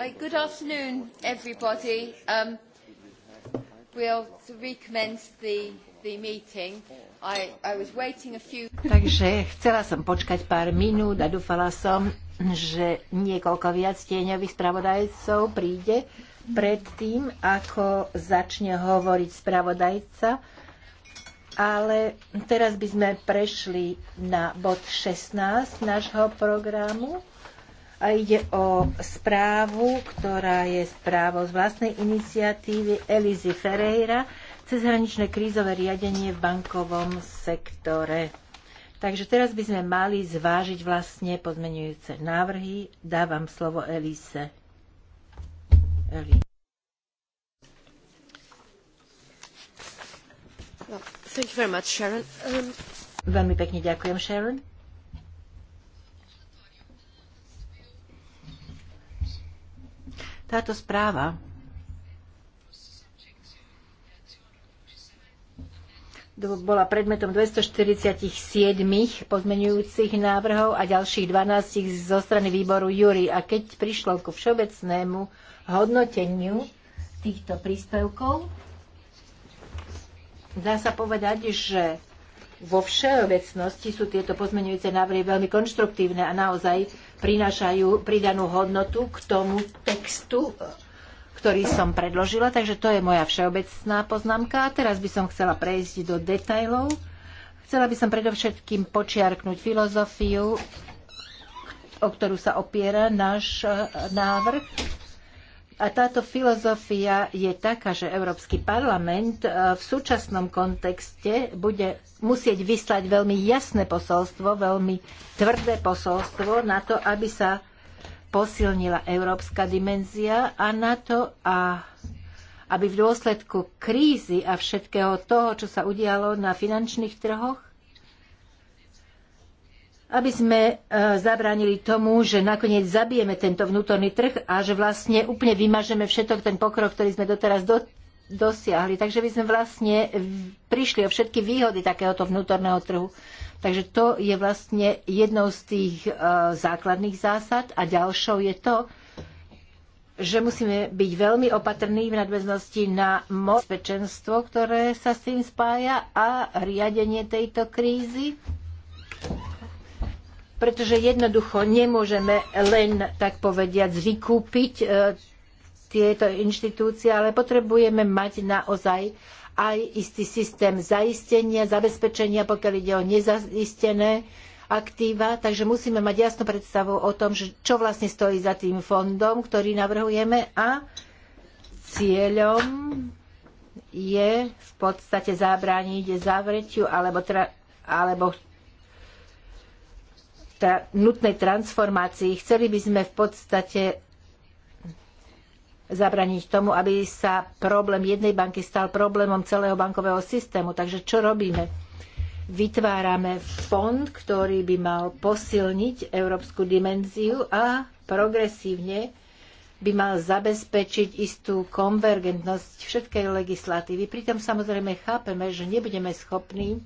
Hi, good afternoon, everybody. Um, we'll recommence the, the meeting. I, I was waiting a few... Takže chcela som počkať pár minút a dúfala som, že niekoľko viac tieňových spravodajcov príde pred tým, ako začne hovoriť spravodajca. Ale teraz by sme prešli na bod 16 nášho programu Ide o správu, ktorá je správou z vlastnej iniciatívy Elizy Ferreira cezhraničné krízové riadenie v bankovom sektore. Takže teraz by sme mali zvážiť vlastne pozmenujúce návrhy. Dávam slovo Elise. Eli. thank you very much, Sharon. Um... Veľmi pekne ďakujem, Sharon. Táto správa bola predmetom 247 pozmenujúcich návrhov a ďalších 12 zo strany výboru Júri. A keď prišlo ku všeobecnému hodnoteniu týchto príspevkov, dá sa povedať, že vo všeobecnosti sú tieto pozmenujúce návrhy veľmi konštruktívne a naozaj prinášajú pridanú hodnotu k tomu textu, ktorý som predložila. Takže to je moja všeobecná poznámka. A teraz by som chcela prejsť do detajlov. Chcela by som predovšetkým počiarknúť filozofiu, o ktorú sa opiera náš eh, návrh a táto filozofia je taká, že Európsky parlament e, v súčasnom kontexte bude musieť vyslať veľmi jasné posolstvo, veľmi tvrdé posolstvo na to, aby sa posilnila európska dimenzia a na to, a aby v dôsledku krízy a všetkého toho, čo sa udialo na finančných trhoch, aby sme e, zabránili tomu, že nakoniec zabijeme tento vnútorný trh a že vlastne úplne vymažeme všetok ten pokrok, ktorý sme doteraz do, dosiahli. Takže by sme vlastne prišli o všetky výhody takéhoto vnútorného trhu. Takže to je vlastne jednou z tých uh, základných zásad a ďalšou je to, že musíme byť veľmi opatrní v nadväznosti na bezpečenstvo, ktoré sa s tým spája a riadenie tejto krízy pretože jednoducho nemôžeme len, tak povediať, vykúpiť e, tieto inštitúcie, ale potrebujeme mať naozaj aj istý systém zaistenia, zabezpečenia, pokiaľ ide o nezaistené aktíva, takže musíme mať jasnú predstavu o tom, čo vlastne stojí za tým fondom, ktorý navrhujeme a cieľom je v podstate zabrániť zavretiu alebo, alebo tra- nutnej transformácii. Chceli by sme v podstate zabraniť tomu, aby sa problém jednej banky stal problémom celého bankového systému. Takže čo robíme? Vytvárame fond, ktorý by mal posilniť európsku dimenziu a progresívne by mal zabezpečiť istú konvergentnosť všetkej legislatívy. Pritom samozrejme chápeme, že nebudeme schopní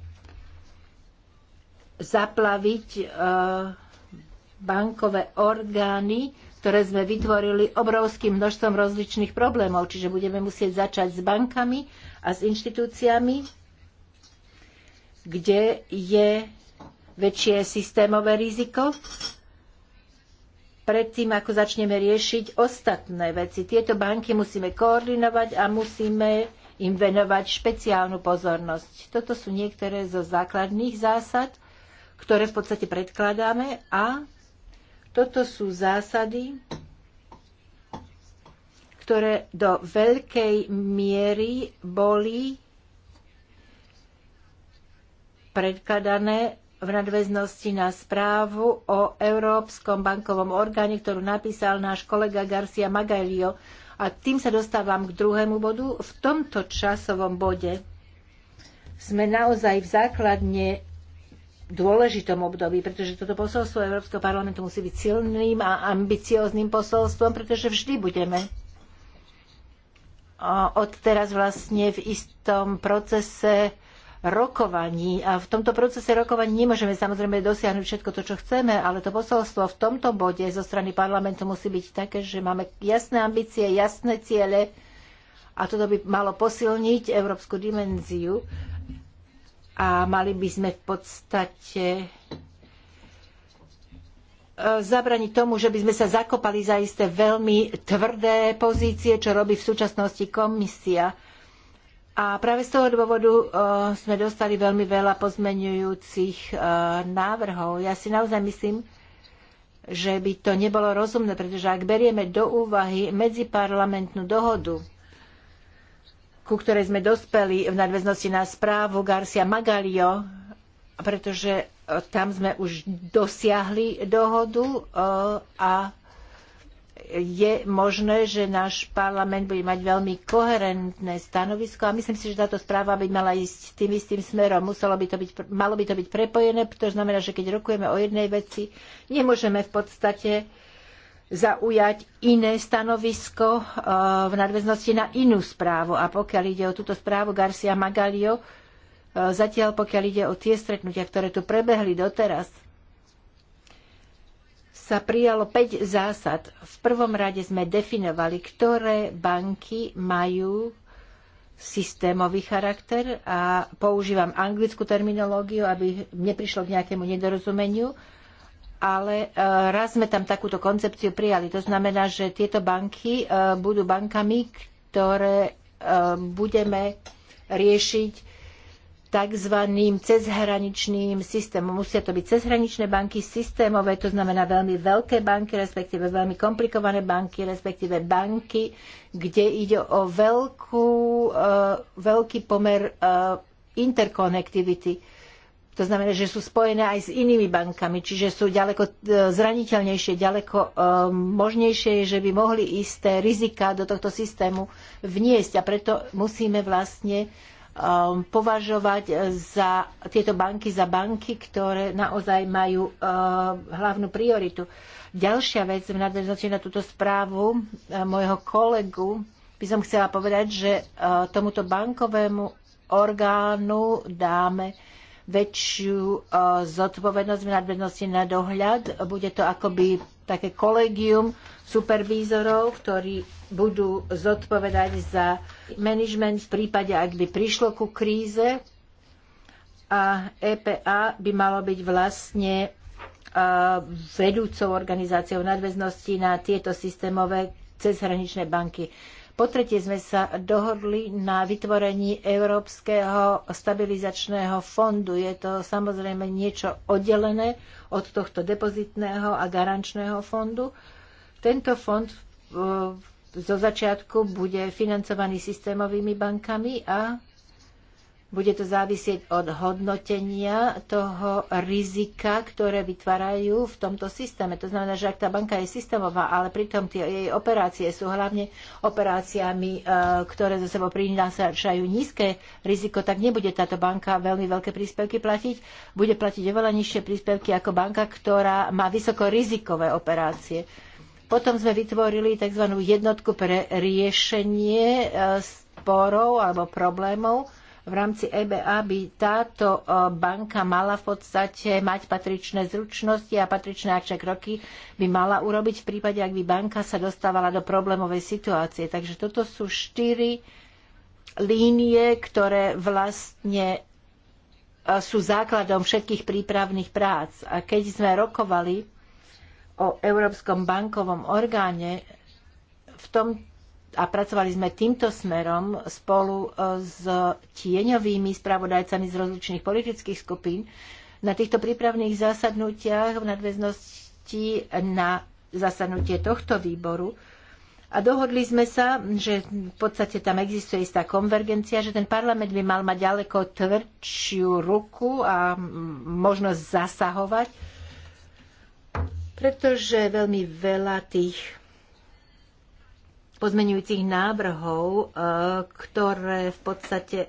zaplaviť e, bankové orgány, ktoré sme vytvorili obrovským množstvom rozličných problémov. Čiže budeme musieť začať s bankami a s inštitúciami, kde je väčšie systémové riziko predtým, ako začneme riešiť ostatné veci. Tieto banky musíme koordinovať a musíme im venovať špeciálnu pozornosť. Toto sú niektoré zo základných zásad, ktoré v podstate predkladáme a toto sú zásady, ktoré do veľkej miery boli predkladané v nadväznosti na správu o Európskom bankovom orgáne, ktorú napísal náš kolega Garcia Magalio. A tým sa dostávam k druhému bodu. V tomto časovom bode sme naozaj v základne dôležitom období, pretože toto posolstvo Európskeho parlamentu musí byť silným a ambiciozným posolstvom, pretože vždy budeme od teraz vlastne v istom procese rokovaní. A v tomto procese rokovaní nemôžeme samozrejme dosiahnuť všetko to, čo chceme, ale to posolstvo v tomto bode zo strany parlamentu musí byť také, že máme jasné ambície, jasné ciele a toto by malo posilniť európsku dimenziu a mali by sme v podstate e, zabraniť tomu, že by sme sa zakopali za isté veľmi tvrdé pozície, čo robí v súčasnosti komisia. A práve z toho dôvodu e, sme dostali veľmi veľa pozmenujúcich e, návrhov. Ja si naozaj myslím, že by to nebolo rozumné, pretože ak berieme do úvahy medziparlamentnú dohodu, ku ktorej sme dospeli v nadväznosti na správu Garcia Magalio, pretože e, tam sme už dosiahli dohodu e, a je možné, že náš parlament bude mať veľmi koherentné stanovisko a myslím si, že táto správa by mala ísť tým istým smerom. Muselo by to byť, malo by to byť prepojené, pretože znamená, že keď rokujeme o jednej veci, nemôžeme v podstate zaujať iné stanovisko eh, v nadväznosti na inú správu. A pokiaľ ide o túto správu Garcia Magalio, eh, zatiaľ pokiaľ ide o tie stretnutia, ktoré tu prebehli doteraz, sa prijalo 5 zásad. V prvom rade sme definovali, ktoré banky majú systémový charakter a používam anglickú terminológiu, aby neprišlo k nejakému nedorozumeniu ale e, raz sme tam takúto koncepciu prijali. To znamená, že tieto banky e, budú bankami, ktoré e, budeme riešiť tzv. cezhraničným systémom. Musia to byť cezhraničné banky, systémové, to znamená veľmi veľké banky, respektíve veľmi komplikované banky, respektíve banky, kde ide o veľkú, veľký pomer interkonektivity to znamená, že sú spojené aj s inými bankami, čiže sú ďaleko e, zraniteľnejšie, ďaleko e, možnejšie, že by mohli isté rizika do tohto systému vniesť. A preto musíme vlastne e, považovať za tieto banky za banky, ktoré naozaj majú hlavnú prioritu. Ďalšia vec v nadväznosti na túto správu môjho kolegu by som chcela povedať, že tomuto bankovému orgánu dáme väčšiu eh, zodpovednosť v nadvednosti na dohľad. Bude to akoby také kolegium supervízorov, ktorí budú zodpovedať za management v prípade, ak by prišlo ku kríze. A EPA by malo byť vlastne eh, vedúcou organizáciou nadväznosti na tieto systémové cezhraničné banky. Po tretie sme sa dohodli na vytvorení Európskeho stabilizačného fondu. Je to samozrejme niečo oddelené od tohto depozitného a garančného fondu. Tento fond e, zo začiatku bude financovaný systémovými bankami a bude to závisieť od hodnotenia toho rizika, ktoré vytvárajú v tomto systéme. To znamená, že ak tá banka je systémová, ale pritom tie jej operácie sú hlavne operáciami, e, ktoré za sebou prinášajú nízke riziko, tak nebude táto banka veľmi veľké príspevky platiť. Bude platiť oveľa nižšie príspevky ako banka, ktorá má vysokorizikové operácie. Potom sme vytvorili tzv. jednotku pre riešenie e, sporov alebo problémov v rámci EBA by táto e, banka mala v podstate mať patričné zručnosti a patričné akčné kroky by mala urobiť v prípade, ak by banka sa dostávala do problémovej situácie. Takže toto sú štyri línie, ktoré vlastne e, sú základom všetkých prípravných prác. A keď sme rokovali o Európskom bankovom orgáne, v tom a pracovali sme týmto smerom spolu e, s tieňovými spravodajcami z rozličných politických skupín. Na týchto prípravných zásadnutiach v nadväznosti na zasadnutie tohto výboru a dohodli sme sa, že v podstate tam existuje istá konvergencia, že ten parlament by mal mať ďaleko tvrdšiu ruku a možnosť zasahovať, pretože veľmi veľa tých pozmenujúcich návrhov, e, ktoré v podstate e,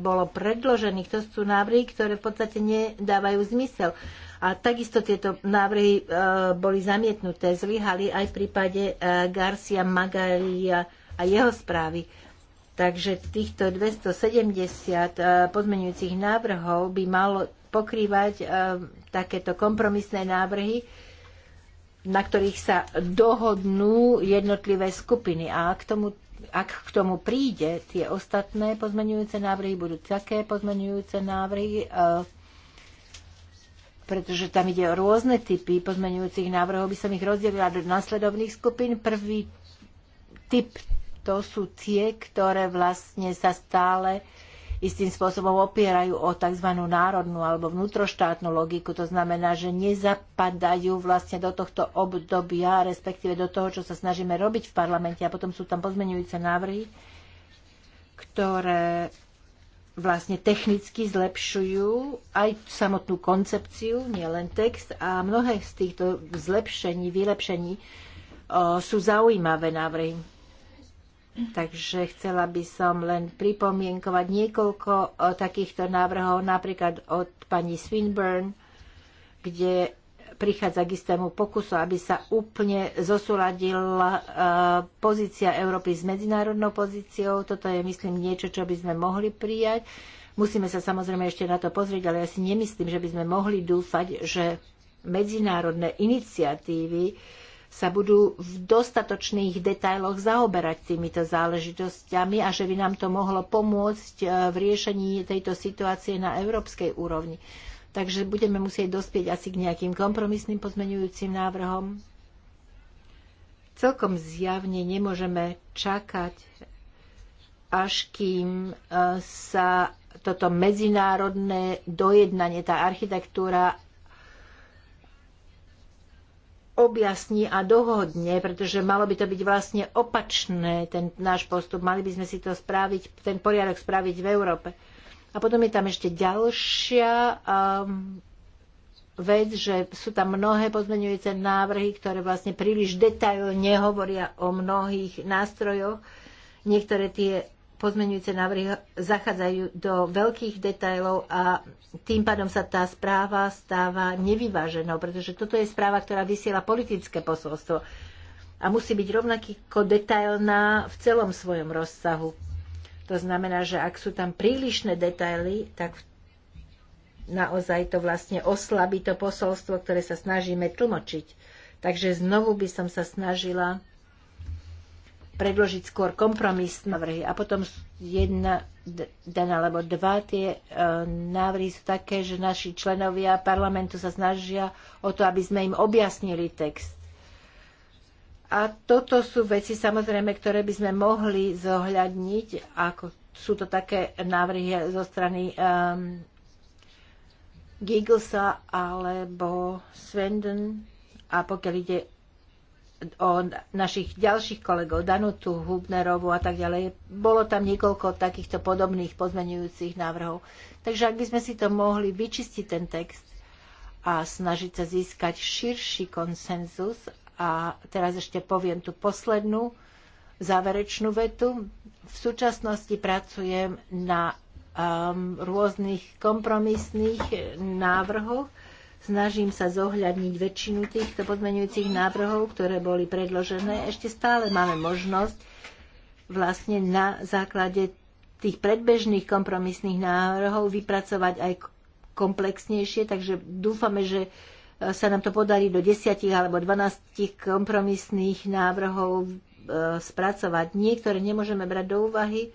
bolo predložených. To sú návrhy, ktoré v podstate nedávajú zmysel. A takisto tieto návrhy e, boli zamietnuté, zlyhali aj v prípade Garcia Magaria a jeho správy. Takže týchto 270 pozmenujúcich návrhov by malo pokrývať takéto kompromisné návrhy, na ktorých sa dohodnú jednotlivé skupiny. A k tomu, ak k tomu príde, tie ostatné pozmenujúce návrhy budú také pozmenujúce návrhy, e, pretože tam ide o rôzne typy pozmenujúcich návrhov, by som ich rozdelila do následovných skupín. Prvý typ to sú tie, ktoré vlastne sa stále uh, istým spôsobom opierajú o tzv. národnú alebo vnútroštátnu logiku. To znamená, že nezapadajú vlastne do tohto obdobia, respektíve do toho, čo sa snažíme robiť v parlamente. A potom sú tam pozmenujúce návrhy, ktoré vlastne technicky zlepšujú aj samotnú koncepciu, nielen text. A mnohé z týchto zlepšení, vylepšení sú zaujímavé návrhy Mhm. Takže chcela by som len pripomienkovať niekoľko takýchto návrhov, napríklad od pani Swinburne, kde prichádza k istému pokusu, aby sa úplne zosúladila e, pozícia Európy s medzinárodnou pozíciou. Toto je, myslím, niečo, čo by sme mohli prijať. Musíme sa samozrejme ešte na to pozrieť, ale ja si nemyslím, že by sme mohli dúfať, že medzinárodné iniciatívy sa budú v dostatočných detailoch zaoberať týmito záležitosťami a že by nám to mohlo pomôcť e, v riešení tejto situácie na európskej úrovni. Takže budeme musieť dospieť asi k nejakým kompromisným pozmenujúcim návrhom. Celkom zjavne nemôžeme čakať, až kým e, sa toto medzinárodné dojednanie, tá architektúra objasní a dohodne, pretože malo by to byť vlastne opačné, ten náš postup. Mali by sme si to spraviť, ten poriadok spraviť v Európe. A potom je tam ešte ďalšia um, vec, že sú tam mnohé pozmeňujúce návrhy, ktoré vlastne príliš detailne hovoria o mnohých nástrojoch. Niektoré tie pozmenujúce návrhy zachádzajú do veľkých detajlov a tým pádom sa tá správa stáva nevyváženou, pretože toto je správa, ktorá vysiela politické posolstvo a musí byť rovnako detailná v celom svojom rozsahu. To znamená, že ak sú tam prílišné detaily, tak naozaj to vlastne oslabí to posolstvo, ktoré sa snažíme tlmočiť. Takže znovu by som sa snažila predložiť skôr kompromis návrhy. A potom jedna, dana, alebo dva tie e, návrhy sú také, že naši členovia parlamentu sa snažia o to, aby sme im objasnili text. A toto sú veci samozrejme, ktoré by sme mohli zohľadniť, ako sú to také návrhy zo strany um, Gigglesa alebo Svenden. A pokiaľ ide o našich ďalších kolegov, Danutu Hubnerovu a tak ďalej. Bolo tam niekoľko takýchto podobných pozmenujúcich návrhov. Takže ak by sme si to mohli vyčistiť ten text a snažiť sa získať širší konsenzus, a teraz ešte poviem tú poslednú záverečnú vetu. V súčasnosti pracujem na um, rôznych kompromisných návrhoch snažím sa zohľadniť väčšinu týchto pozmeňujúcich návrhov, ktoré boli predložené. Ešte stále máme možnosť vlastne na základe tých predbežných kompromisných návrhov vypracovať aj komplexnejšie, takže dúfame, že e, sa nám to podarí do 10 alebo 12 kompromisných návrhov e, spracovať. Niektoré nemôžeme brať do úvahy,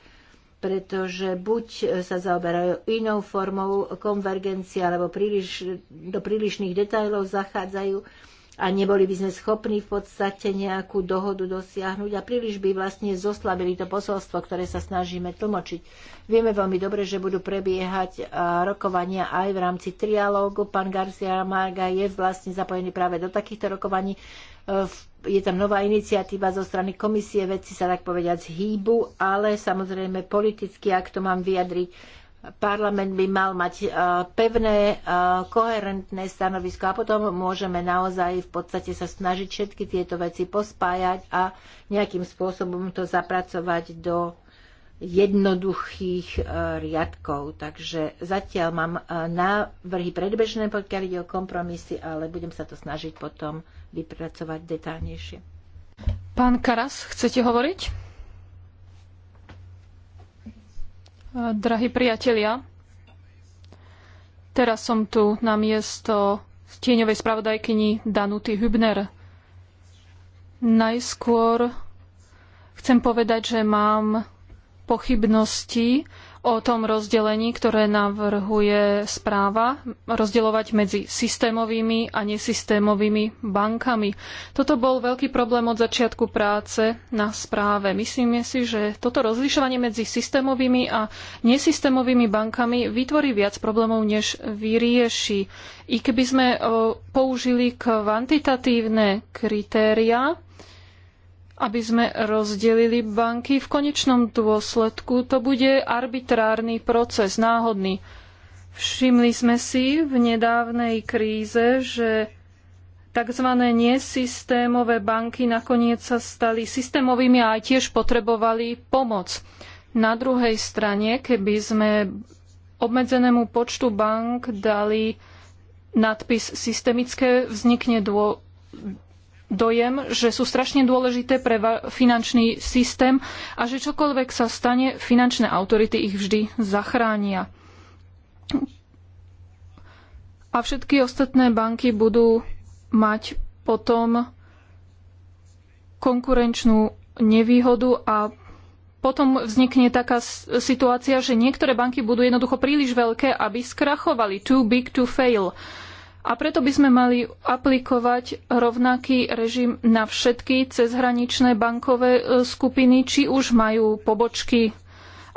pretože buď sa zaoberajú inou formou konvergencie, alebo príliš, do prílišných detajlov zachádzajú a neboli by sme schopní v podstate nejakú dohodu dosiahnuť a príliš by vlastne zoslabili to posolstvo, ktoré sa snažíme tlmočiť. Vieme veľmi dobre, že budú prebiehať e, rokovania aj v rámci trialógu. Pán Garcia Marga je vlastne zapojený práve do takýchto rokovaní. Eh, je tam nová iniciatíva zo strany komisie, veci sa tak povediať hýbu, ale samozrejme politicky, ak to mám vyjadriť, parlament by mal mať eh, pevné, eh, koherentné stanovisko a potom môžeme naozaj v podstate sa snažiť všetky tieto veci pospájať a nejakým spôsobom to zapracovať do jednoduchých riadkov. Takže zatiaľ mám návrhy predbežné, pokiaľ ide o kompromisy, ale budem sa to snažiť potom vypracovať detálnejšie. Pán Karas, chcete hovoriť? Drahí priatelia, teraz som tu na miesto tieňovej spravodajkyni Danuty Hübner. Najskôr chcem povedať, že mám pochybnosti o tom rozdelení, ktoré navrhuje správa, rozdeľovať medzi systémovými a nesystémovými bankami. Toto bol veľký problém od začiatku práce na správe. Myslíme si, že toto rozlišovanie medzi systémovými a nesystémovými bankami vytvorí viac problémov, než vyrieši. I keby sme e, použili kvantitatívne kritériá, aby sme rozdelili banky. V konečnom dôsledku to bude arbitrárny proces, náhodný. Všimli sme si v nedávnej kríze, že tzv. nesystémové banky nakoniec sa stali systémovými a aj tiež potrebovali pomoc. Na druhej strane, keby sme obmedzenému počtu bank dali nadpis systemické, vznikne dô, dojem, že sú strašne dôležité pre finančný systém a že čokoľvek sa stane, finančné autority ich vždy zachránia. A všetky ostatné banky budú mať potom konkurenčnú nevýhodu a potom vznikne taká situácia, že niektoré banky budú jednoducho príliš veľké, aby skrachovali. Too big to fail. Uh, a preto by sme mali aplikovať rovnaký režim na všetky cezhraničné bankové e, skupiny, či už majú pobočky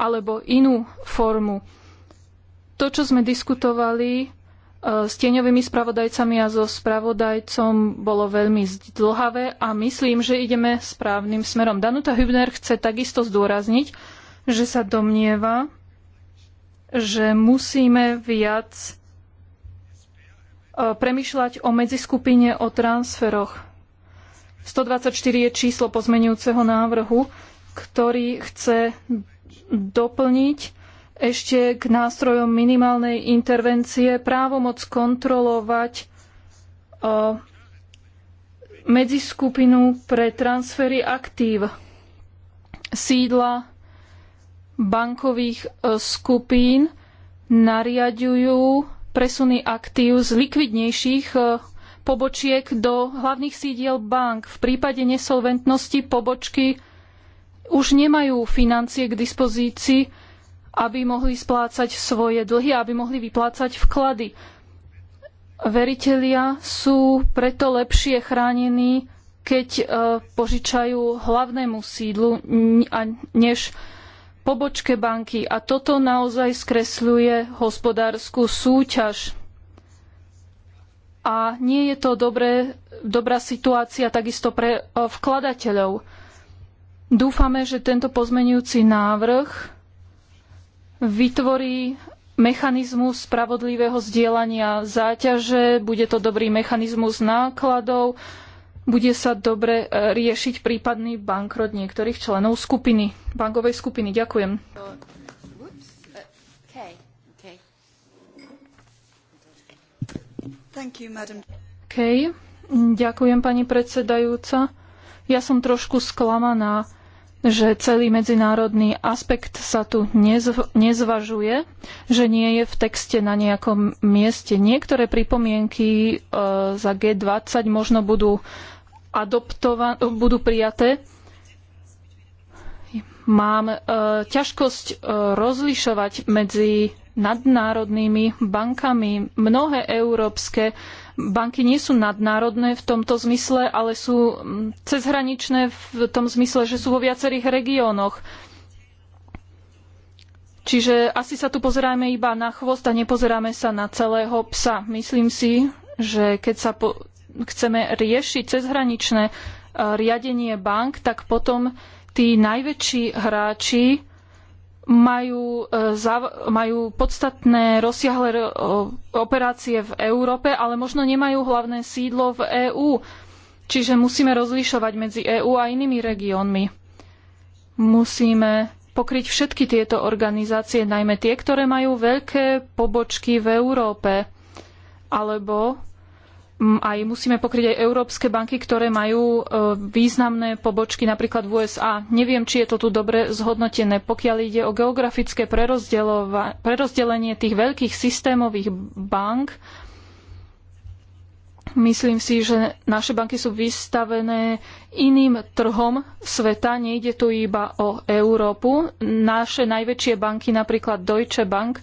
alebo inú formu. To, čo sme diskutovali e, s tieňovými spravodajcami a so spravodajcom, bolo veľmi zdlhavé a myslím, že ideme správnym smerom. Danuta Hübner chce takisto zdôrazniť, že sa domnieva, že musíme viac E, premýšľať o medziskupine o transferoch. 124 je číslo pozmenujúceho návrhu, ktorý chce doplniť ešte k nástrojom minimálnej intervencie právomoc kontrolovať e, medziskupinu pre transfery aktív sídla bankových e, skupín nariadujú presuny aktív z likvidnejších e, pobočiek do hlavných sídiel bank. V prípade nesolventnosti pobočky už nemajú financie k dispozícii, aby mohli splácať svoje dlhy, aby mohli vyplácať vklady. Veritelia sú preto lepšie chránení, keď e, požičajú hlavnému sídlu, než pobočke banky a toto naozaj skresľuje hospodárskú súťaž. A nie je to dobré, dobrá situácia takisto pre e, vkladateľov. Dúfame, že tento pozmenujúci návrh vytvorí mechanizmus spravodlivého zdieľania záťaže, bude to dobrý mechanizmus nákladov, bude sa dobre e, riešiť prípadný bankrot niektorých členov skupiny, bankovej skupiny. Ďakujem. okay. Ďakujem, pani predsedajúca. Ja som trošku sklamaná, že celý medzinárodný aspekt sa tu nezv- nezvažuje, že nie je v texte na nejakom mieste. Niektoré pripomienky e, za G20 možno budú adoptovan- budú prijaté. Mám e, ťažkosť e, rozlišovať medzi nadnárodnými bankami. Mnohé európske banky nie sú nadnárodné v tomto zmysle, ale sú cezhraničné v tom zmysle, že sú vo viacerých regiónoch. Čiže asi sa tu pozeráme iba na chvost a nepozeráme sa na celého psa. Myslím si, že keď sa po chceme riešiť cezhraničné e, riadenie bank, tak potom tí najväčší hráči majú, e, majú podstatné rozsiahle e, operácie v Európe, ale možno nemajú hlavné sídlo v EÚ. Čiže musíme rozlišovať medzi EÚ a inými regiónmi. Musíme pokryť všetky tieto organizácie, najmä tie, ktoré majú veľké pobočky v Európe. Alebo aj musíme pokryť aj európske banky, ktoré majú e, významné pobočky napríklad v USA. Neviem, či je to tu dobre zhodnotené. Pokiaľ ide o geografické prerozdelenie tých veľkých systémových bank, myslím si, že naše banky sú vystavené iným trhom sveta. Nejde tu iba o Európu. Naše najväčšie banky, napríklad Deutsche Bank,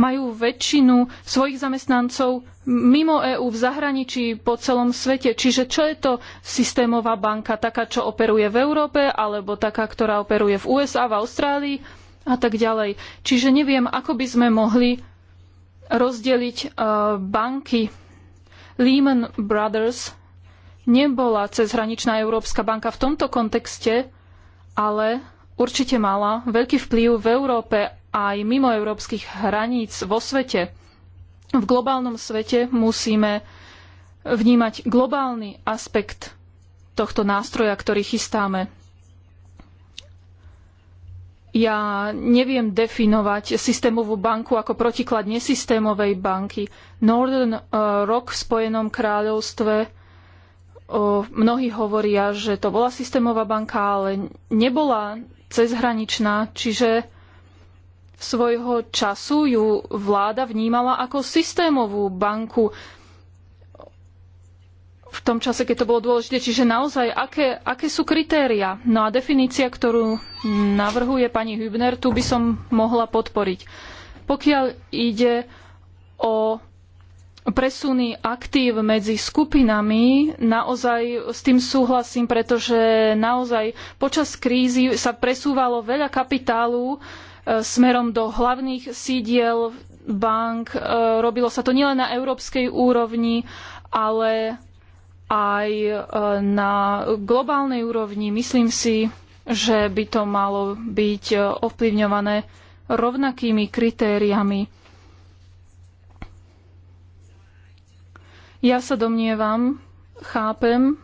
majú väčšinu svojich zamestnancov mimo EÚ, v zahraničí, po celom svete. Čiže čo je to systémová banka? Taká, čo operuje v Európe, alebo taká, ktorá operuje v USA, v Austrálii a tak ďalej. Čiže neviem, ako by sme mohli rozdeliť uh, banky. Lehman Brothers nebola cezhraničná Európska banka v tomto kontexte, ale určite mala veľký vplyv v Európe aj mimo európskych hraníc vo svete. V globálnom svete musíme vnímať globálny aspekt tohto nástroja, ktorý chystáme. Ja neviem definovať systémovú banku ako protiklad nesystémovej banky. Northern eh, Rock v Spojenom kráľovstve eh, mnohí hovoria, že to bola systémová banka, ale nebola cezhraničná, čiže svojho času ju vláda vnímala ako systémovú banku v tom čase, keď to bolo dôležité. Čiže naozaj, aké, aké sú kritéria? No a definícia, ktorú navrhuje pani Hübner, tu by som mohla podporiť. Pokiaľ ide o presuny aktív medzi skupinami, naozaj s tým súhlasím, pretože naozaj počas krízy sa presúvalo veľa kapitálu E, smerom do hlavných sídiel bank. E, robilo sa to nielen na európskej úrovni, ale aj e, na globálnej úrovni. Myslím si, že by to malo byť ovplyvňované rovnakými kritériami. Ja sa domnievam, chápem,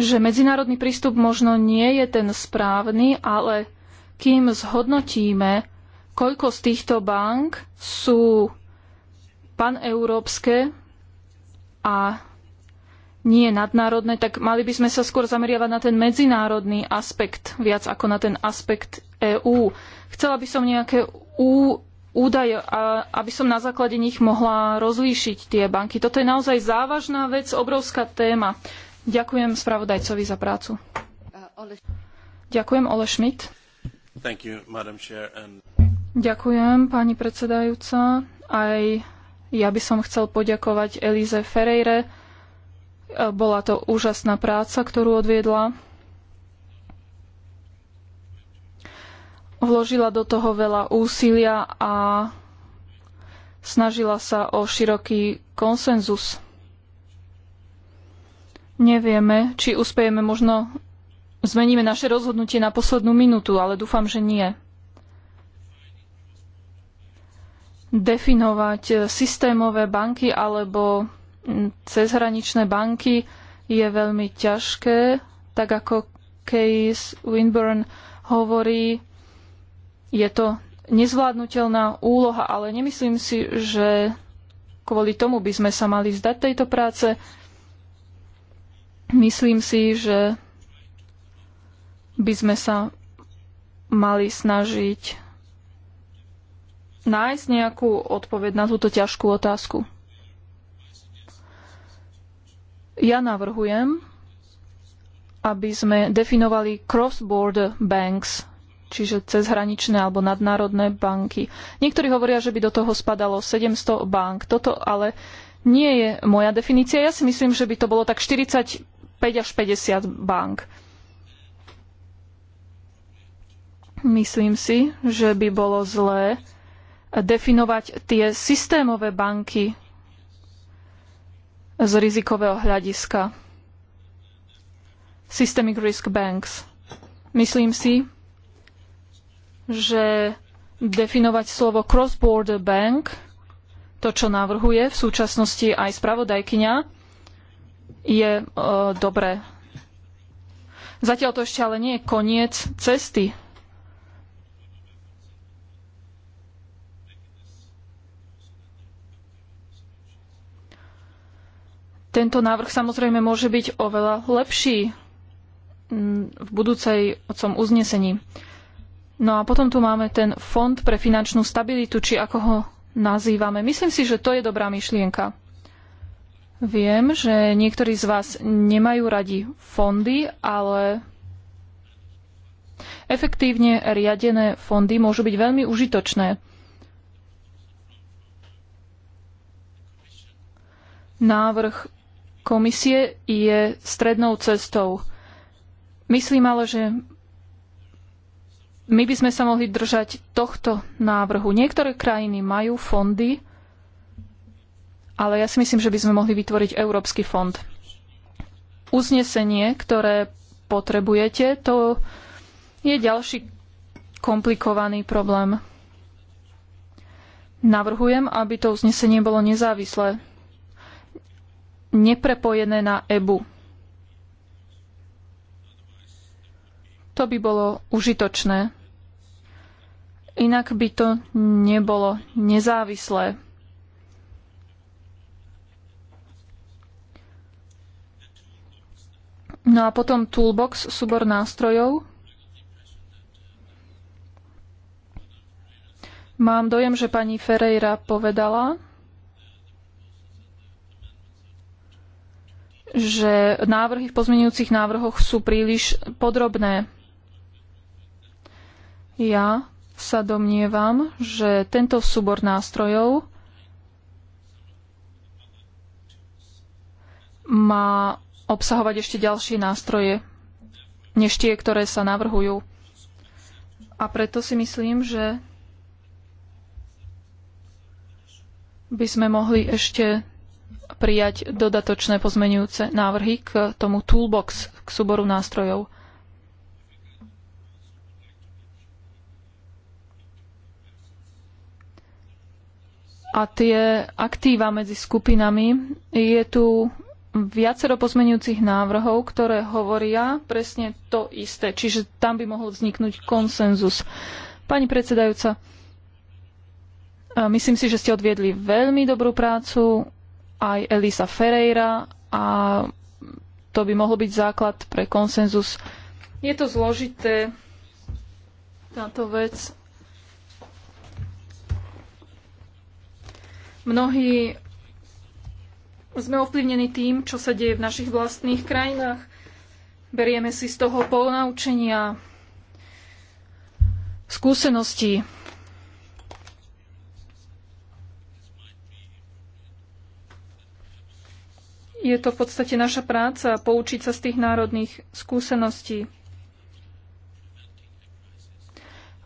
že medzinárodný prístup možno nie je ten správny, ale kým zhodnotíme, koľko z týchto bank sú paneurópske a nie nadnárodné, tak mali by sme sa skôr zameriavať na ten medzinárodný aspekt, viac ako na ten aspekt EÚ. Chcela by som nejaké údaje, aby som na základe nich mohla rozlíšiť tie banky. Toto je naozaj závažná vec, obrovská téma. Ďakujem spravodajcovi za prácu. Ďakujem, Ole Schmidt. You, Chair, and... Ďakujem, pani predsedajúca. Aj ja by som chcel poďakovať Elize Ferreire. Bola to úžasná práca, ktorú odviedla. Vložila do toho veľa úsilia a snažila sa o široký konsenzus. Nevieme, či uspejeme, možno zmeníme naše rozhodnutie na poslednú minútu, ale dúfam, že nie. Definovať e, systémové banky alebo cezhraničné banky je veľmi ťažké, tak ako Case Winburn hovorí, je to nezvládnutelná úloha, ale nemyslím si, že kvôli tomu by sme sa mali vzdať tejto práce. Myslím si, že by sme sa mali snažiť nájsť nejakú odpoveď na túto ťažkú otázku. Ja navrhujem, aby sme definovali cross-border banks, čiže cezhraničné alebo nadnárodné banky. Niektorí hovoria, že by do toho spadalo 700 bank. Toto ale nie je moja definícia. Ja si myslím, že by to bolo tak 40. 5 až 50 bank. Myslím si, že by bolo zlé definovať tie systémové banky z rizikového hľadiska. Systemic Risk Banks. Myslím si, že definovať slovo cross-border bank, to, čo navrhuje v súčasnosti aj spravodajkyňa, je e, dobré. Zatiaľ to ešte ale nie je koniec cesty. Tento návrh samozrejme môže byť oveľa lepší v budúcej odcom uznesení. No a potom tu máme ten fond pre finančnú stabilitu, či ako ho nazývame. Myslím si, že to je dobrá myšlienka. Viem, že niektorí z vás nemajú radi fondy, ale efektívne riadené fondy môžu byť veľmi užitočné. Návrh komisie je strednou cestou. Myslím ale, že my by sme sa mohli držať tohto návrhu. Niektoré krajiny majú fondy, ale ja si myslím, že by sme mohli vytvoriť Európsky fond. Uznesenie, ktoré potrebujete, to je ďalší komplikovaný problém. Navrhujem, aby to uznesenie bolo nezávislé, neprepojené na EBU. To by bolo užitočné. Inak by to nebolo nezávislé. No a potom Toolbox, súbor nástrojov. Mám dojem, že pani Ferreira povedala, že návrhy v pozmenujúcich návrhoch sú príliš podrobné. Ja sa domnievam, že tento súbor nástrojov má obsahovať ešte ďalšie nástroje, než tie, ktoré sa navrhujú. A preto si myslím, že by sme mohli ešte prijať dodatočné pozmenujúce návrhy k tomu toolbox, k súboru nástrojov. A tie aktíva medzi skupinami je tu viacero pozmenujúcich návrhov, ktoré hovoria presne to isté. Čiže tam by mohol vzniknúť konsenzus. Pani predsedajúca, e, myslím si, že ste odviedli veľmi dobrú prácu, aj Elisa Ferreira a to by mohol byť základ pre konsenzus. Je to zložité, táto vec. Mnohí sme ovplyvnení tým, čo sa deje v našich vlastných krajinách. Berieme si z toho polnaučenia, skúsenosti. Je to v podstate naša práca poučiť sa z tých národných skúseností.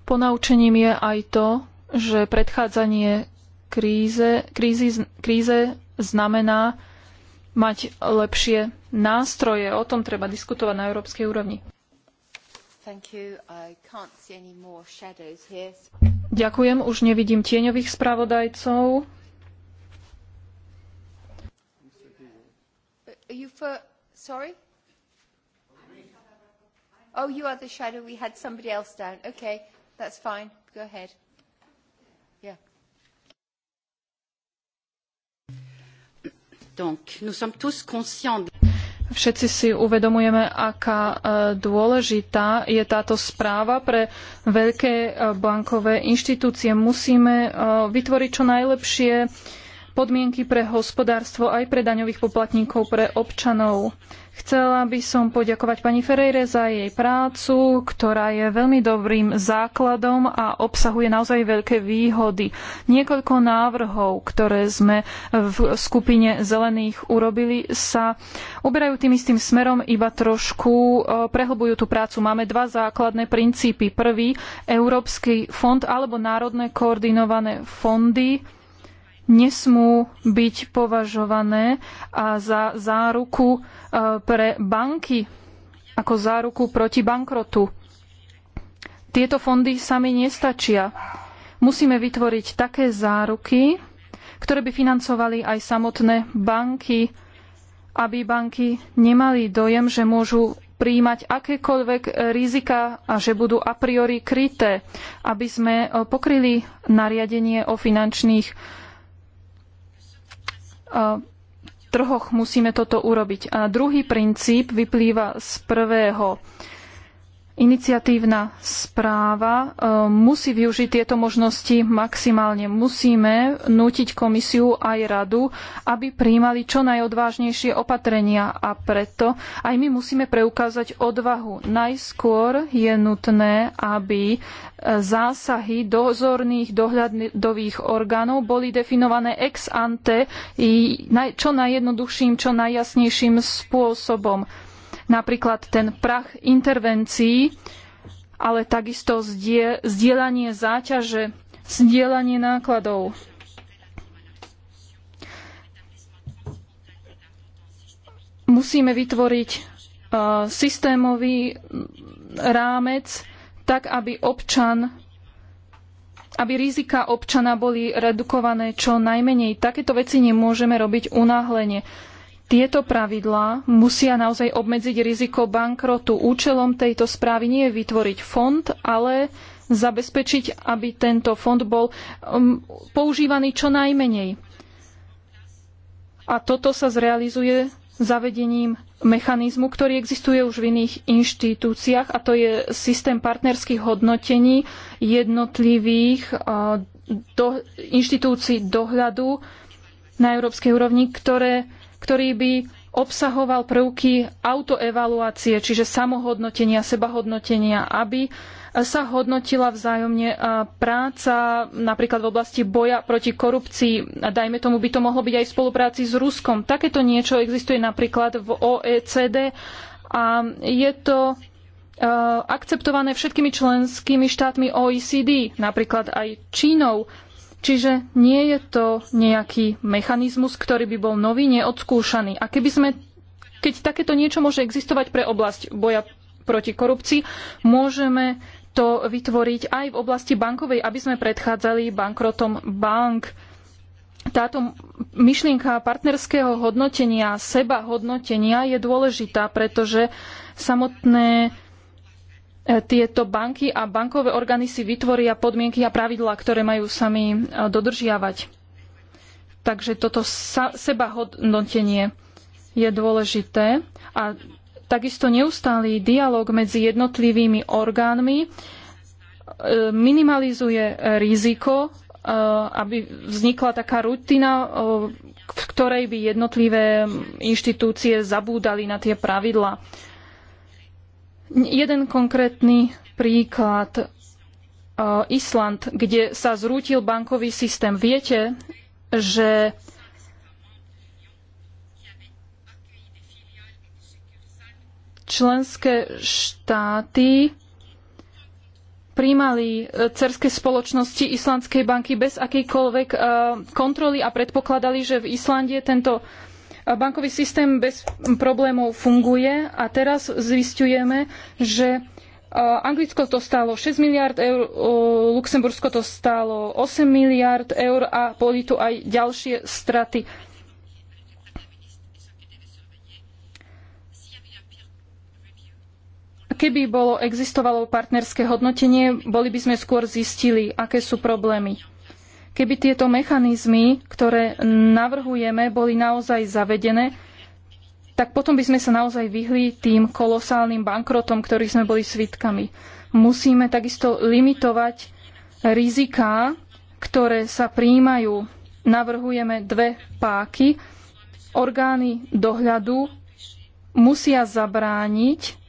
Ponaučením je aj to, že predchádzanie kríze, krízy, kríze znamená mať lepšie nástroje. O tom treba diskutovať na európskej úrovni. Ďakujem, už nevidím tieňových spravodajcov. Uh, oh, you are the shadow. We had somebody else down. Okay, that's fine. Go ahead. Všetci si uvedomujeme, aká e, dôležitá je táto správa pre veľké e, bankové inštitúcie. Musíme e, vytvoriť čo najlepšie podmienky pre hospodárstvo aj pre daňových poplatníkov, pre občanov. Chcela by som poďakovať pani Ferreire za jej prácu, ktorá je veľmi dobrým základom a obsahuje naozaj veľké výhody. Niekoľko návrhov, ktoré sme v skupine zelených urobili, sa uberajú tým istým smerom, iba trošku e, prehlbujú tú prácu. Máme dva základné princípy. Prvý, Európsky fond alebo národné koordinované fondy nesmú byť považované za záruku e, pre banky, ako záruku proti bankrotu. Tieto fondy sami nestačia. Musíme vytvoriť také záruky, ktoré by financovali aj samotné banky, aby banky nemali dojem, že môžu príjmať akékoľvek rizika a že budú a priori kryté, aby sme e, pokryli nariadenie o finančných trhoch musíme toto urobiť. A druhý princíp vyplýva z prvého iniciatívna správa e, musí využiť tieto možnosti maximálne. Musíme nútiť komisiu aj radu, aby príjmali čo najodvážnejšie opatrenia a preto aj my musíme preukázať odvahu. Najskôr je nutné, aby e, zásahy dozorných dohľadových orgánov boli definované ex ante čo najjednoduchším, čo najjasnejším spôsobom napríklad ten prach intervencií, ale takisto zdieľanie záťaže, zdieľanie nákladov. Musíme vytvoriť uh, systémový rámec tak, aby občan aby rizika občana boli redukované čo najmenej. Takéto veci nemôžeme robiť unáhlene. Tieto pravidlá musia naozaj obmedziť riziko bankrotu. Účelom tejto správy nie je vytvoriť fond, ale zabezpečiť, aby tento fond bol um, používaný čo najmenej. A toto sa zrealizuje zavedením mechanizmu, ktorý existuje už v iných inštitúciách, a to je systém partnerských hodnotení jednotlivých uh, do, inštitúcií dohľadu na európskej úrovni, ktoré ktorý by obsahoval prvky autoevaluácie, čiže samohodnotenia, sebahodnotenia, aby sa hodnotila vzájomne práca napríklad v oblasti boja proti korupcii. A dajme tomu, by to mohlo byť aj v spolupráci s Ruskom. Takéto niečo existuje napríklad v OECD a je to akceptované všetkými členskými štátmi OECD, napríklad aj Čínou. Čiže nie je to nejaký mechanizmus, ktorý by bol nový, neodskúšaný. A keby sme, keď takéto niečo môže existovať pre oblasť boja proti korupcii, môžeme to vytvoriť aj v oblasti bankovej, aby sme predchádzali bankrotom bank. Táto myšlienka partnerského hodnotenia, seba hodnotenia je dôležitá, pretože samotné E, tieto banky a bankové orgány si vytvoria podmienky a pravidlá, ktoré majú sami e, dodržiavať. Takže toto sebahodnotenie je dôležité a takisto neustály dialog medzi jednotlivými orgánmi e, minimalizuje riziko, aby vznikla taká rutina, v ktorej by jednotlivé inštitúcie zabúdali na tie pravidlá. Jeden konkrétny príklad. E, Island, kde sa zrútil bankový systém. Viete, že členské štáty príjmali e, cerské spoločnosti Islandskej banky bez akejkoľvek e, kontroly a predpokladali, že v Islande tento bankový systém bez problémov funguje a teraz zistujeme, že Anglicko to stálo 6 miliard eur, Luxembursko to stálo 8 miliard eur a boli tu aj ďalšie straty. Keby bolo existovalo partnerské hodnotenie, boli by sme skôr zistili, aké sú problémy. Keby tieto mechanizmy, ktoré navrhujeme, boli naozaj zavedené, tak potom by sme sa naozaj vyhli tým kolosálnym bankrotom, ktorých sme boli svitkami. Musíme takisto limitovať riziká, ktoré sa príjmajú. Navrhujeme dve páky. Orgány dohľadu musia zabrániť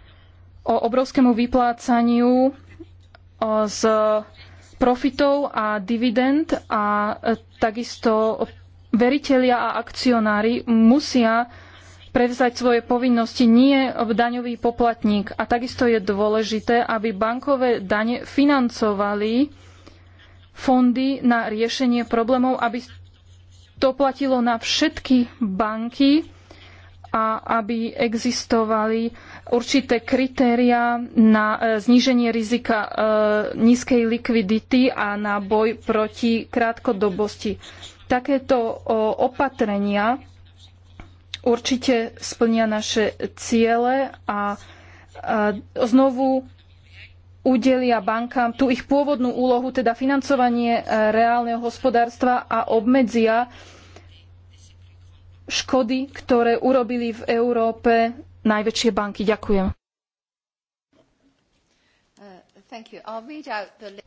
o obrovskému vyplácaniu z profitov a dividend a e, takisto veritelia a akcionári musia prevzať svoje povinnosti, nie daňový poplatník. A takisto je dôležité, aby bankové dane financovali fondy na riešenie problémov, aby to platilo na všetky banky, a aby existovali určité kritéria na e, zníženie rizika e, nízkej likvidity a na boj proti krátkodobosti. Takéto opatrenia určite splnia naše ciele a znovu udelia bankám tú ich pôvodnú úlohu, teda financovanie e, reálneho hospodárstva a obmedzia škody, ktoré urobili v Európe najväčšie banky. Ďakujem.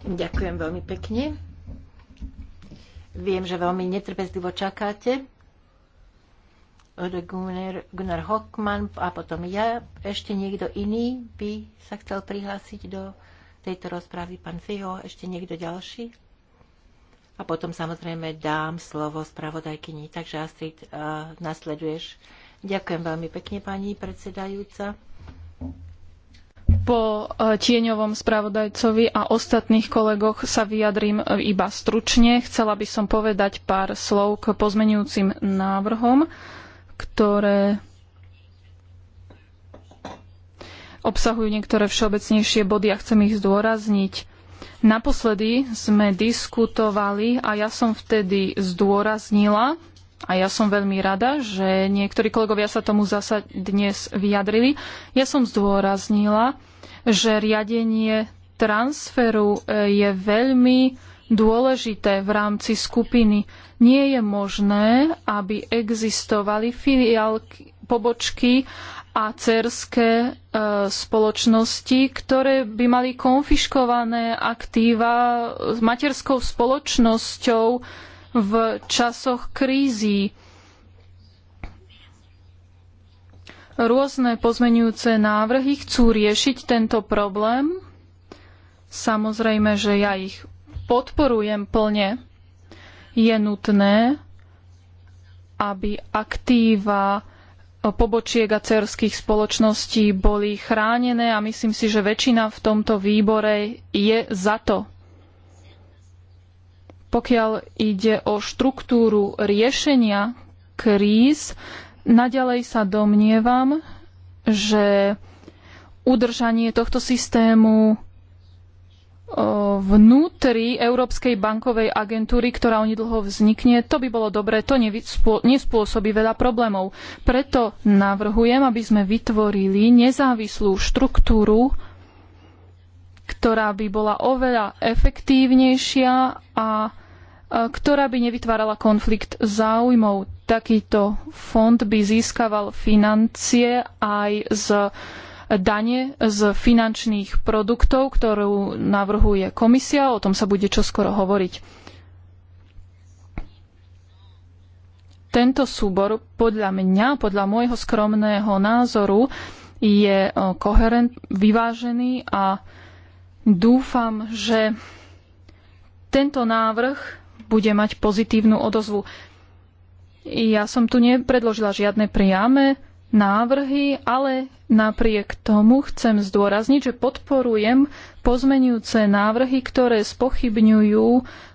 Ďakujem veľmi pekne. Viem, že veľmi netrpezlivo čakáte. Gunnar, Gunnar Hockman a potom ja. Ešte niekto iný by sa chcel prihlásiť do tejto rozpravy. Pán Fejo, ešte niekto ďalší? a potom samozrejme dám slovo spravodajkyni. Takže Astrid, uh, e, nasleduješ. Ďakujem veľmi pekne, pani predsedajúca. Po e, tieňovom spravodajcovi a ostatných kolegoch sa vyjadrím e, iba stručne. Chcela by som povedať pár slov k pozmenujúcim návrhom, ktoré obsahujú niektoré všeobecnejšie body a chcem ich zdôrazniť. Naposledy sme diskutovali a ja som vtedy zdôraznila, a ja som veľmi rada, že niektorí kolegovia sa tomu zasa dnes vyjadrili. Ja som zdôraznila, že riadenie transferu e, je veľmi dôležité v rámci skupiny. Nie je možné, aby existovali filiálky, pobočky a cerské e, spoločnosti, ktoré by mali konfiškované aktíva s materskou spoločnosťou v časoch krízy. Rôzne pozmenujúce návrhy chcú riešiť tento problém. Samozrejme, že ja ich podporujem plne. Je nutné, aby aktíva pobočiek a cerských spoločností boli chránené a myslím si, že väčšina v tomto výbore je za to. Pokiaľ ide o štruktúru riešenia kríz, naďalej sa domnievam, že udržanie tohto systému vnútri Európskej bankovej agentúry, ktorá onedlho vznikne, to by bolo dobré, to nespôsobí veľa problémov. Preto navrhujem, aby sme vytvorili nezávislú štruktúru, ktorá by bola oveľa efektívnejšia a ktorá by nevytvárala konflikt záujmov. Takýto fond by získaval financie aj z dane z finančných produktov, ktorú navrhuje komisia. O tom sa bude čoskoro hovoriť. Tento súbor podľa mňa, podľa môjho skromného názoru, je e, koherent, vyvážený a dúfam, že tento návrh bude mať pozitívnu odozvu. Ja som tu nepredložila žiadne priame návrhy, ale napriek tomu chcem zdôrazniť, že podporujem pozmenujúce návrhy, ktoré spochybňujú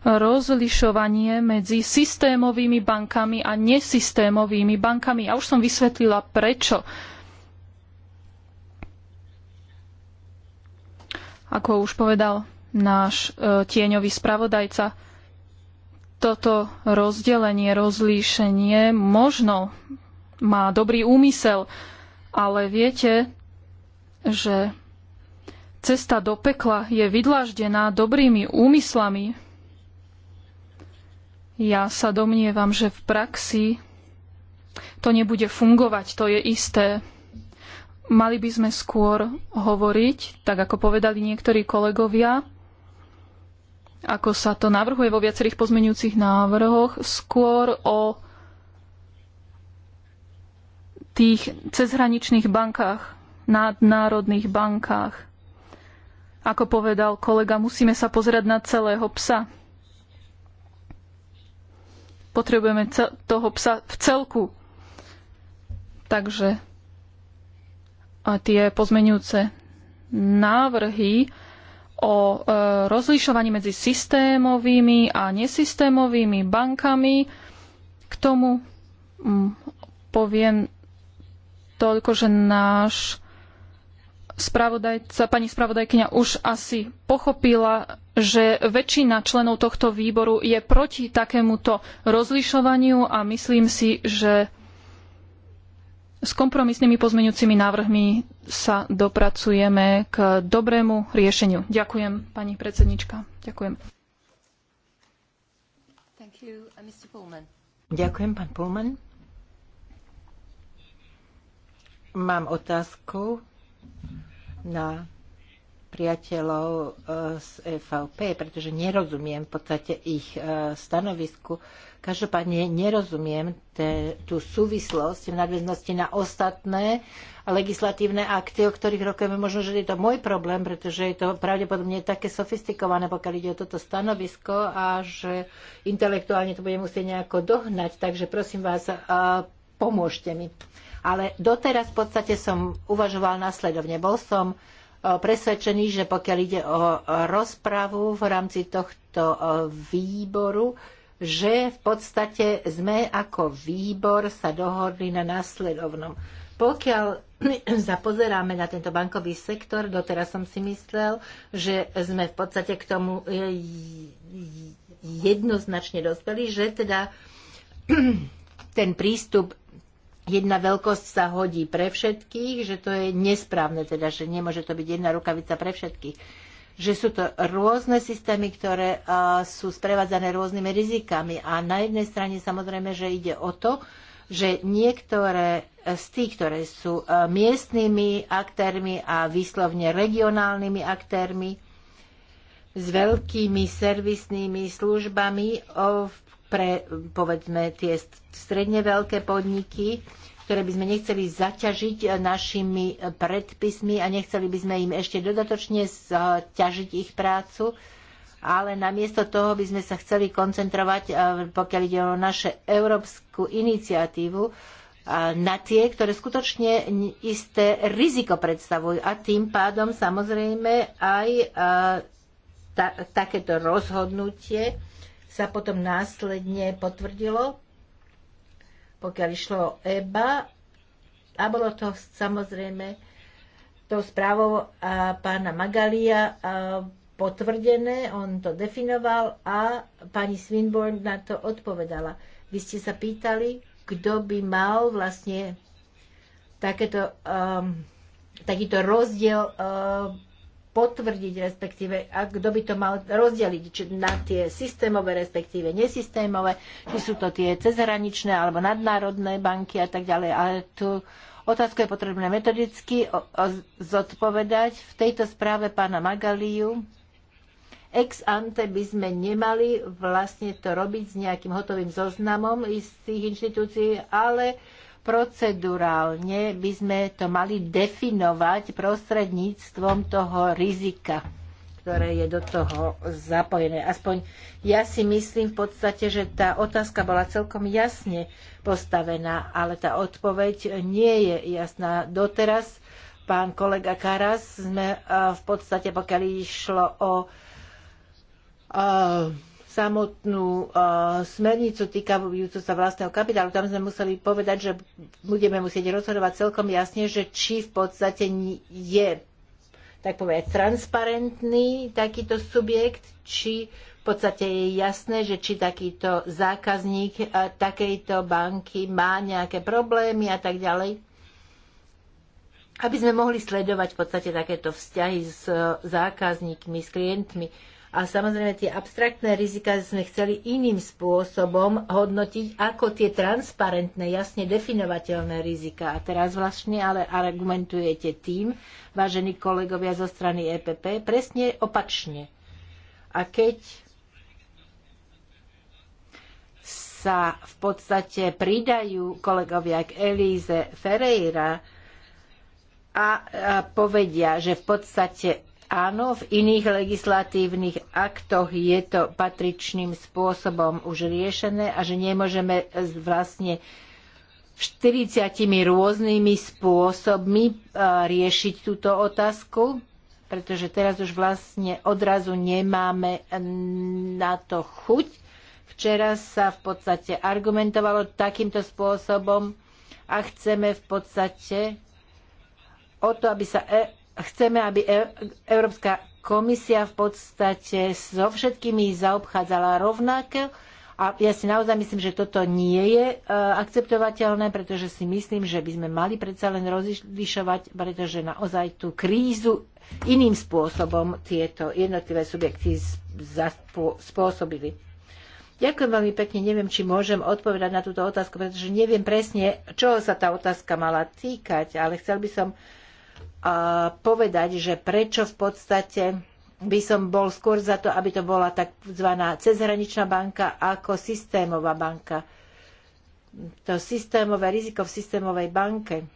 rozlišovanie medzi systémovými bankami a nesystémovými bankami. A už som vysvetlila prečo. Ako už povedal náš e, tieňový spravodajca, toto rozdelenie, rozlíšenie možno má dobrý úmysel, ale viete, že cesta do pekla je vydláždená dobrými úmyslami. Ja sa domnievam, že v praxi to nebude fungovať, to je isté. Mali by sme skôr hovoriť, tak ako povedali niektorí kolegovia, ako sa to navrhuje vo viacerých pozmeňujúcich návrhoch, skôr o tých cezhraničných bankách, nadnárodných bankách. Ako povedal kolega, musíme sa pozerať na celého psa. Potrebujeme toho psa v celku. Takže a tie pozmenujúce návrhy o e, rozlišovaní medzi systémovými a nesystémovými bankami. K tomu m, mm, poviem toľko, že náš spravodajca, pani spravodajkyňa už asi pochopila, že väčšina členov tohto výboru je proti takémuto rozlišovaniu a myslím si, že s kompromisnými pozmeňujúcimi návrhmi sa dopracujeme k dobrému riešeniu. Ďakujem, pani predsednička. Ďakujem. Uh, Ďakujem, pán Pullman. Mám otázku na priateľov eh, z EVP, pretože nerozumiem v podstate ich eh, stanovisku. Každopádne nerozumiem te, tú súvislosť v nadväznosti na ostatné legislatívne akty, o ktorých rokujeme. Možno, že je to môj problém, pretože je to pravdepodobne také sofistikované, pokiaľ ide o toto stanovisko a že intelektuálne to bude musieť nejako dohnať. Takže prosím vás, eh, pomôžte mi. Ale doteraz v podstate som uvažoval následovne. Bol som e, presvedčený, že pokiaľ ide o rozpravu v rámci tohto e, výboru, že v podstate sme ako výbor sa dohodli na následovnom. Pokiaľ zapozeráme na tento bankový sektor, doteraz som si myslel, že sme v podstate k tomu e, jednoznačne dospeli, že teda ten prístup jedna veľkosť sa hodí pre všetkých, že to je nesprávne, teda, že nemôže to byť jedna rukavica pre všetkých. Že sú to rôzne systémy, ktoré uh, sú sprevádzané rôznymi rizikami. A na jednej strane samozrejme, že ide o to, že niektoré z tých, ktoré sú uh, miestnymi aktérmi a výslovne regionálnymi aktérmi, s veľkými servisnými službami, v pre, povedzme, tie stredne veľké podniky, ktoré by sme nechceli zaťažiť našimi predpismi a nechceli by sme im ešte dodatočne zaťažiť ich prácu, ale namiesto toho by sme sa chceli koncentrovať, eh, pokiaľ ide o našu európsku iniciatívu, na tie, ktoré skutočne isté riziko predstavujú. A tým pádom samozrejme aj eh, takéto rozhodnutie sa potom následne potvrdilo, pokiaľ išlo o EBA a bolo to samozrejme tou správou a pána Magalia a potvrdené, on to definoval a pani Swinburne na to odpovedala. Vy ste sa pýtali, kto by mal vlastne takéto, um, takýto rozdiel um, potvrdiť, respektíve a kto by to mal rozdeliť či na tie systémové, respektíve nesystémové, či sú to tie cezhraničné alebo nadnárodné banky a tak ďalej. Ale tu otázku je potrebné metodicky zodpovedať. V tejto správe pána Magaliu ex ante by sme nemali vlastne to robiť s nejakým hotovým zoznamom istých tých inštitúcií, ale procedurálne by sme to mali definovať prostredníctvom toho rizika, ktoré je do toho zapojené. Aspoň ja si myslím v podstate, že tá otázka bola celkom jasne postavená, ale tá odpoveď nie je jasná. Doteraz pán kolega Karas sme eh, v podstate, pokiaľ išlo o eh, samotnú e, smernicu týkajúcu sa vlastného kapitálu, tam sme museli povedať, že budeme musieť rozhodovať celkom jasne, že či v podstate je tak povedať, transparentný takýto subjekt, či v podstate je jasné, že či takýto zákazník e, takejto banky má nejaké problémy a tak ďalej. Aby sme mohli sledovať v podstate takéto vzťahy s e, zákazníkmi, s klientmi. A samozrejme tie abstraktné rizika sme chceli iným spôsobom hodnotiť ako tie transparentné, jasne definovateľné rizika. A teraz vlastne ale argumentujete tým, vážení kolegovia zo strany EPP, presne opačne. A keď sa v podstate pridajú kolegovia k Elíze Ferreira a, povedia, že v podstate Áno, v iných legislatívnych aktoch je to patričným spôsobom už riešené a že nemôžeme vlastne 40 rôznymi spôsobmi e, riešiť túto otázku, pretože teraz už vlastne odrazu nemáme na to chuť. Včera sa v podstate argumentovalo takýmto spôsobom a chceme v podstate o to, aby sa e- chceme, aby e- Európska komisia v podstate so všetkými zaobchádzala rovnako. A ja si naozaj myslím, že toto nie je e, akceptovateľné, pretože si myslím, že by sme mali predsa len rozlišovať, pretože naozaj tú krízu iným spôsobom tieto jednotlivé subjekty spôsobili. Ďakujem veľmi pekne. Neviem, či môžem odpovedať na túto otázku, pretože neviem presne, čoho sa tá otázka mala týkať, ale chcel by som povedať, že prečo v podstate by som bol skôr za to, aby to bola tzv. cezhraničná banka ako systémová banka. To systémové riziko v systémovej banke,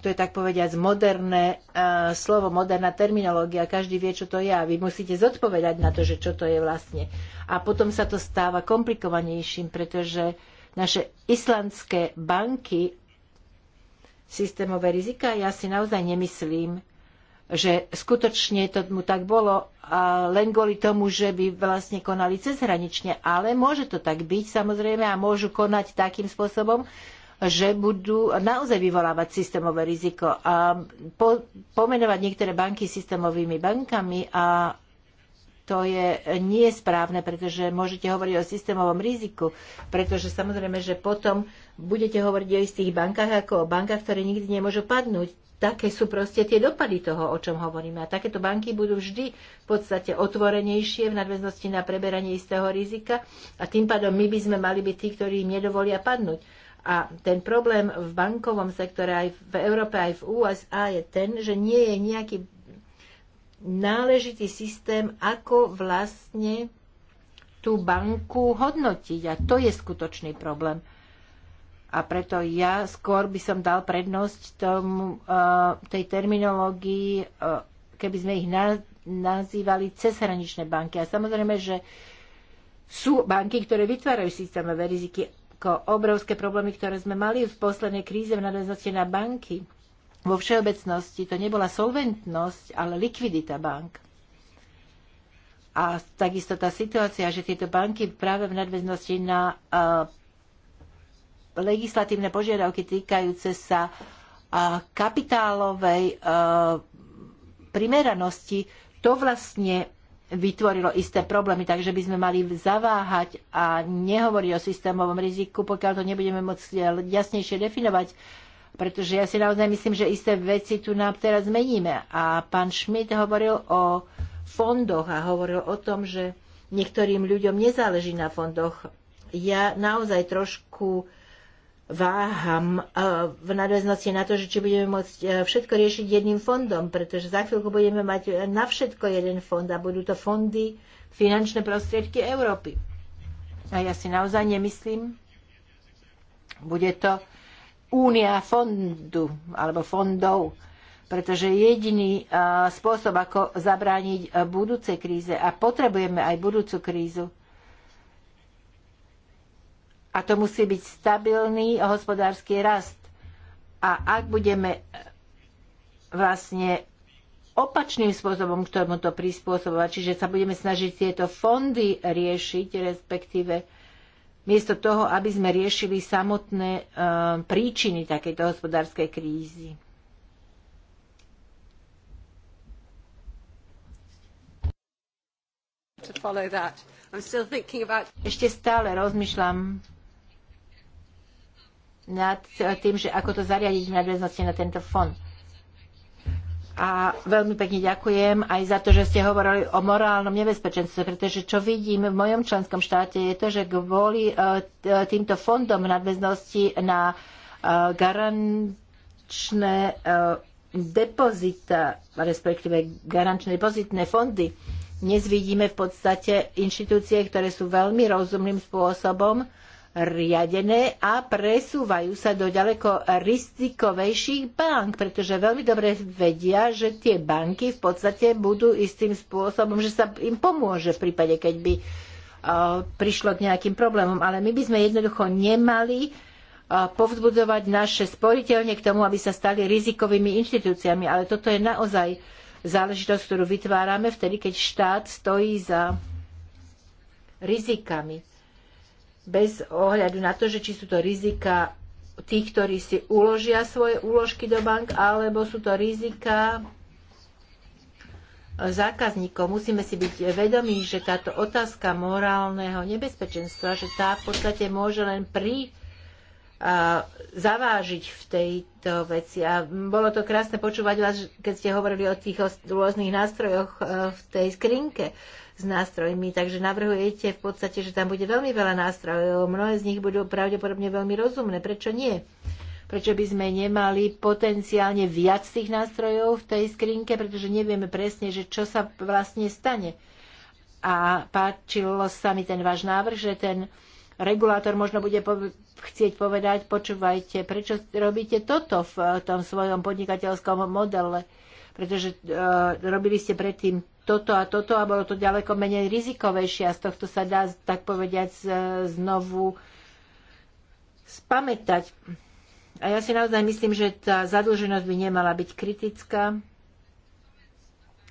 to je tak povediať moderné uh, slovo, moderná terminológia, každý vie, čo to je a vy musíte zodpovedať na to, že čo to je vlastne. A potom sa to stáva komplikovanejším, pretože naše islandské banky systémové rizika. Ja si naozaj nemyslím, že skutočne to mu tak bolo a len kvôli tomu, že by vlastne konali cezhranične. Ale môže to tak byť samozrejme a môžu konať takým spôsobom, že budú naozaj vyvolávať systémové riziko. A po, pomenovať niektoré banky systémovými bankami a to je nesprávne, pretože môžete hovoriť o systémovom riziku, pretože samozrejme, že potom budete hovoriť o istých bankách ako o bankách, ktoré nikdy nemôžu padnúť. Také sú proste tie dopady toho, o čom hovoríme. A takéto banky budú vždy v podstate otvorenejšie v nadväznosti na preberanie istého rizika a tým pádom my by sme mali byť tí, ktorí im nedovolia padnúť. A ten problém v bankovom sektore aj v Európe, aj v USA je ten, že nie je nejaký náležitý systém, ako vlastne tú banku hodnotiť. A to je skutočný problém. A preto ja skôr by som dal prednosť tomu, e, tej terminológii, e, keby sme ich nazývali cezhraničné banky. A samozrejme, že sú banky, ktoré vytvárajú systémové riziky, ako obrovské problémy, ktoré sme mali v poslednej kríze v nadväznosti na banky vo všeobecnosti to nebola solventnosť, ale likvidita bank. A takisto tá situácia, že tieto banky práve v nadväznosti na uh, legislatívne požiadavky týkajúce sa uh, kapitálovej uh, primeranosti, to vlastne vytvorilo isté problémy, takže by sme mali zaváhať a nehovoriť o systémovom riziku, pokiaľ to nebudeme môcť jasnejšie definovať. Uh, pretože ja si naozaj myslím, že isté veci tu nám teraz zmeníme. A pán Schmidt hovoril o fondoch a hovoril o tom, že niektorým ľuďom nezáleží na fondoch. Ja naozaj trošku váham eh, v nadväznosti na to, že či budeme môcť eh, všetko riešiť jedným fondom, pretože za chvíľku budeme mať eh, na všetko jeden fond a budú to fondy, finančné prostriedky Európy. A ja si naozaj nemyslím, bude to únia fondu alebo fondov, pretože jediný spôsob, ako zabrániť budúcej kríze a potrebujeme aj budúcu krízu, a to musí byť stabilný hospodársky rast. A ak budeme e, vlastne opačným spôsobom k tomuto prispôsobovať, čiže sa budeme snažiť tieto fondy riešiť, respektíve miesto toho, aby sme riešili samotné e, príčiny takejto hospodárskej krízy. Ešte stále rozmýšľam nad tým, že ako to zariadiť v nadväznosti na tento fond a veľmi pekne ďakujem aj za to, že ste hovorili o morálnom nebezpečenstve, pretože čo vidím v mojom členskom štáte je to, že kvôli e, e, týmto fondom nadväznosti na e, garančné depozita, respektíve garančné depozitné fondy, dnes vidíme v podstate inštitúcie, ktoré sú veľmi rozumným spôsobom riadené a presúvajú sa do ďaleko rizikovejších bank, pretože veľmi dobre vedia, že tie banky v podstate budú istým spôsobom, že sa im pomôže v prípade, keď by e, prišlo k nejakým problémom. Ale my by sme jednoducho nemali e, povzbudzovať naše sporiteľne k tomu, aby sa stali rizikovými inštitúciami. Ale toto je naozaj záležitosť, ktorú vytvárame vtedy, keď štát stojí za rizikami bez ohľadu na to, že či sú to rizika tých, ktorí si uložia svoje úložky do bank, alebo sú to rizika zákazníkov. Musíme si byť vedomí, že táto otázka morálneho nebezpečenstva, že tá v podstate môže len pri a, zavážiť v tejto veci. A bolo to krásne počúvať vás, keď ste hovorili o tých rôznych nástrojoch e, v tej skrinke s nástrojmi. Takže navrhujete v podstate, že tam bude veľmi veľa nástrojov. Mnohé z nich budú pravdepodobne veľmi rozumné. Prečo nie? Prečo by sme nemali potenciálne viac tých nástrojov v tej skrinke, pretože nevieme presne, že čo sa vlastne stane. A páčilo sa mi ten váš návrh, že ten regulátor možno bude po- chcieť povedať, počúvajte, prečo robíte toto v tom svojom podnikateľskom modele, pretože e, robili ste predtým toto a toto a bolo to ďaleko menej rizikovejšie a z tohto sa dá, tak povediať, znovu spamätať. A ja si naozaj myslím, že tá zadlženosť by nemala byť kritická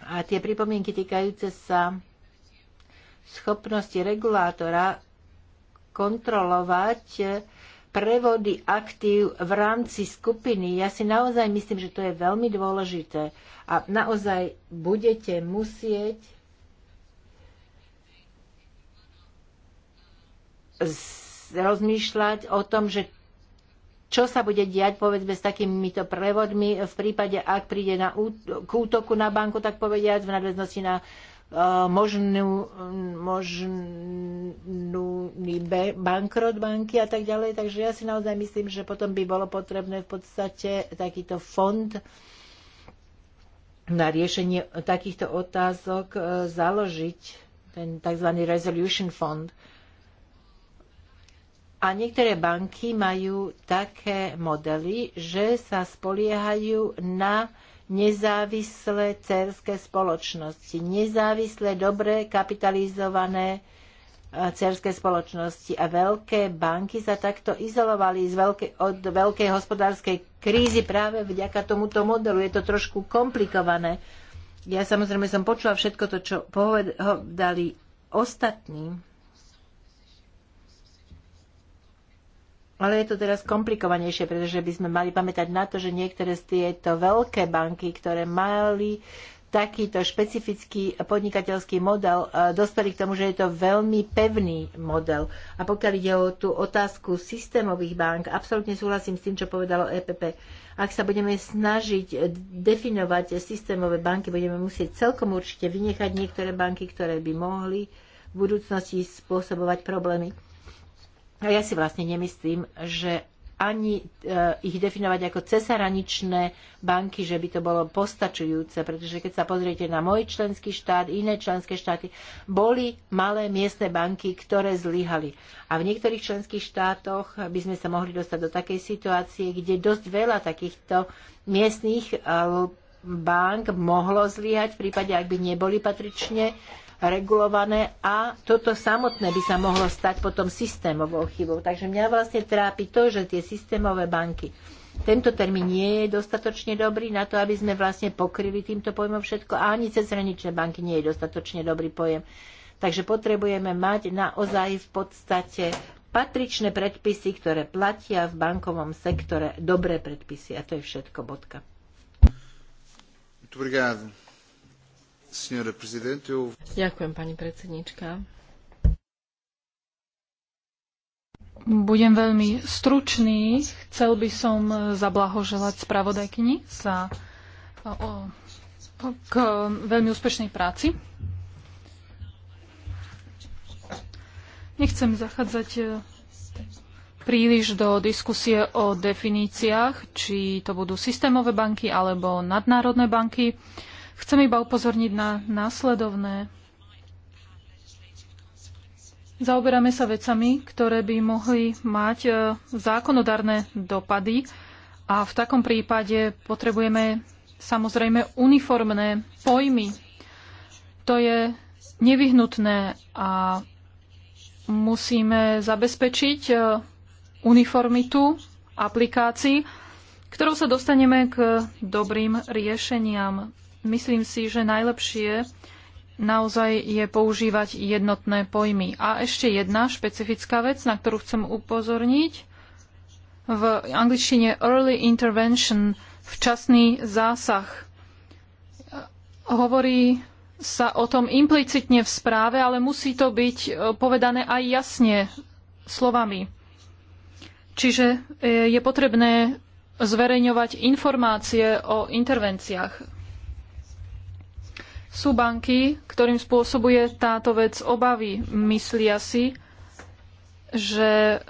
a tie pripomienky týkajúce sa schopnosti regulátora kontrolovať prevody aktív v rámci skupiny. Ja si naozaj myslím, že to je veľmi dôležité a naozaj budete musieť rozmýšľať o tom, že čo sa bude diať, povedzme, s takýmito prevodmi v prípade, ak príde na, k útoku na banku, tak povediať, v nadväznosti na Eh, možnú, možný bankrot banky a tak ďalej. Takže ja si naozaj myslím, že potom by bolo potrebné v podstate takýto fond na riešenie takýchto otázok eh, založiť, ten tzv. Resolution Fund. A niektoré banky majú také modely, že sa spoliehajú na nezávislé cerské spoločnosti, nezávislé, dobre kapitalizované e, cerské spoločnosti a veľké banky sa takto izolovali z veľké, od veľkej hospodárskej krízy práve vďaka tomuto modelu. Je to trošku komplikované. Ja samozrejme som počula všetko to, čo povedali ostatní. Ale je to teraz komplikovanejšie, pretože by sme mali pamätať na to, že niektoré z tieto veľké banky, ktoré mali takýto špecifický podnikateľský model, e, dospeli k tomu, že je to veľmi pevný model. A pokiaľ ide o tú otázku systémových bank, absolútne súhlasím s tým, čo povedalo EPP. Ak sa budeme snažiť definovať systémové banky, budeme musieť celkom určite vynechať niektoré banky, ktoré by mohli v budúcnosti spôsobovať problémy. A ja si vlastne nemyslím, že ani eh, ich definovať ako cesaraničné banky, že by to bolo postačujúce, pretože keď sa pozriete na môj členský štát, iné členské štáty, boli malé miestne banky, ktoré zlyhali. A v niektorých členských štátoch by sme sa mohli dostať do takej situácie, kde dosť veľa takýchto miestných eh, bank mohlo zlyhať v prípade, ak by neboli patrične regulované a toto samotné by sa mohlo stať potom systémovou chybou. Takže mňa vlastne trápi to, že tie systémové banky tento termín nie je dostatočne dobrý na to, aby sme vlastne pokryli týmto pojmom všetko a ani cez hraničné banky nie je dostatočne dobrý pojem. Takže potrebujeme mať naozaj v podstate patričné predpisy, ktoré platia v bankovom sektore, dobré predpisy. A to je všetko, bodka. Obrigado. Ďakujem, pani Budem veľmi stručný. Chcel by som zablahoželať spravodajkyni za o, o, k veľmi úspešnej práci. Nechcem zachádzať e, príliš do diskusie o definíciách, či to budú systémové banky alebo nadnárodné banky. Uh, Chcem iba upozorniť na následovné. Zaoberáme sa vecami, ktoré by mohli mať e, zákonodárne dopady a v takom prípade potrebujeme samozrejme uniformné pojmy. To je nevyhnutné a musíme zabezpečiť e, uniformitu aplikácií, ktorou sa dostaneme k dobrým riešeniam. Myslím si, že najlepšie naozaj je používať jednotné pojmy. A ešte jedna špecifická vec, na ktorú chcem upozorniť. V angličtine early intervention, včasný zásah. Hovorí sa o tom implicitne v správe, ale musí to byť e, povedané aj jasne slovami. Čiže e, je potrebné zverejňovať informácie o intervenciách sú banky, ktorým spôsobuje táto vec obavy. Myslia si, že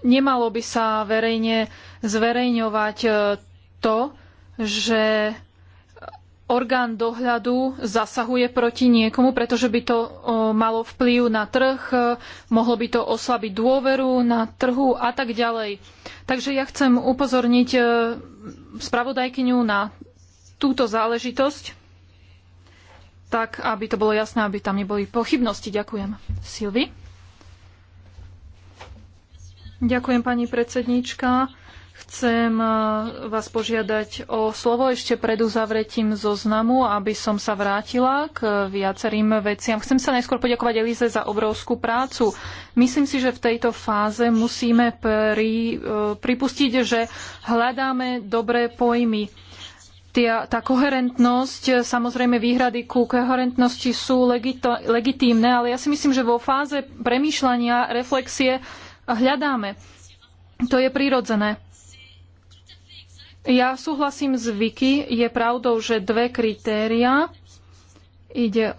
nemalo by sa verejne zverejňovať e, to, že orgán dohľadu zasahuje proti niekomu, pretože by to e, malo vplyv na trh, e, mohlo by to oslabiť dôveru na trhu a tak ďalej. Takže ja chcem upozorniť spravodajkyňu na túto záležitosť tak aby to bolo jasné, aby tam neboli pochybnosti. Ďakujem. Silvi? Ďakujem, pani predsedníčka. Chcem eh, vás požiadať o slovo ešte pred uzavretím zoznamu, aby som sa vrátila k viacerým veciam. Chcem sa najskôr poďakovať Elize za obrovskú prácu. Myslím si, že v tejto fáze musíme pri, eh, pripustiť, že hľadáme dobré pojmy tá, tá koherentnosť, e, samozrejme výhrady ku koherentnosti sú legito, legitímne, ale ja si myslím, že vo fáze premýšľania, reflexie hľadáme. To je prirodzené. Ja súhlasím s Vicky. Je pravdou, že dve kritéria ide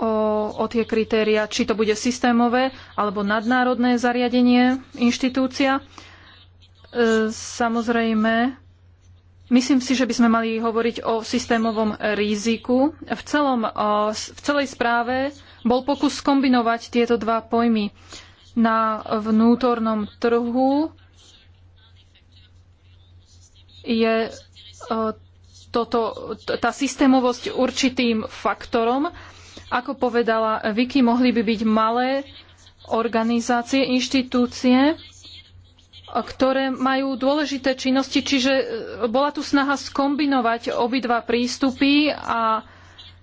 o, o tie kritéria, či to bude systémové alebo nadnárodné zariadenie, inštitúcia. E, samozrejme, Myslím si, že by sme mali hovoriť o systémovom riziku. V, celom, v celej správe bol pokus skombinovať tieto dva pojmy na vnútornom trhu je toto, tá systémovosť určitým faktorom. Ako povedala Vicky, mohli by byť malé organizácie, inštitúcie, ktoré majú dôležité činnosti, čiže e, bola tu snaha skombinovať obidva prístupy a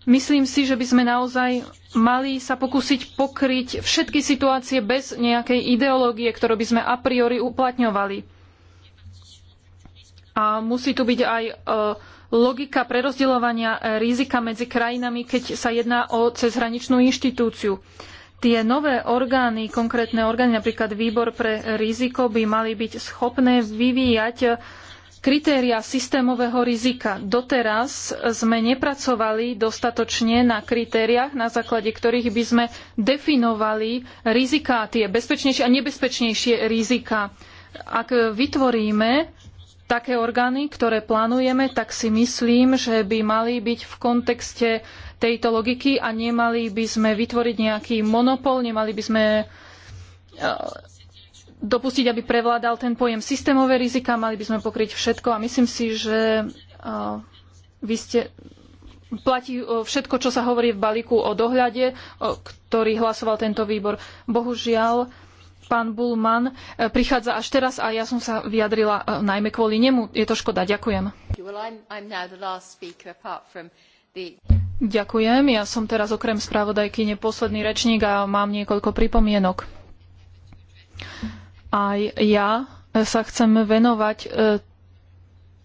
myslím si, že by sme naozaj mali sa pokúsiť pokryť všetky situácie bez nejakej ideológie, ktorú by sme a priori uplatňovali. A musí tu byť aj e, logika prerozdeľovania rizika medzi krajinami, keď sa jedná o cezhraničnú inštitúciu tie nové orgány, konkrétne orgány, napríklad výbor pre riziko, by mali byť schopné vyvíjať kritéria systémového rizika. Doteraz sme nepracovali dostatočne na kritériách, na základe ktorých by sme definovali riziká, tie bezpečnejšie a nebezpečnejšie rizika. Ak vytvoríme také orgány, ktoré plánujeme, tak si myslím, že by mali byť v kontexte tejto logiky a nemali by sme vytvoriť nejaký monopol, nemali by sme e, dopustiť, aby prevládal ten pojem systémové rizika, mali by sme pokryť všetko a myslím si, že e, vy ste platí e, všetko, čo sa hovorí v balíku o dohľade, ktorý hlasoval tento výbor. Bohužiaľ, pán Bulman prichádza až teraz a ja som sa vyjadrila najmä kvôli nemu. Je to škoda. Ďakujem. Ďakujem. Ja som teraz okrem spravodajkyne posledný rečník a mám niekoľko pripomienok. Aj ja sa chcem venovať e,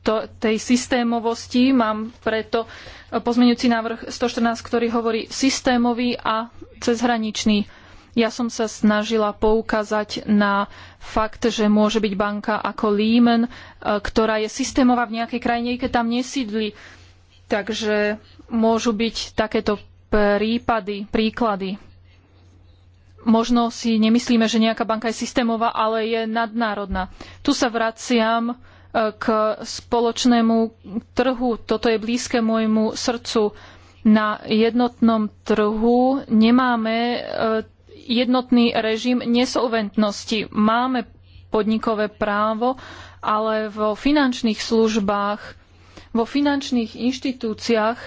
to, tej systémovosti. Mám preto pozmeňujúci návrh 114, ktorý hovorí systémový a cezhraničný. Ja som sa snažila poukázať na fakt, že môže byť banka ako Lehman, e, ktorá je systémová v nejakej krajine, keď tam nesídli. Takže môžu byť takéto prípady, príklady. Možno si nemyslíme, že nejaká banka je systémová, ale je nadnárodná. Tu sa vraciam e, k spoločnému trhu. Toto je blízke môjmu srdcu. Na jednotnom trhu nemáme e, jednotný režim nesolventnosti. Máme podnikové právo, ale vo finančných službách, vo finančných inštitúciách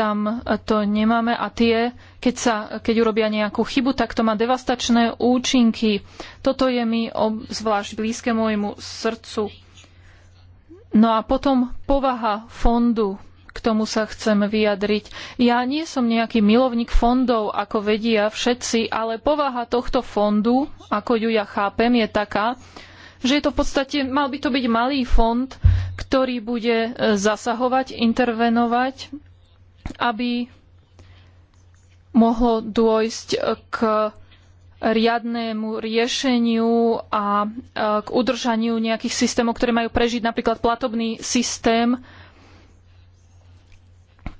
tam to nemáme a tie, keď, sa, keď urobia nejakú chybu, tak to má devastačné účinky. Toto je mi zvlášť blízke môjmu srdcu. No a potom povaha fondu. K tomu sa chcem vyjadriť. Ja nie som nejaký milovník fondov, ako vedia všetci, ale povaha tohto fondu, ako ju ja chápem, je taká, že je to v podstate, mal by to byť malý fond, ktorý bude zasahovať, intervenovať aby mohlo dôjsť k riadnemu riešeniu a e, k udržaniu nejakých systémov, ktoré majú prežiť, napríklad platobný systém,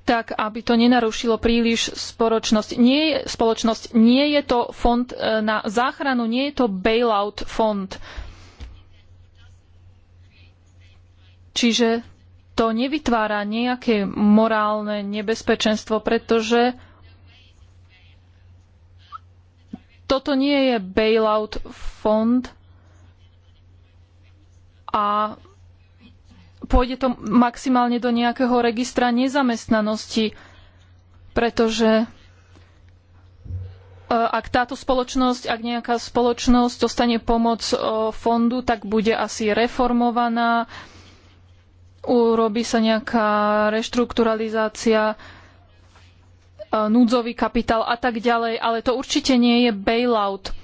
tak aby to nenarušilo príliš spoločnosť. Nie, spoločnosť. nie je to fond e, na záchranu, nie je to bailout fond. Čiže to nevytvára nejaké morálne nebezpečenstvo, pretože toto nie je bailout fond a pôjde to maximálne do nejakého registra nezamestnanosti, pretože e, ak táto spoločnosť, ak nejaká spoločnosť dostane pomoc e, fondu, tak bude asi reformovaná, urobí sa nejaká reštrukturalizácia, e, núdzový kapitál a tak ďalej, ale to určite nie je bailout.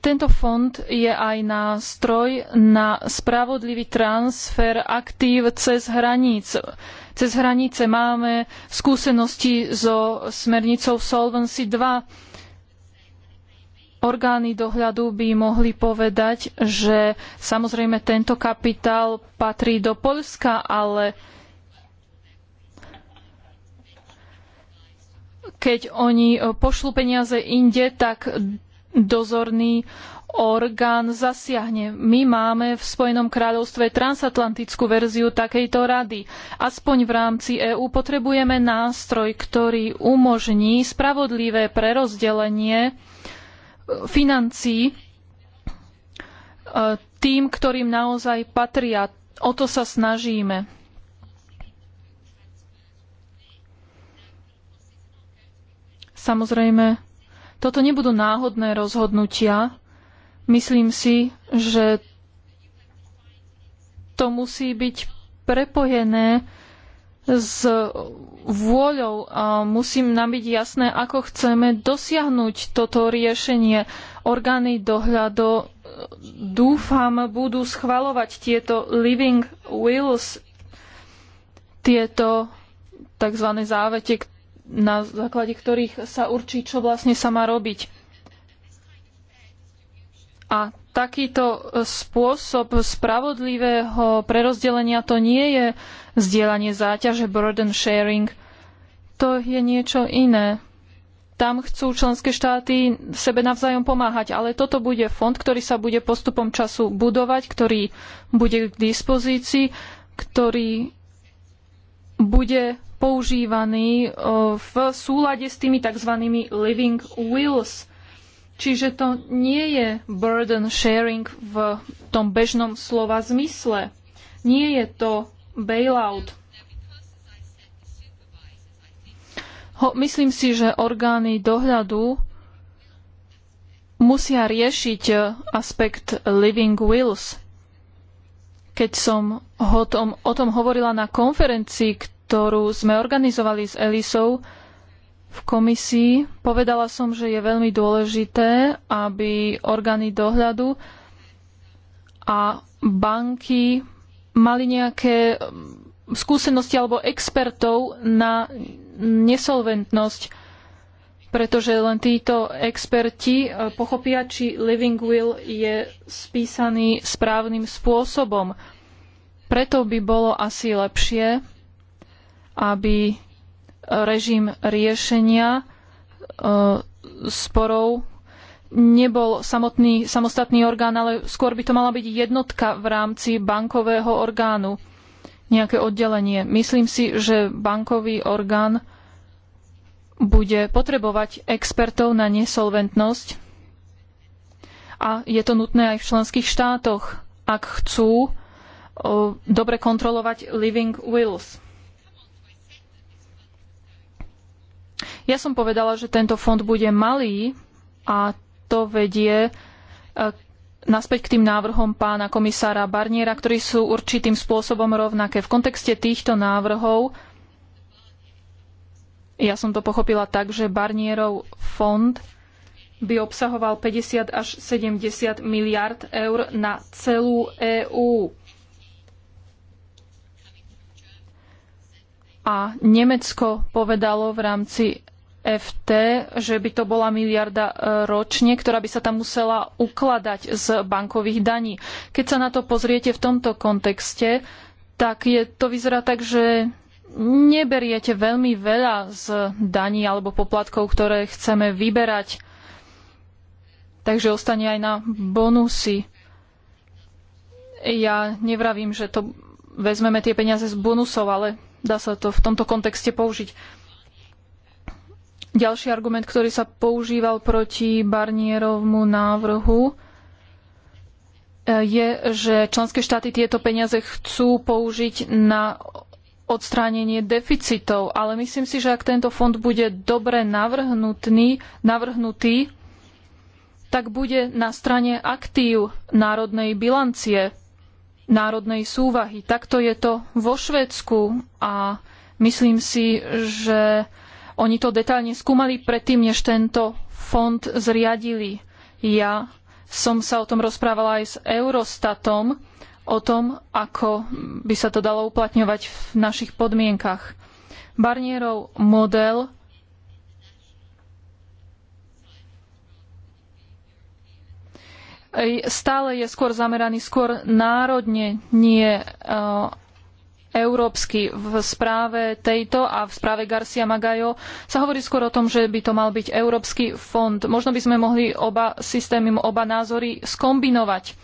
Tento fond je aj nástroj na spravodlivý transfer aktív cez hranice. Cez hranice máme skúsenosti so smernicou Solvency 2 orgány dohľadu by mohli povedať, že samozrejme tento kapitál patrí do Poľska, ale keď oni pošlú peniaze inde, tak dozorný orgán zasiahne. My máme v Spojenom kráľovstve transatlantickú verziu takejto rady. Aspoň v rámci EÚ potrebujeme nástroj, ktorý umožní spravodlivé prerozdelenie financií e, tým, ktorým naozaj patria. O to sa snažíme. Samozrejme, toto nebudú náhodné rozhodnutia. Myslím si, že to musí byť prepojené s vôľou a musí nám byť jasné, ako chceme dosiahnuť toto riešenie. Orgány dohľadu e, dúfam budú schvalovať tieto living wills, tieto tzv. závete, na základe ktorých sa určí, čo vlastne sa má robiť. A takýto e, spôsob spravodlivého prerozdelenia to nie je zdieľanie záťaže, burden sharing. To je niečo iné. Tam chcú členské štáty sebe navzájom pomáhať, ale toto bude fond, ktorý sa bude postupom času budovať, ktorý bude k dispozícii, ktorý bude používaný e, v súlade s tými tzv. living wills Čiže to nie je burden sharing v tom bežnom slova zmysle. Nie je to bailout. Ho, myslím si, že orgány dohľadu musia riešiť e, aspekt living wills. Keď som ho tom, o tom hovorila na konferencii, ktorú sme organizovali s Elisou, v komisii. Povedala som, že je veľmi dôležité, aby orgány dohľadu a banky mali nejaké mm, skúsenosti alebo expertov na nesolventnosť, pretože len títo experti e, pochopia, či Living Will je spísaný správnym spôsobom. Preto by bolo asi lepšie, aby režim riešenia e, sporov nebol samotný, samostatný orgán, ale skôr by to mala byť jednotka v rámci bankového orgánu, nejaké oddelenie. Myslím si, že bankový orgán bude potrebovať expertov na nesolventnosť a je to nutné aj v členských štátoch, ak chcú e, dobre kontrolovať living wills. Ja som povedala, že tento fond bude malý a to vedie e, naspäť k tým návrhom pána komisára Barniera, ktorí sú určitým spôsobom rovnaké. V kontexte týchto návrhov ja som to pochopila tak, že Barnierov fond by obsahoval 50 až 70 miliard eur na celú EÚ. A Nemecko povedalo v rámci FT, že by to bola miliarda e, ročne, ktorá by sa tam musela ukladať z bankových daní. Keď sa na to pozriete v tomto kontexte, tak je, to vyzerá tak, že neberiete veľmi veľa z daní alebo poplatkov, ktoré chceme vyberať. Takže ostane aj na bonusy. Ja nevravím, že to vezmeme tie peniaze z bonusov, ale dá sa to v tomto kontexte použiť. Ďalší argument, ktorý sa používal proti Barnierovmu návrhu, eh, je, že členské štáty tieto peniaze chcú použiť na odstránenie deficitov, ale myslím si, že ak tento fond bude dobre navrhnutý, navrhnutý tak bude na strane aktív národnej bilancie, národnej súvahy. Takto je to vo Švedsku a myslím si, že oni to detailne skúmali predtým, než tento fond zriadili. Ja som sa o tom rozprávala aj s Eurostatom, o tom, ako by sa to dalo uplatňovať v našich podmienkach. Barnierov model stále je skôr zameraný skôr národne, nie európsky. V správe tejto a v správe Garcia Magajo sa hovorí skôr o tom, že by to mal byť Európsky fond. Možno by sme mohli oba systémy, oba názory skombinovať.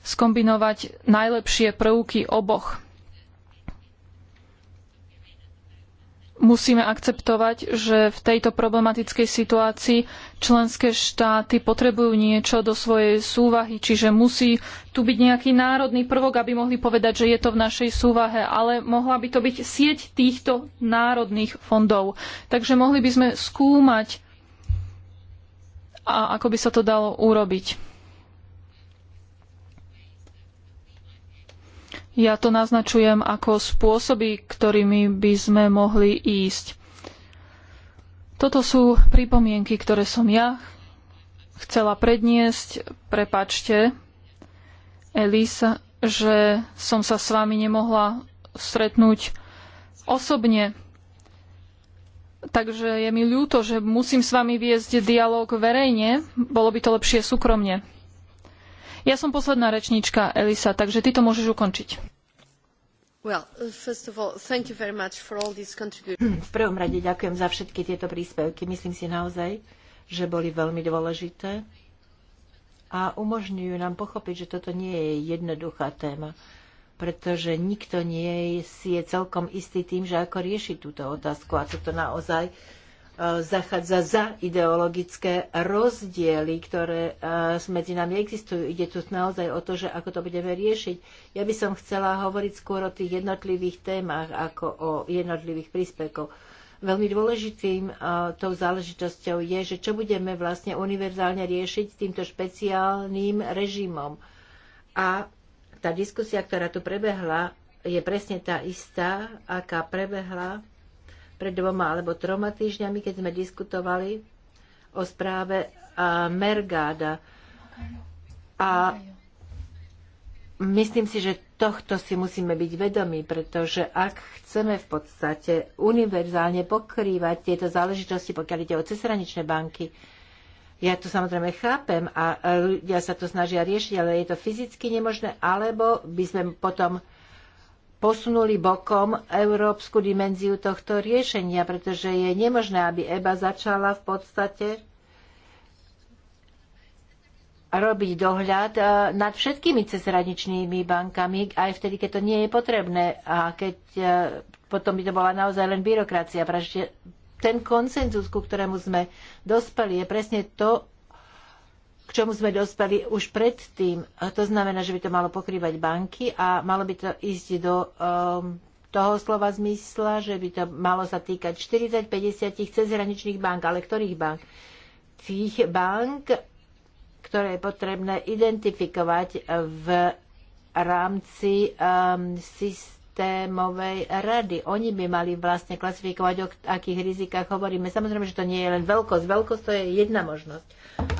Skombinovať najlepšie prvky oboch. musíme akceptovať, že v tejto problematickej situácii členské štáty potrebujú niečo do svojej súvahy, čiže musí tu byť nejaký národný prvok, aby mohli povedať, že je to v našej súvahe, ale mohla by to byť sieť týchto národných fondov. Takže mohli by sme skúmať, a ako by sa to dalo urobiť. Ja to naznačujem ako spôsoby, ktorými by sme mohli ísť. Toto sú pripomienky, ktoré som ja chcela predniesť. Prepačte, Elisa, že som sa s vami nemohla stretnúť osobne. Takže je mi ľúto, že musím s vami viesť dialog verejne. Bolo by to lepšie súkromne. Ja som posledná rečníčka Elisa, takže ty to môžeš ukončiť. Hmm, v prvom rade ďakujem za všetky tieto príspevky. Myslím si naozaj, že boli veľmi dôležité a umožňujú nám pochopiť, že toto nie je jednoduchá téma, pretože nikto nie si je celkom istý tým, že ako riešiť túto otázku. A toto naozaj E, zachádza za ideologické rozdiely, ktoré e, medzi nami existujú. Ide tu naozaj o to, že ako to budeme riešiť. Ja by som chcela hovoriť skôr o tých jednotlivých témach ako o jednotlivých príspevkoch. Veľmi dôležitým e, tou záležitosťou je, že čo budeme vlastne univerzálne riešiť s týmto špeciálnym režimom. A tá diskusia, ktorá tu prebehla, je presne tá istá, aká prebehla pred dvoma alebo troma týždňami, keď sme diskutovali o správe Mergáda. A myslím si, že tohto si musíme byť vedomí, pretože ak chceme v podstate univerzálne pokrývať tieto záležitosti, pokiaľ ide o cezhraničné banky, ja to samozrejme chápem a ľudia sa to snažia riešiť, ale je to fyzicky nemožné, alebo by sme potom posunuli bokom európsku dimenziu tohto riešenia, pretože je nemožné, aby EBA začala v podstate robiť dohľad e, nad všetkými cezhraničnými bankami, aj vtedy, keď to nie je potrebné a keď e, potom by to bola naozaj len byrokracia. Pretože ten konsenzus, ku ktorému sme dospeli, je presne to, k čomu sme dospeli už predtým. To znamená, že by to malo pokrývať banky a malo by to ísť do um, toho slova zmysla, že by to malo sa týkať 40-50 cezhraničných bank, ale ktorých bank? Tých bank, ktoré je potrebné identifikovať v rámci um, systému systémovej rady. Oni by mali vlastne klasifikovať, o akých rizikách hovoríme. Samozrejme, že to nie je len veľkosť. Veľkosť to je jedna možnosť.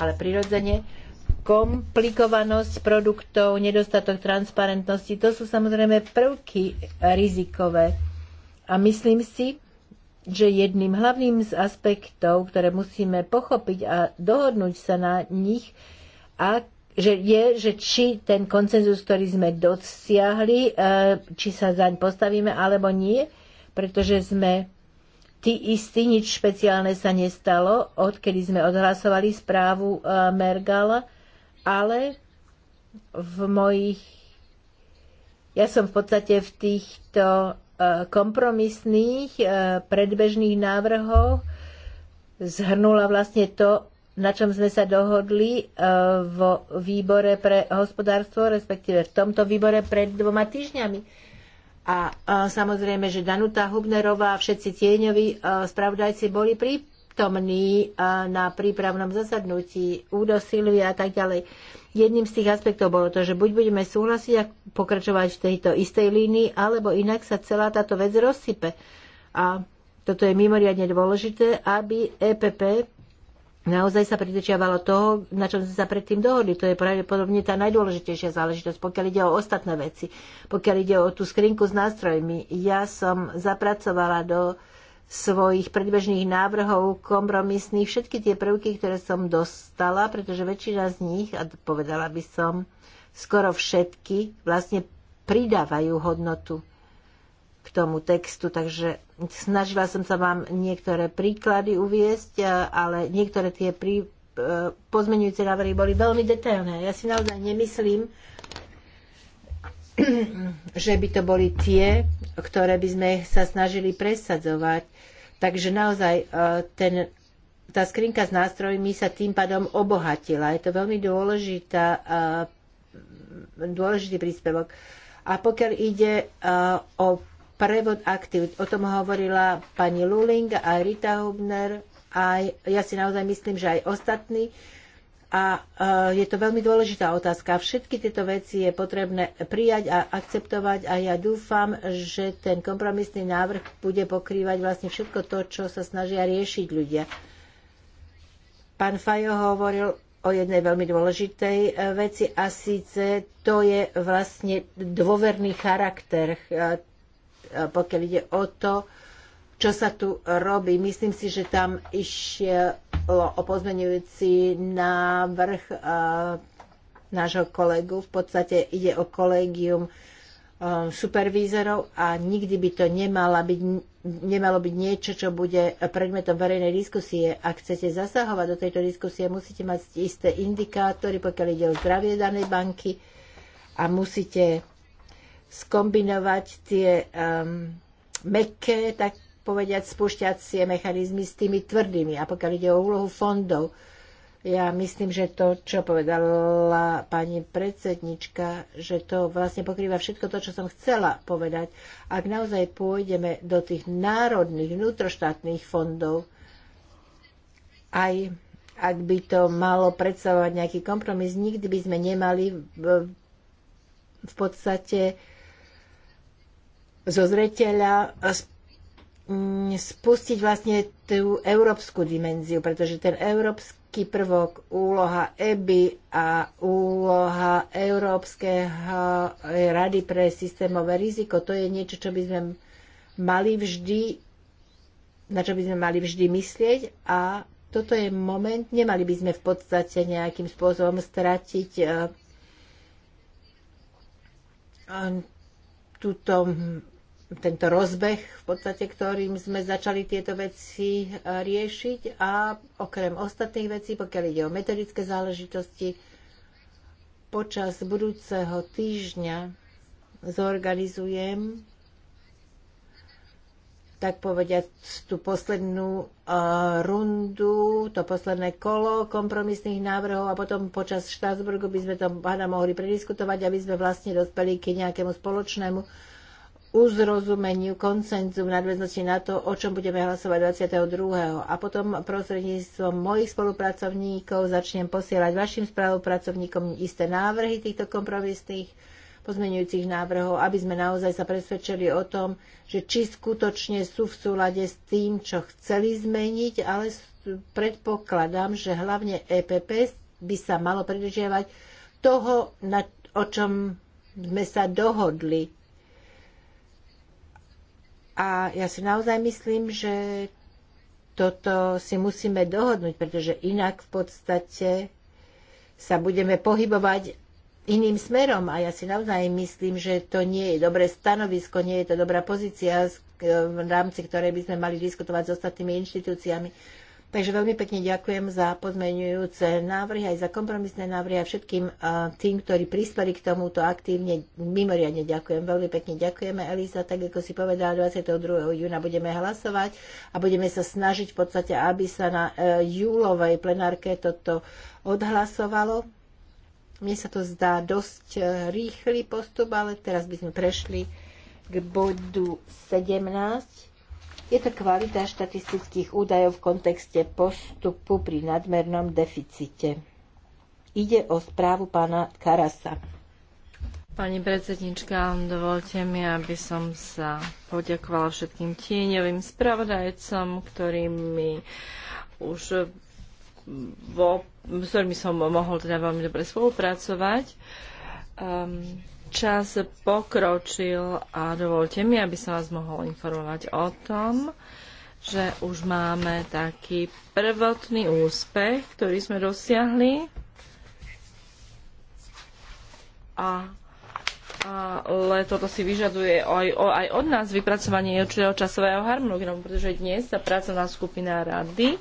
Ale prirodzene komplikovanosť produktov, nedostatok transparentnosti, to sú samozrejme prvky rizikové. A myslím si, že jedným hlavným z aspektov, ktoré musíme pochopiť a dohodnúť sa na nich, ak že je, že či ten koncenzus, ktorý sme dosiahli, e, či sa zaň postavíme alebo nie, pretože sme tí istí, nič špeciálne sa nestalo, odkedy sme odhlasovali správu e, Mergala, ale v mojich... Ja som v podstate v týchto e, kompromisných predbežných návrhoch zhrnula vlastne to, na čom sme sa dohodli e, vo výbore pre hospodárstvo, respektíve v tomto výbore pred dvoma týždňami. A, e, samozrejme, že Danuta Hubnerová a všetci tieňoví e, spravodajci boli prítomní na prípravnom zasadnutí Udo Silvia a tak ďalej. Jedným z tých aspektov bolo to, že buď budeme súhlasiť a pokračovať v tejto istej línii, alebo inak sa celá táto vec rozsype. A toto je mimoriadne dôležité, aby EPP naozaj sa pridržiavalo toho, na čom sme sa predtým dohodli. To je pravdepodobne tá najdôležitejšia záležitosť, pokiaľ ide o ostatné veci, pokiaľ ide o tú skrinku s nástrojmi. Ja som zapracovala do svojich predbežných návrhov kompromisných všetky tie prvky, ktoré som dostala, pretože väčšina z nich, a povedala by som, skoro všetky vlastne pridávajú hodnotu tomu textu, takže snažila som sa vám niektoré príklady uviesť, e, ale niektoré tie prí, e, pozmenujúce návrhy boli veľmi detailné. Ja si naozaj nemyslím, že by to boli tie, ktoré by sme sa snažili presadzovať. Takže naozaj e, ten, tá skrinka s nástrojmi sa tým pádom obohatila. Je to veľmi dôležitá, dôležitý príspevok. A pokiaľ ide o prevod aktív. O tom hovorila pani Luling, aj Rita Hubner, aj ja si naozaj myslím, že aj ostatní. A e, je to veľmi dôležitá otázka. Všetky tieto veci je potrebné prijať a akceptovať a ja dúfam, že ten kompromisný návrh bude pokrývať vlastne všetko to, čo sa snažia riešiť ľudia. Pán Fajo hovoril o jednej veľmi dôležitej e, veci a síce to je vlastne dôverný charakter E, pokiaľ ide o to, čo sa tu robí. Myslím si, že tam išlo o pozmenujúci návrh e, nášho kolegu. V podstate ide o kolegium e, supervízorov a nikdy by to nemala byť, nemalo byť niečo, čo bude predmetom verejnej diskusie. Ak chcete zasahovať do tejto diskusie, musíte mať isté indikátory, pokiaľ ide o zdravie danej banky a musíte skombinovať tie um, mekké, tak povediať, spúšťacie mechanizmy s tými tvrdými. A pokiaľ ide o úlohu fondov, ja myslím, že to, čo povedala pani predsednička, že to vlastne pokrýva všetko to, čo som chcela povedať. Ak naozaj pôjdeme do tých národných, vnútroštátnych fondov, aj ak by to malo predstavovať nejaký kompromis, nikdy by sme nemali v, v podstate zo zreteľa spustiť vlastne tú európsku dimenziu, pretože ten európsky prvok, úloha EBI a úloha Európskeho e, rady pre systémové riziko, to je niečo, čo by sme mali vždy, na čo by sme mali vždy myslieť a toto je moment, nemali by sme v podstate nejakým spôsobom stratiť e, e, túto tento rozbeh, v podstate, ktorým sme začali tieto veci e, riešiť a okrem ostatných vecí, pokiaľ ide o metodické záležitosti, počas budúceho týždňa zorganizujem tak povediať tú poslednú uh, rundu, to posledné kolo kompromisných návrhov a potom počas Štrásburgu by sme to pána mohli prediskutovať, aby sme vlastne dospeli k nejakému spoločnému uh, uzrozumeniu, koncenzu v nadväznosti na to, o čom budeme hlasovať 22. A potom prostredníctvom mojich spolupracovníkov začnem posielať vašim spolupracovníkom isté návrhy týchto kompromisných pozmeňujúcich návrhov, aby sme naozaj sa presvedčili o tom, že či skutočne sú v súlade s tým, čo chceli zmeniť, ale predpokladám, že hlavne EPP by sa malo pridržiavať toho, na, o čom sme sa dohodli a ja si naozaj myslím, že toto si musíme dohodnúť, pretože inak v podstate sa budeme pohybovať iným smerom. A ja si naozaj myslím, že to nie je dobré stanovisko, nie je to dobrá pozícia, v rámci ktorej by sme mali diskutovať s ostatnými inštitúciami. Takže veľmi pekne ďakujem za podmenujúce návrhy, aj za kompromisné návrhy a všetkým eh, tým, ktorí prispeli k tomuto aktívne. Mimoriadne ďakujem, veľmi pekne ďakujeme, Elisa. Tak ako si povedala, 22. júna budeme hlasovať a budeme sa snažiť v podstate, aby sa na eh, júlovej plenárke toto odhlasovalo. Mne sa to zdá dosť eh, rýchly postup, ale teraz by sme prešli k bodu 17 je to kvalita štatistických údajov v kontexte postupu pri nadmernom deficite. Ide o správu pána Karasa. Pani predsednička, dovolte mi, aby som sa poďakovala všetkým tieňovým spravodajcom, ktorými už vo, s ktorými som mohol teda veľmi dobre spolupracovať. Um, Čas pokročil a dovolte mi, aby som vás mohol informovať o tom, že už máme taký prvotný úspech, ktorý sme dosiahli. A le toto si vyžaduje aj, aj od nás vypracovanie určitého časového harmonogramu, pretože dnes tá pracovná skupina rady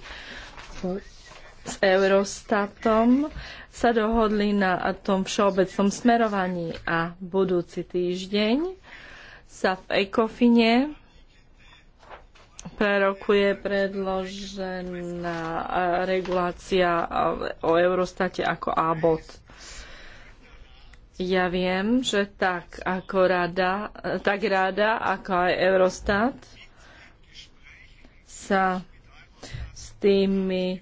s Eurostatom sa dohodli na tom všeobecnom smerovaní a budúci týždeň sa v Ekofine prerokuje predložená e, regulácia o Eurostate ako ABOT. Ja viem, že tak ako rada, tak rada, ako aj Eurostat sa s tými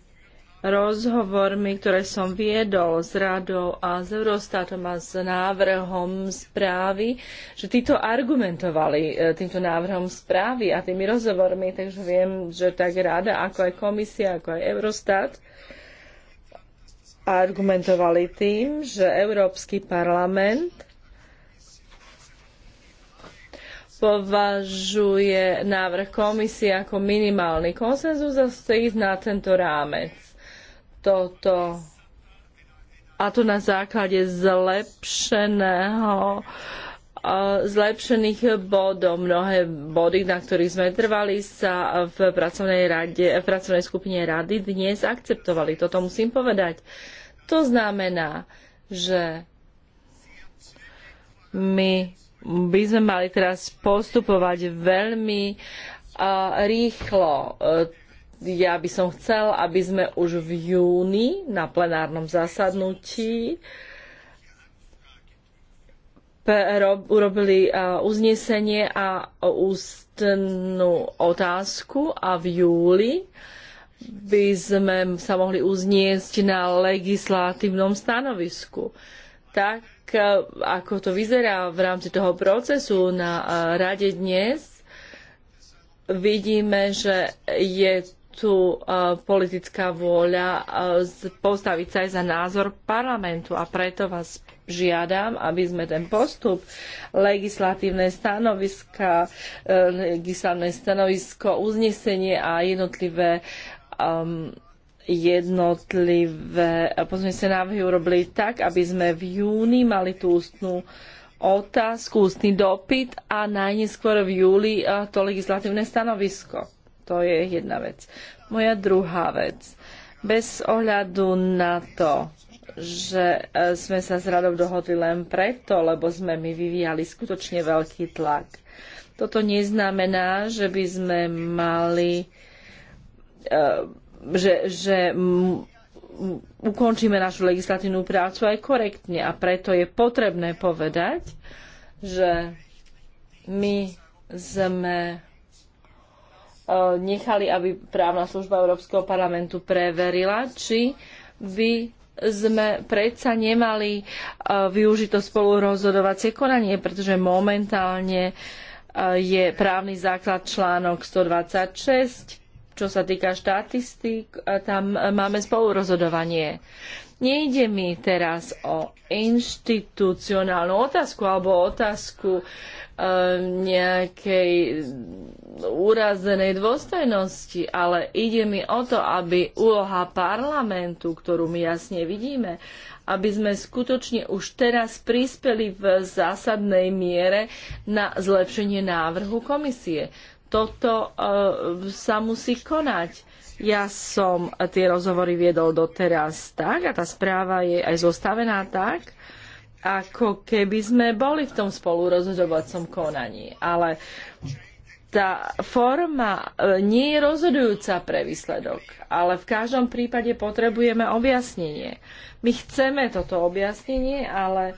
rozhovormi, ktoré som viedol s radou a s Eurostatom a s návrhom správy, že títo argumentovali e, týmto návrhom správy a tými rozhovormi, takže viem, že tak rada, ako aj komisia, ako aj Eurostat argumentovali tým, že Európsky parlament považuje návrh komisie ako minimálny konsenzus a stojí na tento rámec toto a to na základe zlepšeného zlepšených bodov. Mnohé body, na ktorých sme trvali, sa v pracovnej, rade, v pracovnej skupine rady dnes akceptovali. Toto musím povedať. To znamená, že my by sme mali teraz postupovať veľmi rýchlo ja by som chcel, aby sme už v júni na plenárnom zasadnutí urobili uznesenie a ústnú otázku a v júli by sme sa mohli uzniesť na legislatívnom stanovisku. Tak ako to vyzerá v rámci toho procesu na rade dnes, vidíme, že je tu e, politická vôľa e, postaviť sa aj za názor parlamentu a preto vás žiadam, aby sme ten postup legislatívne stanoviska, e, legislatívne stanovisko, uznesenie a jednotlivé um, jednotlivé pozmeňujúce návrhy urobili tak, aby sme v júni mali tú ústnu otázku, ústny dopyt a najneskôr v júli to legislatívne stanovisko. To je jedna vec. Moja druhá vec. Bez ohľadu na to, že e, sme sa s radou dohodli len preto, lebo sme my vyvíjali skutočne veľký tlak. Toto neznamená, že by sme mali, e, že, že ukončíme našu legislatívnu prácu aj korektne a preto je potrebné povedať, že my sme Eh, nechali, aby právna služba Európskeho parlamentu preverila, či by sme predsa nemali eh, využiť to spolurozhodovacie konanie, pretože momentálne eh, je právny základ článok 126, čo sa týka štatistík, tam máme spolurozhodovanie. Nejde mi teraz o inštitucionálnu otázku alebo otázku Ehm, nejakej úrazenej dôstojnosti, ale ide mi o to, aby úloha parlamentu, ktorú my jasne vidíme, aby sme skutočne už teraz prispeli v zásadnej miere na zlepšenie návrhu komisie. Toto uh, sa musí konať. Ja som tie rozhovory viedol doteraz tak a tá správa je aj zostavená tak, ako keby sme boli v tom spolurozhodovacom konaní. Ale tá forma e, nie je rozhodujúca pre výsledok, ale v každom prípade potrebujeme objasnenie. My chceme toto objasnenie, ale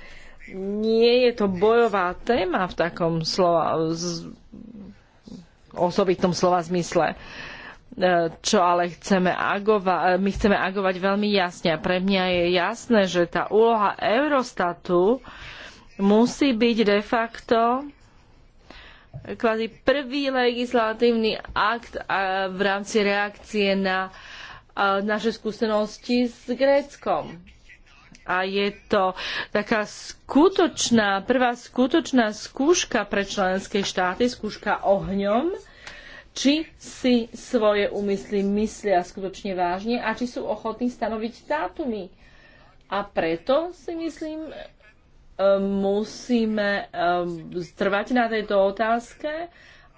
nie je to bojová téma v takom slova, z, osobitom slova zmysle. Uh, čo ale chceme agovať, my chceme agovať veľmi jasne. A pre mňa je jasné, že tá úloha Eurostatu musí byť de facto kvázi prvý legislatívny akt v rámci reakcie na naše skúsenosti s Gréckom a je to taká skutočná, prvá skutočná skúška pre členské štáty, skúška ohňom, či si svoje úmysly myslia skutočne vážne a či sú ochotní stanoviť dátumy. A preto si myslím, e, musíme e, trvať na tejto otázke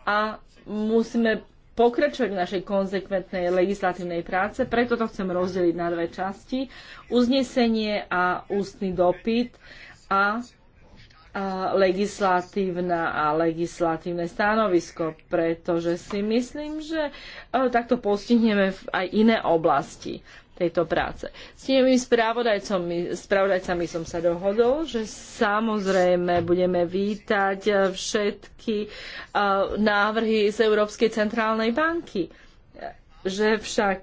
a musíme pokračovať v našej konzekventnej legislatívnej práce, preto to chcem rozdeliť na dve časti. Uznesenie a ústny dopyt a legislatívna a legislatívne stanovisko, pretože si myslím, že e, takto postihneme aj iné oblasti tejto práce. S tými spravodajcami, som sa dohodol, že samozrejme budeme vítať e, všetky e, návrhy z Európskej centrálnej banky. Že však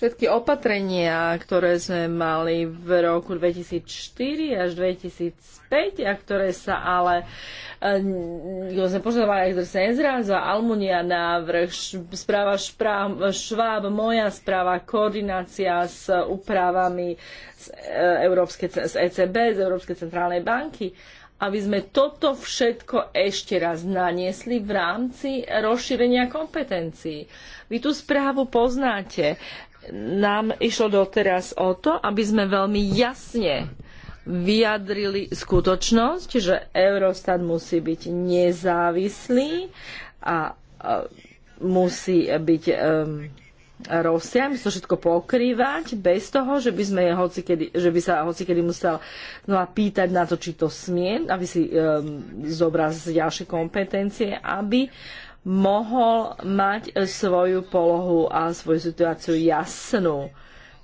Všetky opatrenia, ktoré sme mali v roku 2004 až 2005, a ktoré sa ale, eh, ktoré sme požadovali, ktoré sa nezrealizovala, Almunia návrh, správa Šváb, moja správa, koordinácia s úpravami z, eh, Európske, z ECB, z Európskej centrálnej banky, aby sme toto všetko ešte raz naniesli v rámci rozšírenia kompetencií. Vy tú správu poznáte nám išlo doteraz o to, aby sme veľmi jasne vyjadrili skutočnosť, že Eurostat musí byť nezávislý a, musí byť um, ehm, Rosia, musí to všetko pokrývať bez toho, že by, sme hocikedy, že by sa hocikedy musel no a pýtať na to, či to smie, aby si um, ďalšie kompetencie, aby uh, mohol mať e, svoju polohu a svoju situáciu jasnú.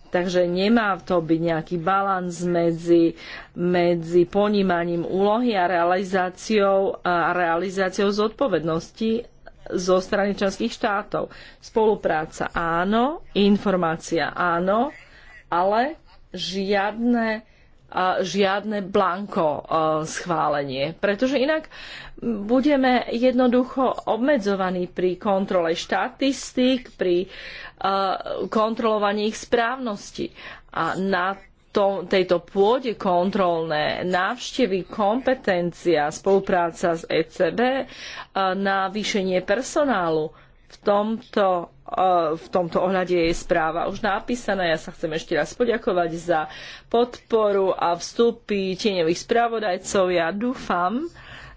Takže nemá to byť nejaký balans medzi, medzi ponímaním úlohy a realizáciou, a realizáciou zodpovednosti zo strany členských štátov. Spolupráca áno, informácia áno, ale žiadne žiadne blanko e, schválenie, pretože inak budeme jednoducho obmedzovaní pri kontrole štatistík, pri e, kontrolovaní ich správnosti. A na tejto pôde kontrolné návštevy, kompetencia, spolupráca s ECB, e, navýšenie personálu – tomto, eh, v tomto ohľade je správa už napísaná. Ja sa chcem ešte raz poďakovať za podporu a vstupy tieňových správodajcov. Ja dúfam,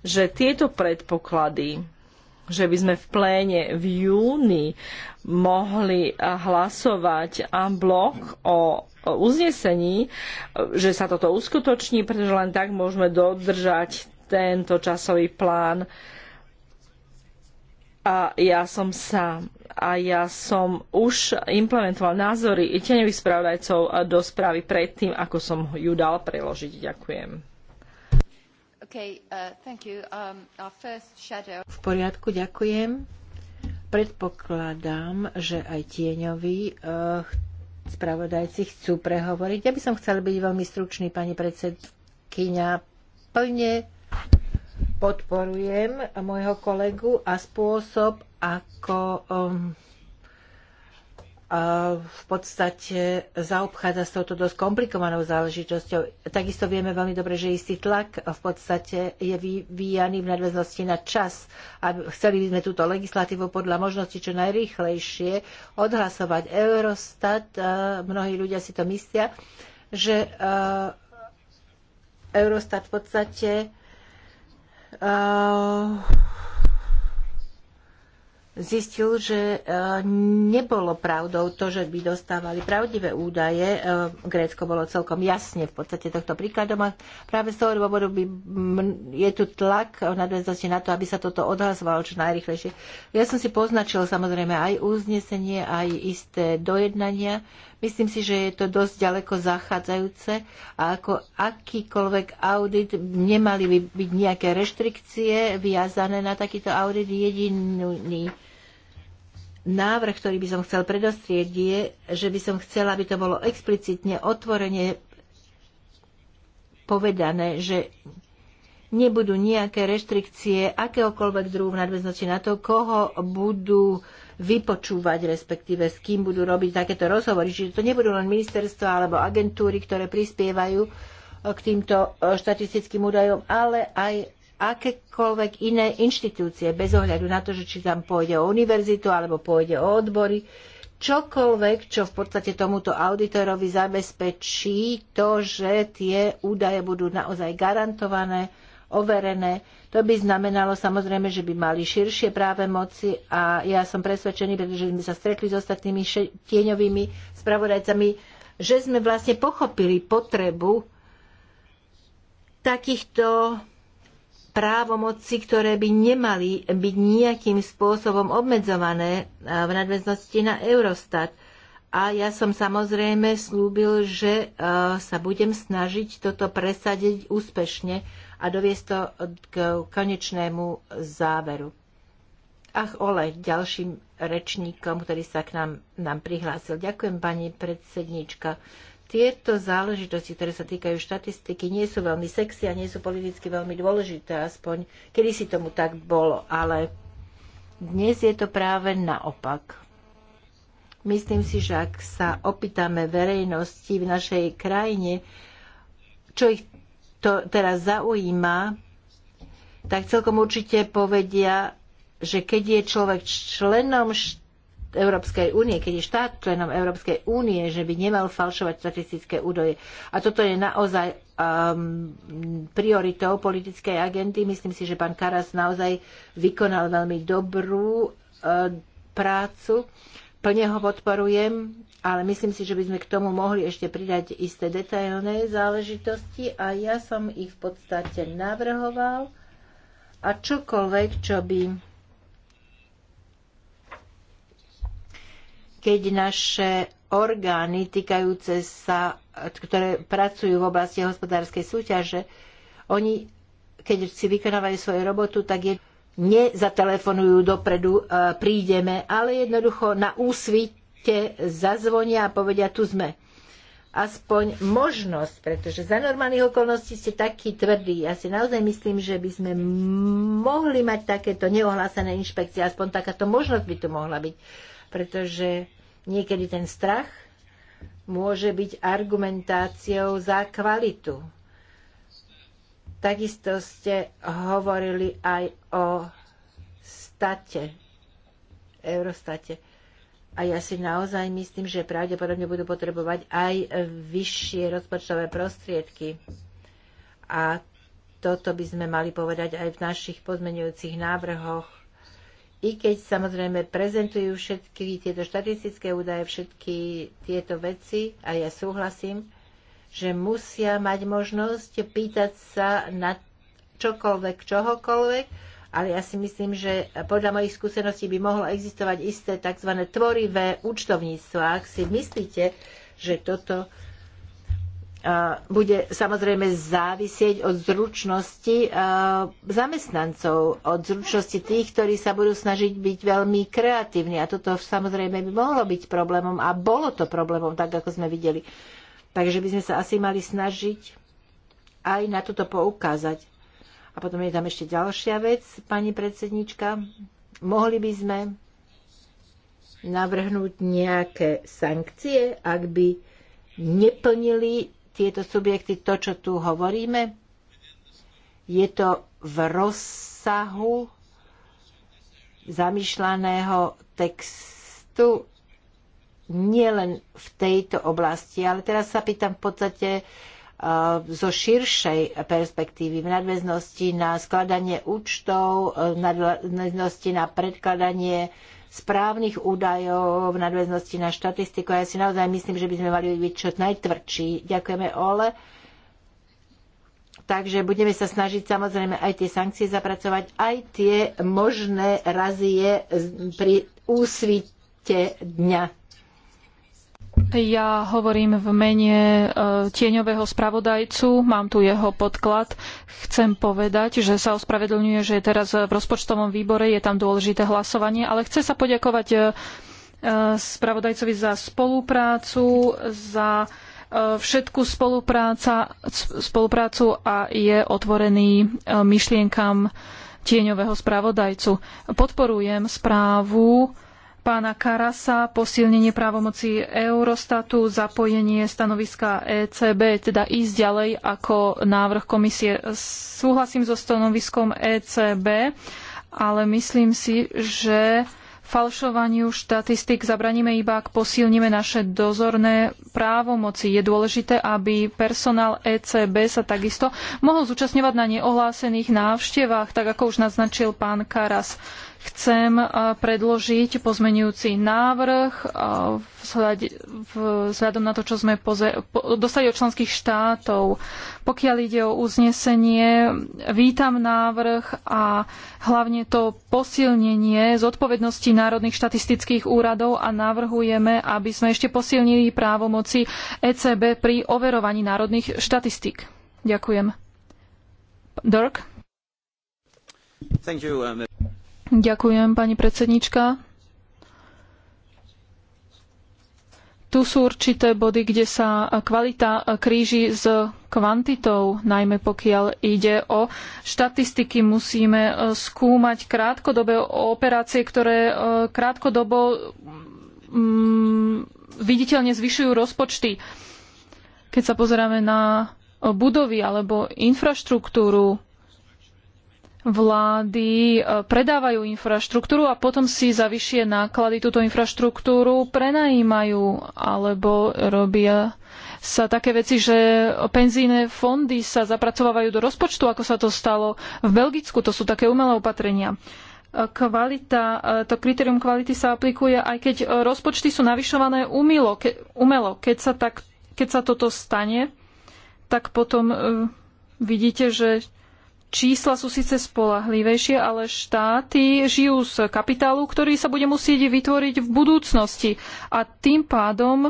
že tieto predpoklady, že by sme v pléne v júni mohli hlasovať a blok o uznesení, že sa toto uskutoční, pretože len tak môžeme dodržať tento časový plán uh, a ja som sa a ja som už implementoval názory tieňových spravodajcov do správy predtým, ako som ju dal preložiť. Ďakujem. Okay, uh, um, shadow... V poriadku, ďakujem. Predpokladám, že aj tieňoví uh, spravodajci chcú prehovoriť. Ja by som chcela byť veľmi stručný, pani predsedkynia. Plne podporujem môjho kolegu a spôsob, ako um, uh, v podstate zaobchádza s touto dosť komplikovanou záležitosťou. Takisto vieme veľmi dobre, že istý tlak v podstate je vyvíjaný v nadväznosti na čas. A chceli by sme túto legislatívu podľa možnosti čo najrýchlejšie odhlasovať. Eurostat, uh, mnohí ľudia si to myslia, že uh, Eurostat v podstate Eh, zistil, že eh, nebolo pravdou to, že by dostávali pravdivé údaje. Eh, Grécko bolo celkom jasne v podstate tohto príkladom a práve z toho dôvodu by, je tu tlak v nadväznosti na to, aby sa toto odhlasovalo čo najrychlejšie. Ja som si poznačil samozrejme aj uznesenie, aj isté dojednania Myslím si, že je to dosť ďaleko zachádzajúce a ako akýkoľvek audit nemali by byť nejaké reštrikcie viazané na takýto audit. Jediný návrh, ktorý by som chcel predostrieť, je, že by som chcela, aby to bolo explicitne otvorene povedané, že nebudú nejaké reštrikcie akéhokoľvek druhu v nadväznosti na to, koho budú vypočúvať, respektíve s kým budú robiť takéto rozhovory. Čiže to nebudú len ministerstva alebo agentúry, ktoré prispievajú eh, k týmto eh, štatistickým údajom, ale aj akékoľvek iné inštitúcie, bez ohľadu na to, že či tam pôjde o univerzitu alebo pôjde o odbory, čokoľvek, čo v podstate tomuto auditorovi zabezpečí to, že tie údaje budú naozaj garantované, overené. To by znamenalo samozrejme, že by mali širšie práve moci a ja som presvedčený, pretože sme sa stretli s ostatnými tieňovými spravodajcami, že sme vlastne pochopili potrebu takýchto právomoci, ktoré by nemali byť nejakým spôsobom obmedzované v nadväznosti na Eurostat. A ja som samozrejme slúbil, že e, sa budem snažiť toto presadiť úspešne a doviesť to k konečnému záveru. Ach, Ole, ďalším rečníkom, ktorý sa k nám, nám prihlásil. Ďakujem, pani predsednička. Tieto záležitosti, ktoré sa týkajú štatistiky, nie sú veľmi sexy a nie sú politicky veľmi dôležité, aspoň kedy si tomu tak bolo, ale dnes je to práve naopak. Myslím si, že ak sa opýtame verejnosti v našej krajine, čo ich to teraz zaujíma, tak celkom určite povedia, že keď je človek členom Európskej únie, keď je štát členom Európskej únie, že by nemal falšovať statistické údaje. A toto je naozaj um, prioritou politickej agendy. Myslím si, že pán Karas naozaj vykonal veľmi dobrú uh, prácu. Plne ho podporujem ale myslím si, že by sme k tomu mohli ešte pridať isté detailné záležitosti a ja som ich v podstate navrhoval a čokoľvek, čo by keď naše orgány týkajúce sa, ktoré pracujú v oblasti hospodárskej súťaže, oni, keď si vykonávajú svoju robotu, tak je nezatelefonujú dopredu, e, prídeme, ale jednoducho na úsvit te zazvonia a povedia, tu sme. Aspoň možnosť, pretože za normálnych okolností ste takí tvrdí. Ja si naozaj myslím, že by sme mohli mať takéto neohlásené inšpekcie. Aspoň takáto možnosť by tu mohla byť. Pretože niekedy ten strach môže byť argumentáciou za kvalitu. Takisto ste hovorili aj o state, Eurostate. A ja si naozaj myslím, že pravdepodobne budú potrebovať aj vyššie rozpočtové prostriedky. A toto by sme mali povedať aj v našich pozmenujúcich návrhoch. I keď samozrejme prezentujú všetky tieto štatistické údaje, všetky tieto veci, a ja súhlasím, že musia mať možnosť pýtať sa na čokoľvek, čohokoľvek, ale ja si myslím, že podľa mojich skúseností by mohlo existovať isté tzv. tvorivé účtovníctvo. Ak si myslíte, že toto bude samozrejme závisieť od zručnosti zamestnancov, od zručnosti tých, ktorí sa budú snažiť byť veľmi kreatívni. A toto samozrejme by mohlo byť problémom a bolo to problémom, tak ako sme videli. Takže by sme sa asi mali snažiť aj na toto poukázať. A potom je tam ešte ďalšia vec, pani predsednička. Mohli by sme navrhnúť nejaké sankcie, ak by neplnili tieto subjekty to, čo tu hovoríme? Je to v rozsahu zamýšľaného textu nielen v tejto oblasti, ale teraz sa pýtam v podstate E, zo širšej perspektívy v nadväznosti na skladanie účtov, e, v nadväznosti na predkladanie správnych údajov, v nadväznosti na štatistiku. Ja si naozaj myslím, že by sme mali byť čo najtvrdší. Ďakujeme, Ole. Takže budeme sa snažiť samozrejme aj tie sankcie zapracovať, aj tie možné razie pri úsvite dňa. Ja hovorím v mene e, tieňového spravodajcu, mám tu jeho podklad. Chcem povedať, že sa ospravedlňuje, že je teraz v rozpočtovom výbore, je tam dôležité hlasovanie, ale chce sa poďakovať e, e, spravodajcovi za spoluprácu, za všetku spoluprácu a je otvorený myšlienkam tieňového spravodajcu. Podporujem správu pána Karasa, posilnenie právomoci Eurostatu, zapojenie stanoviska ECB, teda ísť ďalej ako návrh komisie. Súhlasím so stanoviskom ECB, ale myslím si, že falšovaniu štatistik zabraníme iba, ak posilníme naše dozorné právomoci. Je dôležité, aby personál ECB sa takisto mohol zúčastňovať na neohlásených návštevách, tak ako už naznačil pán Karas chcem eh, predložiť pozmenujúci návrh eh, vzhľadom na to, čo sme dostali od členských štátov. Pokiaľ ide o uznesenie, vítam návrh a hlavne to posilnenie zodpovednosti národných štatistických úradov a navrhujeme, aby sme ešte posilnili právomoci ECB pri overovaní národných štatistík. Ďakujem. Dirk? Thank you, um... Ďakujem, pani predsednička. Tu sú určité body, kde sa kvalita kríži s kvantitou, najmä pokiaľ ide o štatistiky. Musíme e, skúmať krátkodobé operácie, ktoré e, krátkodobo mm, viditeľne zvyšujú rozpočty. Keď sa pozeráme na budovy alebo infraštruktúru, vlády e, predávajú infraštruktúru a potom si za vyššie náklady túto infraštruktúru prenajímajú alebo robia sa také veci, že penzíne fondy sa zapracovávajú do rozpočtu, ako sa to stalo v Belgicku. To sú také umelé opatrenia. E, kvalita, e, to kritérium kvality sa aplikuje, aj keď rozpočty sú navyšované umilo, ke, umelo. Keď sa, tak, keď sa toto stane, tak potom vidíte, že Čísla sú síce spolahlivejšie, ale štáty žijú z kapitálu, ktorý sa bude musieť vytvoriť v budúcnosti a tým pádom e,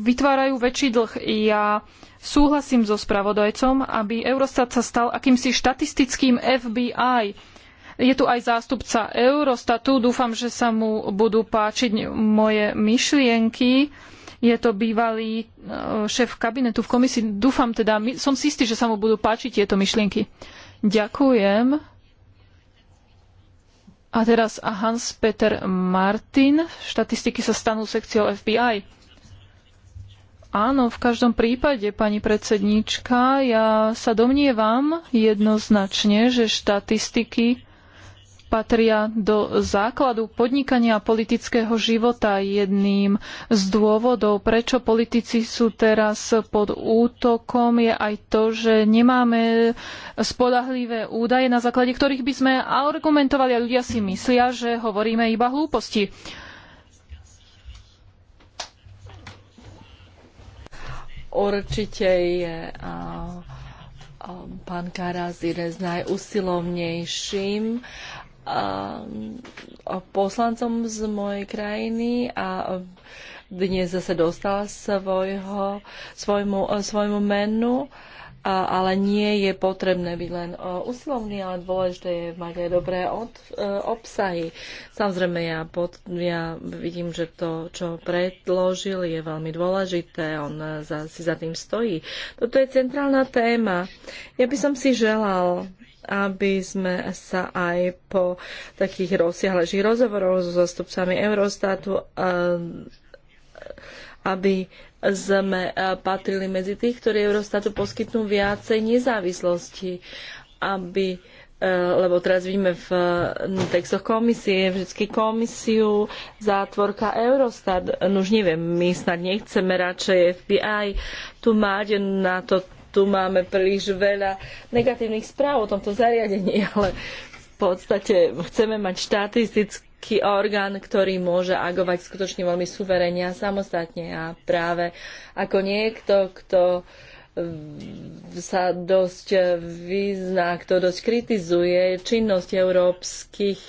vytvárajú väčší dlh. Ja súhlasím so spravodajcom, aby Eurostat sa stal akýmsi štatistickým FBI. Je tu aj zástupca Eurostatu, dúfam, že sa mu budú páčiť moje myšlienky. Uh, je to bývalý e, šéf kabinetu v komisii. Dúfam teda, som si istý, že sa mu budú páčiť tieto myšlienky. Ďakujem. A teraz Hans-Peter Martin. Štatistiky sa stanú sekciou FBI. Áno, v každom prípade, pani predsedníčka, ja sa domnievam jednoznačne, že štatistiky patria do základu podnikania a politického života. Jedným z dôvodov, prečo politici sú teraz pod útokom, je aj to, že nemáme spolahlivé údaje, na základe ktorých by sme argumentovali a ľudia si myslia, že hovoríme iba hlúposti. Určite je pán Karas jeden z najusilovnejším poslancom z mojej krajiny a dnes zase dostala svojho, svojmu, svojmu menu, ale nie je potrebné byť len uslovný, ale dôležité je mať aj dobré od, e, obsahy. Samozrejme, ja, pod, ja vidím, že to, čo predložil, je veľmi dôležité, on e, za, si za tým stojí. Toto je centrálna téma. Ja by som si želal aby sme sa aj po takých rozsiahlejších rozhovoroch so zastupcami Eurostatu eh, aby sme eh, patrili medzi tých, ktorí Eurostatu poskytnú viacej nezávislosti, aby eh, lebo teraz vidíme v textoch komisie, vždycky komisiu, zátvorka Eurostat. No už neviem, my snad nechceme radšej FBI tu mať, na to tu máme príliš veľa negatívnych správ o tomto zariadení, ale v podstate chceme mať štatistický orgán, ktorý môže agovať skutočne veľmi suverene a samostatne. A práve ako niekto, kto uh, sa dosť vyzná, kto dosť kritizuje činnosť európskych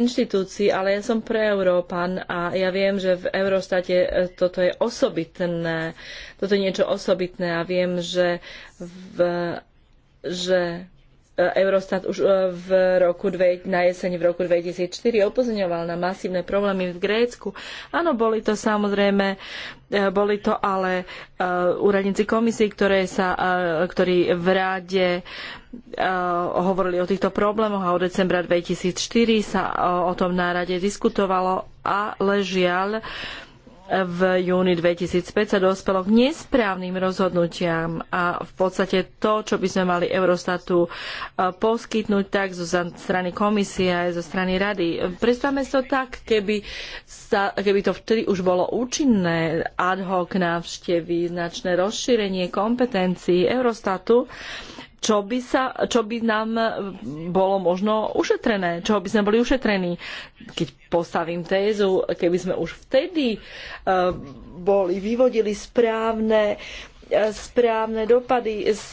inštitúcií, ale ja som pre Európan a ja viem, že v Eurostate e, toto je osobitné, toto je niečo osobitné a viem, že, v, že Eurostat už e, v roku dve, na jeseň v roku 2004 upozorňoval na masívne problémy v Grécku. Áno, boli to samozrejme, e, boli to ale e, úradníci komisie, ktoré sa, ktorí v rade hovorili o týchto problémoch a od decembra 2004 sa o tom na rade diskutovalo, ale žiaľ, v júni 2005 sa dospelo k nesprávnym rozhodnutiam a v podstate to, čo by sme mali Eurostatu e, poskytnúť tak zo strany komisie aj zo strany rady. Predstavme si to tak, keby, sa, keby to vtedy už bolo účinné ad hoc návštevy, značné rozšírenie kompetencií Eurostatu, čo by, sa, čo by nám eh, bolo možno ušetrené, čo by sme boli ušetrení. Keď postavím tézu, keby sme už vtedy eh, boli, vyvodili správne, eh, správne dopady z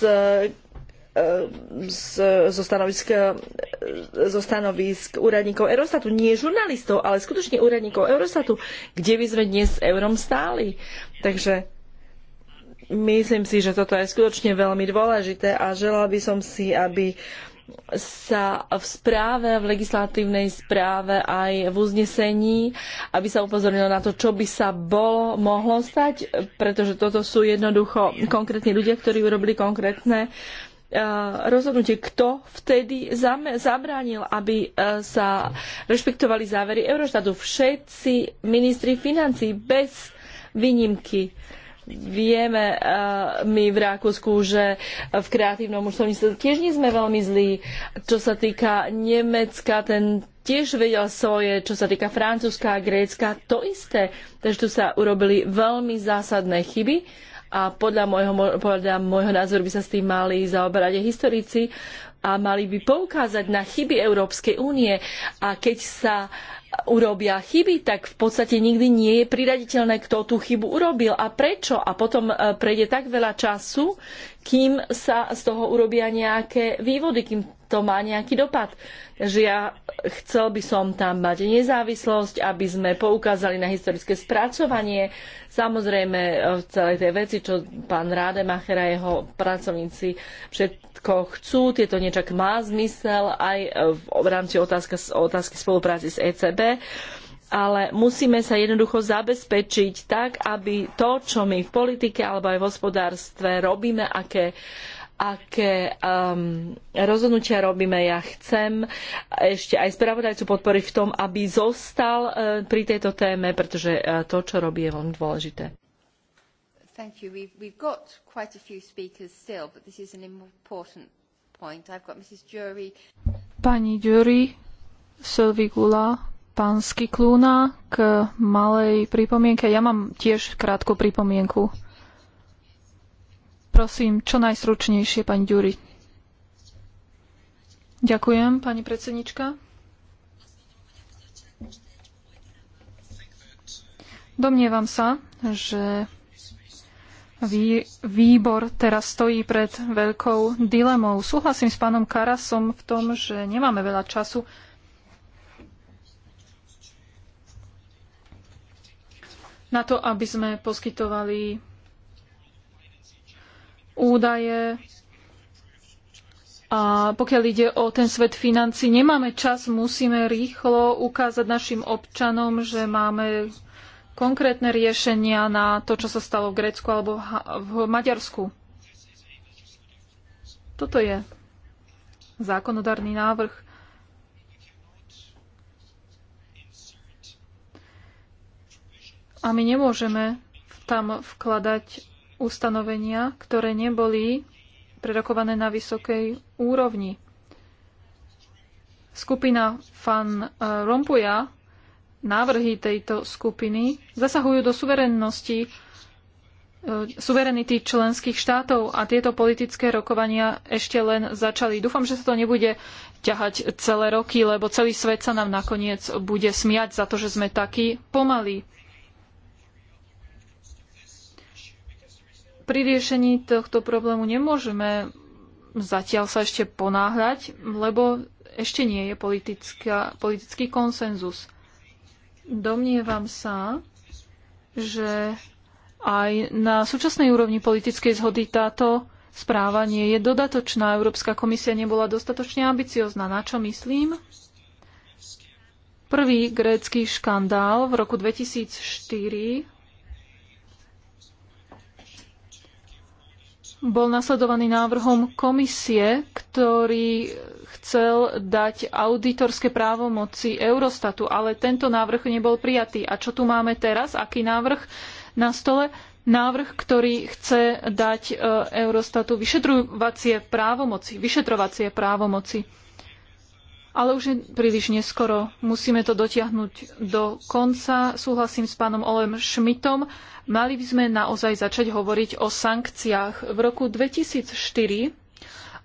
zo, stanovisk, zo stanovisk úradníkov Eurostatu, nie žurnalistov, ale skutočne úradníkov Eurostatu, kde by sme dnes s eurom stáli. Takže Myslím si, že toto je skutočne veľmi dôležité a želal by som si, aby sa v správe, v legislatívnej správe aj v uznesení, aby sa upozornilo na to, čo by sa bolo, mohlo stať, pretože toto sú jednoducho konkrétni ľudia, ktorí urobili konkrétne eh, rozhodnutie, kto vtedy zabránil, aby eh, sa rešpektovali závery Eurostatu. Všetci ministri financí bez výnimky. Vieme eh, my v Rakúsku, že v kreatívnom účtovníctve tiež nie sme veľmi zlí. Čo sa týka Nemecka, ten tiež vedel svoje, čo sa týka Francúzska a Grécka, to isté. Takže tu sa urobili veľmi zásadné chyby a podľa môjho, podľa môjho názoru by sa s tým mali zaoberať aj historici a mali by poukázať na chyby Európskej únie. A keď sa urobia chyby, tak v podstate nikdy nie je priraditeľné, kto tú chybu urobil a prečo. A potom e, prejde tak veľa času, kým sa z toho urobia nejaké vývody, kým to má nejaký dopad. Že ja chcel by som tam mať nezávislosť, aby sme poukázali na historické spracovanie. Samozrejme e, v celej tej veci, čo pán Rádemacher a jeho pracovníci všetko chcú, tieto niečak má zmysel aj e, v rámci otázka, otázky spolupráci s ECB ale musíme sa jednoducho zabezpečiť tak, aby to, čo my v politike alebo aj v hospodárstve robíme, aké aké um, rozhodnutia robíme. Ja chcem ešte aj spravodajcu podporiť v tom, aby zostal uh, pri tejto téme, pretože uh, to, čo robí, je veľmi dôležité. Thank you. We've, we've got quite a few speakers still, but this is an important point. I've got Mrs. Jury. Pani Jury, Sylvie Gula, pán Skiklúna k malej pripomienke. Ja mám tiež krátku pripomienku. Prosím, čo najstručnejšie, pani Ďuri. Ďakujem, pani predsednička. Domnievam sa, že výbor teraz stojí pred veľkou dilemou. Súhlasím s pánom Karasom v tom, že nemáme veľa času. na to, aby sme poskytovali údaje. A pokiaľ ide o ten svet financí, nemáme čas, musíme rýchlo ukázať našim občanom, že máme konkrétne riešenia na to, čo sa stalo v Grécku alebo v Maďarsku. Toto je zákonodárny návrh. A my nemôžeme tam vkladať ustanovenia, ktoré neboli prerokované na vysokej úrovni. Skupina Fan eh, Rompuja, návrhy tejto skupiny zasahujú do suverennosti eh, suverenity členských štátov a tieto politické rokovania ešte len začali. Dúfam, že sa to nebude ťahať celé roky, lebo celý svet sa nám nakoniec bude smiať za to, že sme takí pomalí. pri riešení tohto problému nemôžeme zatiaľ sa ešte ponáhľať, lebo ešte nie je politický konsenzus. Domnievam sa, že aj na súčasnej úrovni politickej zhody táto správa nie je dodatočná. Európska komisia nebola dostatočne ambiciozná. Na čo myslím? Prvý grécky škandál v roku 2004 bol nasledovaný návrhom komisie, ktorý chcel dať auditorské právomoci Eurostatu, ale tento návrh nebol prijatý. A čo tu máme teraz? Aký návrh na stole? Návrh, ktorý chce dať e, Eurostatu vyšetrovacie právomoci. Vyšetrovacie právomoci ale už je príliš neskoro. Musíme to dotiahnuť do konca. Súhlasím s pánom Olem Šmitom. Mali by sme naozaj začať hovoriť o sankciách. V roku 2004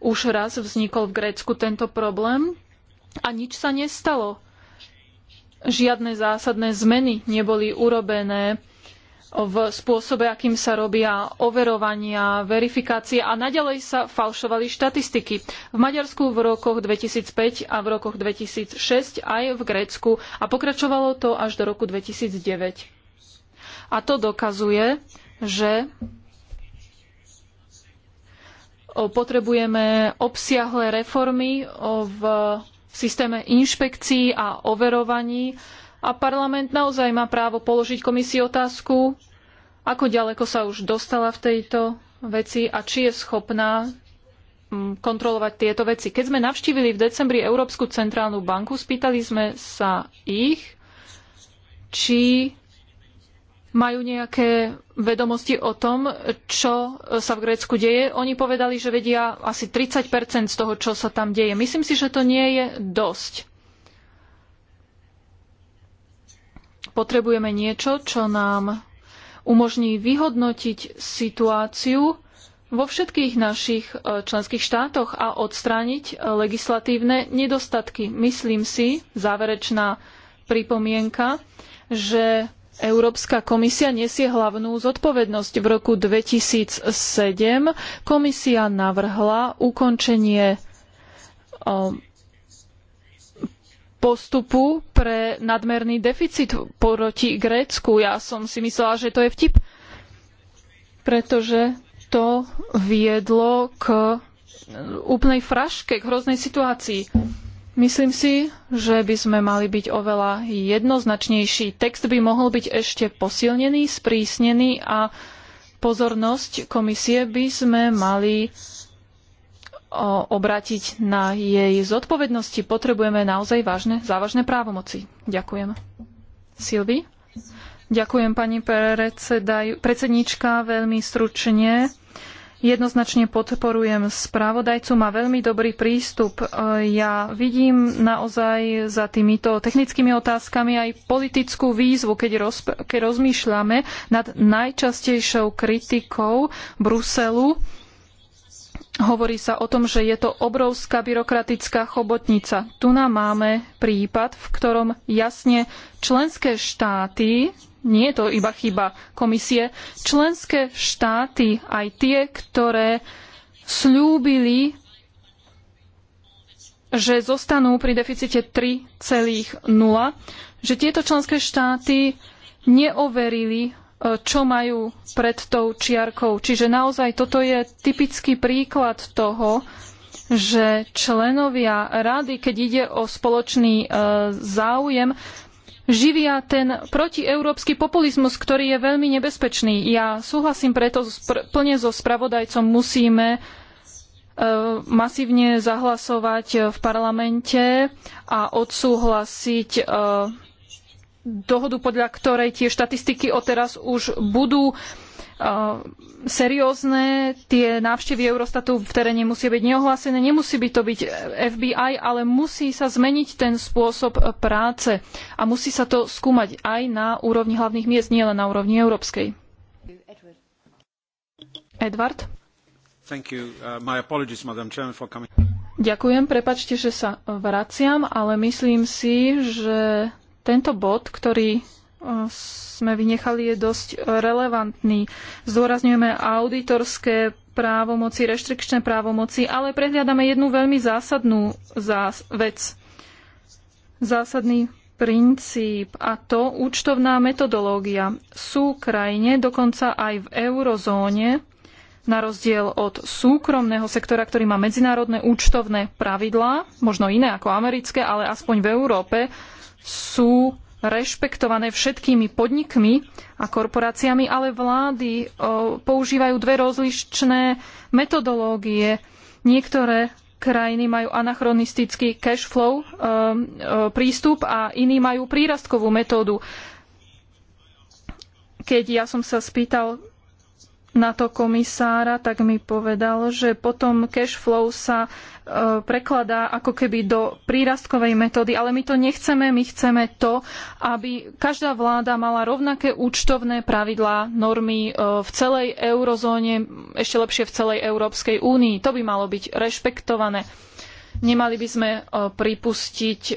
už raz vznikol v Grécku tento problém a nič sa nestalo. Žiadne zásadné zmeny neboli urobené v spôsobe, akým sa robia overovania, verifikácie a naďalej sa falšovali štatistiky. V Maďarsku v rokoch 2005 a v rokoch 2006 aj v Grécku a pokračovalo to až do roku 2009. A to dokazuje, že potrebujeme obsiahle reformy v systéme inšpekcií a overovaní a parlament naozaj má právo položiť komisii otázku, ako ďaleko sa už dostala v tejto veci a či je schopná mm, kontrolovať tieto veci. Keď sme navštívili v decembri Európsku centrálnu banku, spýtali sme sa ich, či majú nejaké vedomosti o tom, čo sa v Grécku deje. Oni povedali, že vedia asi 30 z toho, čo sa tam deje. Myslím si, že to nie je dosť. Potrebujeme niečo, čo nám umožní vyhodnotiť situáciu vo všetkých našich e, členských štátoch a odstrániť e, legislatívne nedostatky. Myslím si, záverečná pripomienka, že Európska komisia nesie hlavnú zodpovednosť. V roku 2007 komisia navrhla ukončenie e, postupu pre nadmerný deficit proti Grécku. Ja som si myslela, že to je vtip, pretože to viedlo k úplnej fraške, k hroznej situácii. Myslím si, že by sme mali byť oveľa jednoznačnejší. Text by mohol byť ešte posilnený, sprísnený a pozornosť komisie by sme mali obrátiť na jej zodpovednosti, potrebujeme naozaj vážne, závažné právomoci. Ďakujem. Silvi? Ďakujem, pani predsedaj, predsednička, veľmi stručne. Jednoznačne podporujem spravodajcu, má veľmi dobrý prístup. E, ja vidím naozaj za týmito technickými otázkami aj politickú výzvu, keď, roz, keď rozmýšľame nad najčastejšou kritikou Bruselu Hovorí sa o tom, že je to obrovská byrokratická chobotnica. Tu nám máme prípad, v ktorom jasne členské štáty, nie je to iba chyba komisie, členské štáty, aj tie, ktoré slúbili, že zostanú pri deficite 3,0, že tieto členské štáty neoverili E, čo majú pred tou čiarkou. Čiže naozaj toto je typický príklad toho, že členovia rady, keď ide o spoločný e, záujem, živia ten protieurópsky populizmus, ktorý je veľmi nebezpečný. Ja súhlasím preto plne so spravodajcom, musíme e, masívne zahlasovať v parlamente a odsúhlasiť dohodu, podľa ktorej tie štatistiky odteraz už budú uh, seriózne, tie návštevy Eurostatu v teréne musia byť neohlásené, nemusí by to byť FBI, ale musí sa zmeniť ten spôsob práce a musí sa to skúmať aj na úrovni hlavných miest, nielen na úrovni európskej. Edward? Uh, Ďakujem, prepačte, že sa vraciam, ale myslím si, že tento bod, ktorý e, sme vynechali, je dosť relevantný. Zdôrazňujeme auditorské právomoci, reštrikčné právomoci, ale prehliadame jednu veľmi zásadnú zás vec. Zásadný princíp a to účtovná metodológia. Sú krajine, dokonca aj v eurozóne, na rozdiel od súkromného sektora, ktorý má medzinárodné účtovné pravidlá, možno iné ako americké, ale aspoň v Európe, sú rešpektované všetkými podnikmi a korporáciami, ale vlády používajú dve rozličné metodológie. Niektoré krajiny majú anachronistický cash flow prístup a iní majú prírastkovú metódu. Keď ja som sa spýtal na to komisára, tak mi povedal, že potom cash flow sa e, prekladá ako keby do prírastkovej metódy, ale my to nechceme, my chceme to, aby každá vláda mala rovnaké účtovné pravidlá, normy e, v celej eurozóne, ešte lepšie v celej Európskej únii. To by malo byť rešpektované. Nemali by sme e, pripustiť e,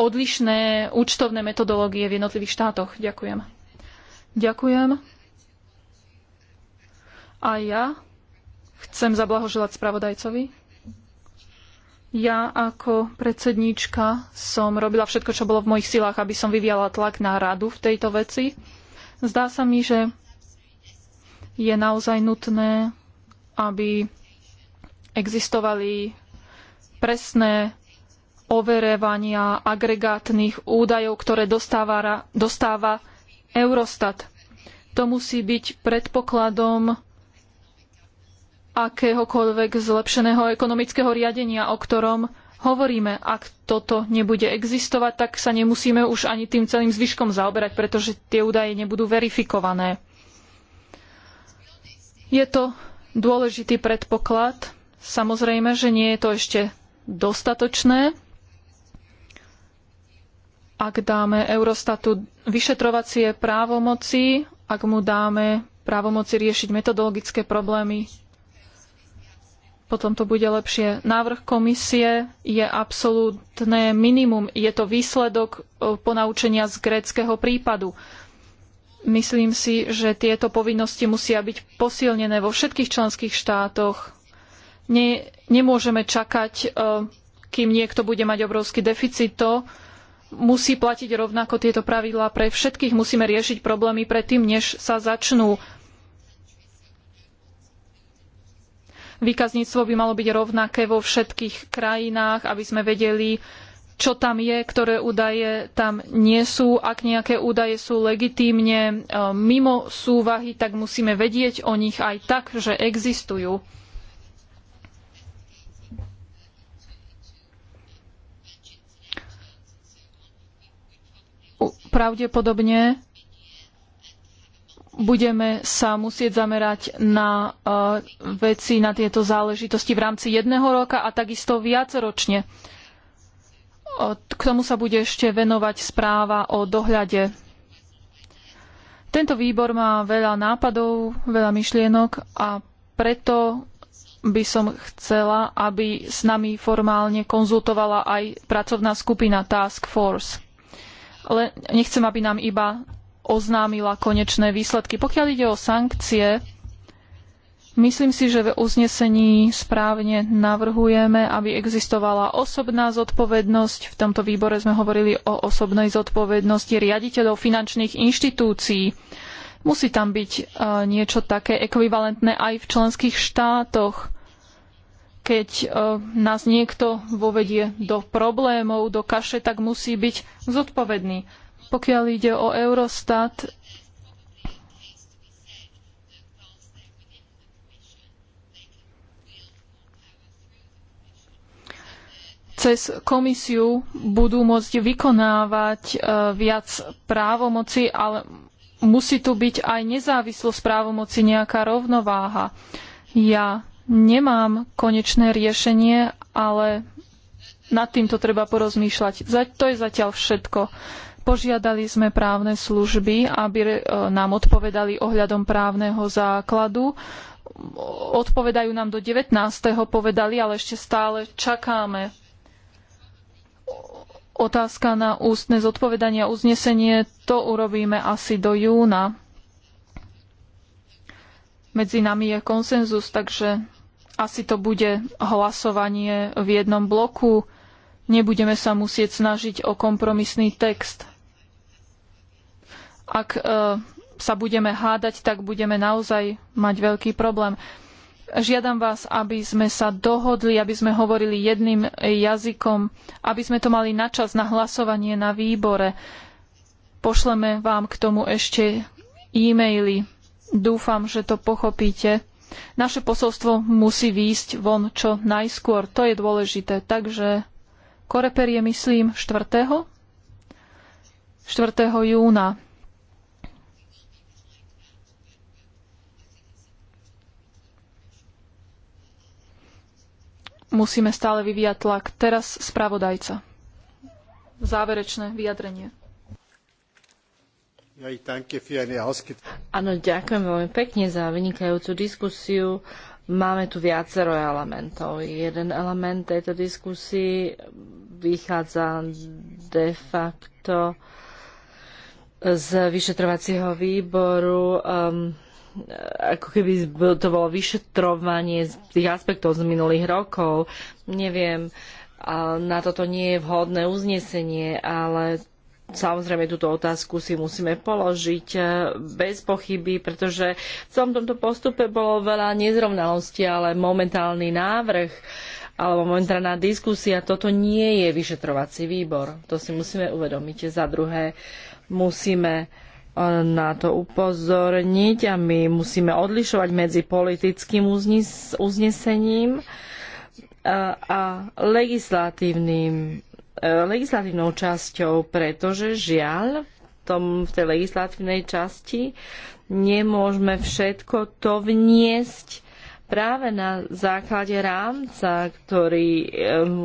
odlišné účtovné metodológie v jednotlivých štátoch. Ďakujem. Ďakujem. A ja chcem zablahoželať spravodajcovi. Ja ako predsedníčka som robila všetko, čo bolo v mojich silách, aby som vyviala tlak na radu v tejto veci. Zdá sa mi, že je naozaj nutné, aby existovali presné overevania agregátnych údajov, ktoré dostáva, dostáva Eurostat. To musí byť predpokladom akéhokoľvek zlepšeného ekonomického riadenia, o ktorom hovoríme. Ak toto nebude existovať, tak sa nemusíme už ani tým celým zvyškom zaoberať, pretože tie údaje nebudú verifikované. Je to dôležitý predpoklad. Samozrejme, že nie je to ešte dostatočné. Ak dáme Eurostatu vyšetrovacie právomoci, ak mu dáme právomoci riešiť metodologické problémy potom to bude lepšie. Návrh komisie je absolútne minimum. Je to výsledok e, ponaučenia z gréckého prípadu. Myslím si, že tieto povinnosti musia byť posilnené vo všetkých členských štátoch. Ne, nemôžeme čakať, e, kým niekto bude mať obrovský deficit. To musí platiť rovnako tieto pravidlá pre všetkých. Musíme riešiť problémy predtým, než sa začnú Výkazníctvo by malo byť rovnaké vo všetkých krajinách, aby sme vedeli, čo tam je, ktoré údaje tam nie sú. Ak nejaké údaje sú legitímne e, mimo súvahy, tak musíme vedieť o nich aj tak, že existujú. Pravdepodobne budeme sa musieť zamerať na uh, veci, na tieto záležitosti v rámci jedného roka a takisto viacročne. Eh, k tomu sa bude ešte venovať správa o dohľade. Tento výbor má veľa nápadov, veľa myšlienok a preto by som chcela, aby s nami formálne konzultovala aj pracovná skupina Task Force. Ale nechcem, aby nám iba oznámila konečné výsledky. Pokiaľ ide o sankcie, myslím si, že v uznesení správne navrhujeme, aby existovala osobná zodpovednosť. V tomto výbore sme hovorili o osobnej zodpovednosti riaditeľov finančných inštitúcií. Musí tam byť e, niečo také ekvivalentné aj v členských štátoch. Keď e, nás niekto vovedie do problémov, do kaše, tak musí byť zodpovedný. Pokiaľ ide o Eurostat, cez komisiu budú môcť vykonávať e, viac právomoci, ale musí tu byť aj nezávislosť právomoci, nejaká rovnováha. Ja nemám konečné riešenie, ale nad týmto treba porozmýšľať. To je zatiaľ všetko. Požiadali sme právne služby, aby e, nám odpovedali ohľadom právneho základu. Odpovedajú nám do 19. povedali, ale ešte stále čakáme. Otázka na ústne zodpovedanie a uznesenie, to urobíme asi do júna. Medzi nami je konsenzus, takže asi to bude hlasovanie v jednom bloku. Nebudeme sa musieť snažiť o kompromisný text ak e, sa budeme hádať, tak budeme naozaj mať veľký problém. Žiadam vás, aby sme sa dohodli, aby sme hovorili jedným jazykom, aby sme to mali načas na hlasovanie na výbore. Pošleme vám k tomu ešte e-maily. Dúfam, že to pochopíte. Naše posolstvo musí výjsť von čo najskôr. To je dôležité. Takže Koreper je, myslím, 4. 4. júna musíme stále vyvíjať tlak. Teraz spravodajca. Záverečné vyjadrenie. Áno, ďakujem veľmi pekne za vynikajúcu diskusiu. Máme tu viacero elementov. Jeden element tejto diskusii vychádza de facto z vyšetrovacieho výboru um, ako keby to bolo vyšetrovanie z tých aspektov z minulých rokov. Neviem, na toto nie je vhodné uznesenie, ale Samozrejme, túto otázku si musíme položiť e, bez pochyby, pretože v celom tomto postupe bolo veľa nezrovnalostí, ale momentálny návrh alebo momentálna diskusia, toto nie je vyšetrovací výbor. To si musíme uvedomiť. Za druhé, musíme na to upozorniť a my musíme odlišovať medzi politickým uznesením e, a legislatívnym, e, legislatívnou časťou, pretože žiaľ v, tom, v tej legislatívnej časti nemôžeme všetko to vniesť práve na základe rámca, ktorý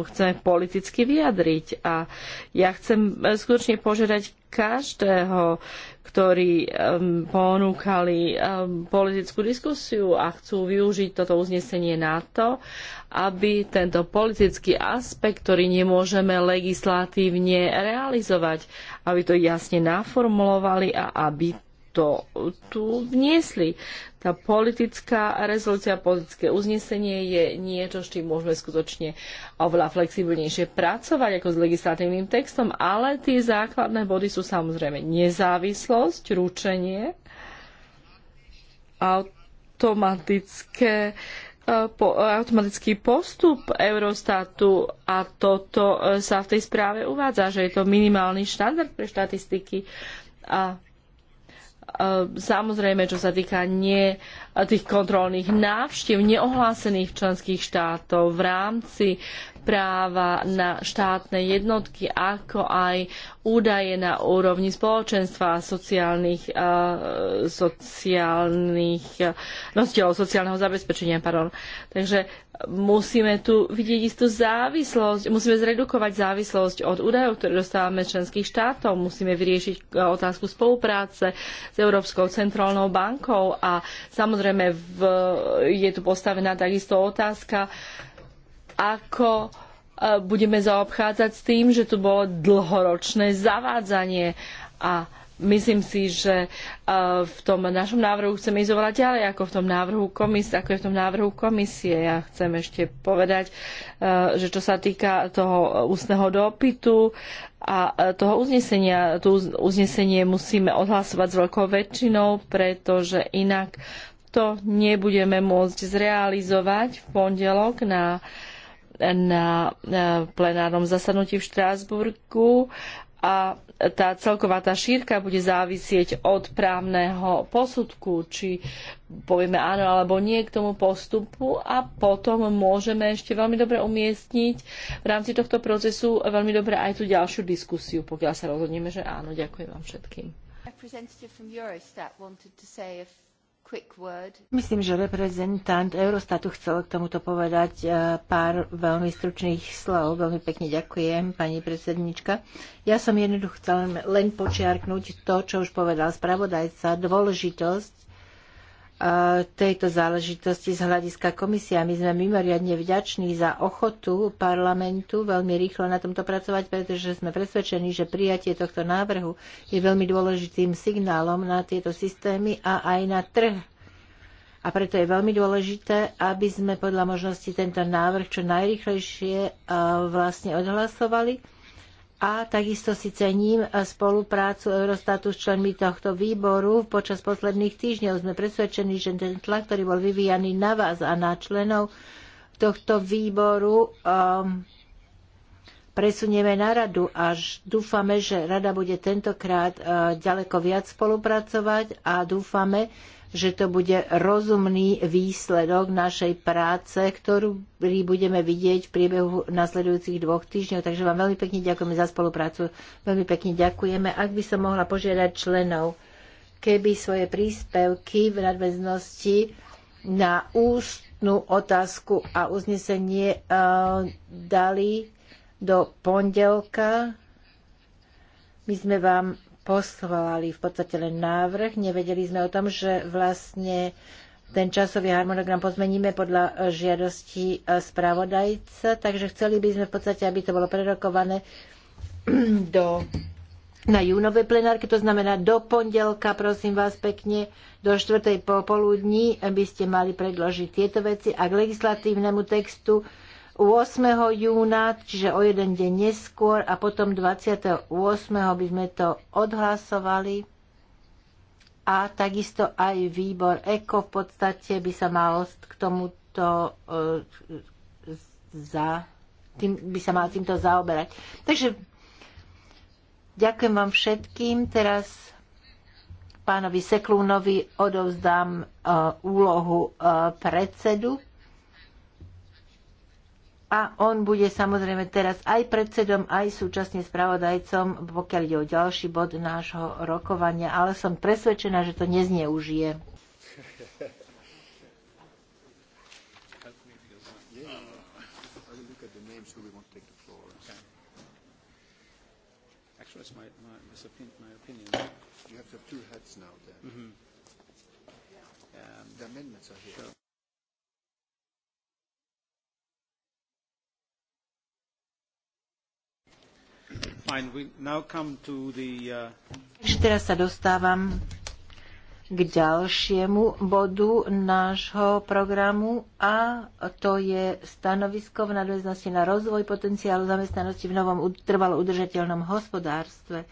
chceme politicky vyjadriť. A ja chcem e, skutočne požiadať každého ktorí ponúkali politickú diskusiu a chcú využiť toto uznesenie na to, aby tento politický aspekt, ktorý nemôžeme legislatívne realizovať, aby to jasne naformulovali a aby to tu vniesli. Tá politická rezolúcia, politické uznesenie je niečo, s čím môžeme skutočne oveľa flexibilnejšie pracovať ako s legislatívnym textom, ale tie základné body sú samozrejme nezávislosť, ručenie, automatické eh, po, eh, automatický postup Eurostatu a toto eh, sa v tej správe uvádza, že je to minimálny štandard pre štatistiky a Ehm, samozrejme, čo sa týka nie tých kontrolných návštev neohlásených členských štátov v rámci práva na štátne jednotky, ako aj údaje na úrovni spoločenstva a sociálnych, eh, sociálnych rozdielov eh, no, sociálneho zabezpečenia. Pardon. Takže musíme tu vidieť istú závislosť, musíme zredukovať závislosť od údajov, ktoré dostávame členských štátov, musíme vyriešiť e, otázku spolupráce s Európskou centrálnou bankou a samozrejme v, je tu postavená takisto otázka, ako e, budeme zaobchádzať s tým, že tu bolo dlhoročné zavádzanie a Myslím si, že eh, v tom našom návrhu chceme ísť oveľa ďalej ako v tom návrhu komisie, ako je v tom návrhu komisie. Ja chcem ešte povedať, eh, že čo sa týka toho ústneho dopytu a eh, toho uznesenia, to uznesenie musíme odhlasovať s veľkou väčšinou, pretože inak to nebudeme môcť zrealizovať v pondelok na na plenárnom zasadnutí v Štrásburgu a tá celková tá šírka bude závisieť od právneho posudku, či povieme áno alebo nie k tomu postupu a potom môžeme ešte veľmi dobre umiestniť v rámci tohto procesu veľmi dobre aj tú ďalšiu diskusiu, pokiaľ sa rozhodneme, že áno. Ďakujem vám všetkým. Myslím, že reprezentant Eurostatu chcel k tomuto povedať eh, pár veľmi stručných slov. Veľmi pekne ďakujem, pani predsednička. Ja som jednoducho chcel len počiarknúť to, čo už povedal spravodajca, dôležitosť tejto záležitosti z hľadiska komisia. My sme mimoriadne vďační za ochotu parlamentu veľmi rýchlo na tomto pracovať, pretože sme presvedčení, že prijatie tohto návrhu je veľmi dôležitým signálom na tieto systémy a aj na trh. A preto je veľmi dôležité, aby sme podľa možnosti tento návrh čo najrychlejšie vlastne odhlasovali a takisto si cením eh, spoluprácu Eurostatu s členmi tohto výboru. Počas posledných týždňov sme presvedčení, že ten tlak, ktorý bol vyvíjaný na vás a na členov tohto výboru, um, presunieme na radu a dúfame, že rada bude tentokrát uh, ďaleko viac spolupracovať a dúfame, že to bude rozumný výsledok našej práce, ktorú budeme vidieť v priebehu nasledujúcich dvoch týždňov. Takže vám veľmi pekne ďakujeme za spoluprácu. Veľmi pekne ďakujeme. Ak by som mohla požiadať členov, keby svoje príspevky v nadväznosti na ústnu otázku a uznesenie eh, dali do pondelka. My sme vám poslali v podstate len návrh. Nevedeli sme o tom, že vlastne ten časový harmonogram pozmeníme podľa e, žiadosti e, správodajca, takže chceli by sme v podstate, aby to bolo prerokované do, na júnové plenárky, to znamená do pondelka, prosím vás pekne, do čtvrtej popoludní aby ste mali predložiť tieto veci a k legislatívnemu textu 8. júna, čiže o jeden deň neskôr a potom 28. by sme to odhlasovali a takisto aj výbor ECO v podstate by sa mal k tomuto e, za, tým, by sa mal týmto zaoberať. Takže ďakujem vám všetkým. Teraz pánovi Seklúnovi odovzdám e, úlohu e, predsedu a on bude samozrejme teraz aj predsedom, aj súčasne spravodajcom, pokiaľ ide o ďalší bod nášho rokovania, ale som presvedčená, že to nezneužije. Uh, takže teraz sa dostávam k ďalšiemu bodu nášho programu a to je stanovisko v nadväznosti na rozvoj potenciálu zamestnanosti v novom trvalo udržateľnom hospodárstve.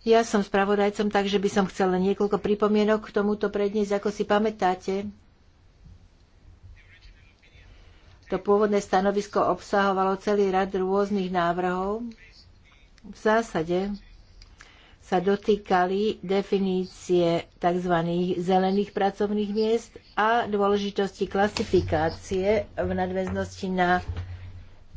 Ja som spravodajcom, takže by som chcela niekoľko pripomienok k tomuto predniesť. Ako si pamätáte, to pôvodné stanovisko obsahovalo celý rad rôznych návrhov. V zásade sa dotýkali definície tzv. zelených pracovných miest a dôležitosti klasifikácie v nadväznosti na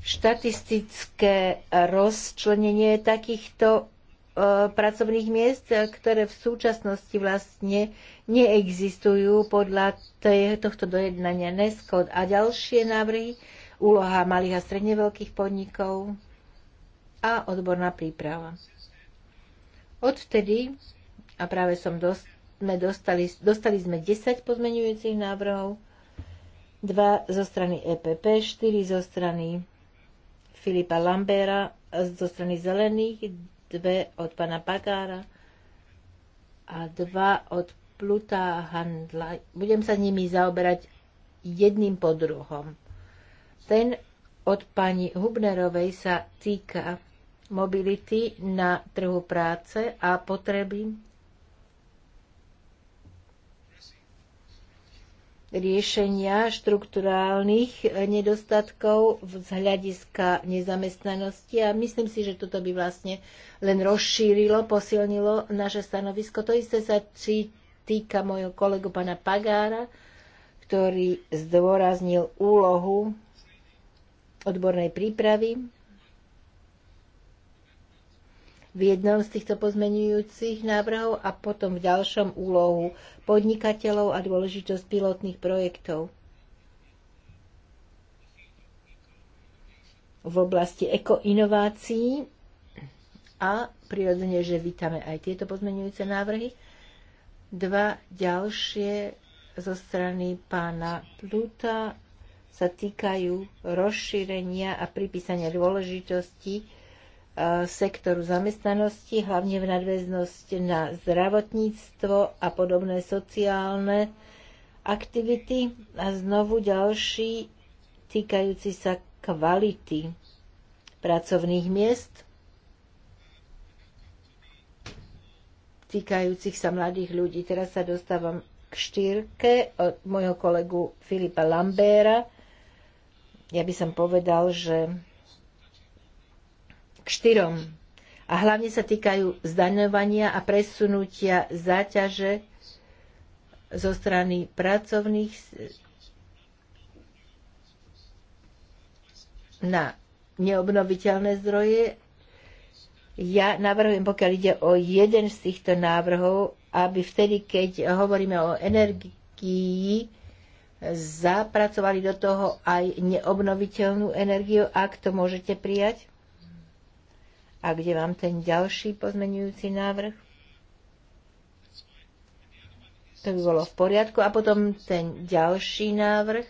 štatistické rozčlenenie takýchto Eh, pracovných miest, eh, ktoré v súčasnosti vlastne neexistujú podľa tohto dojednania NESCOD. A ďalšie návrhy, úloha malých a stredne veľkých podnikov a odborná príprava. Odtedy, a práve som dost, sme dostali, dostali sme 10 pozmenujúcich návrhov, 2 zo strany EPP, 4 zo strany Filipa Lambera zo strany zelených, dve od pana Bagára a dva od Pluta Handla. Budem sa nimi zaoberať jedným po druhom. Ten od pani Hubnerovej sa týka mobility na trhu práce a potreby riešenia štrukturálnych nedostatkov z hľadiska nezamestnanosti a myslím si, že toto by vlastne len rozšírilo, posilnilo naše stanovisko. To isté sa týka mojho kolegu pana Pagára, ktorý zdôraznil úlohu odbornej prípravy v jednom z týchto pozmenujúcich návrhov a potom v ďalšom úlohu podnikateľov a dôležitosť pilotných projektov v oblasti ekoinovácií a prirodzene, že vítame aj tieto pozmenujúce návrhy. Dva ďalšie zo strany pána Pluta sa týkajú rozšírenia a pripísania dôležitosti E, sektoru zamestnanosti, hlavne v nadväznosť na zdravotníctvo a podobné sociálne aktivity a znovu ďalší týkajúci sa kvality pracovných miest, týkajúcich sa mladých ľudí. Teraz sa dostávam k štyrke od môjho kolegu Filipa Lambéra. Ja by som povedal, že štyrom. A hlavne sa týkajú zdaňovania a presunutia záťaže zo strany pracovných na neobnoviteľné zdroje. Ja navrhujem, pokiaľ ide o jeden z týchto návrhov, aby vtedy, keď hovoríme o energii, zapracovali do toho aj neobnoviteľnú energiu, ak to môžete prijať. A kde mám ten ďalší pozmenujúci návrh? To by bolo v poriadku. A potom ten ďalší návrh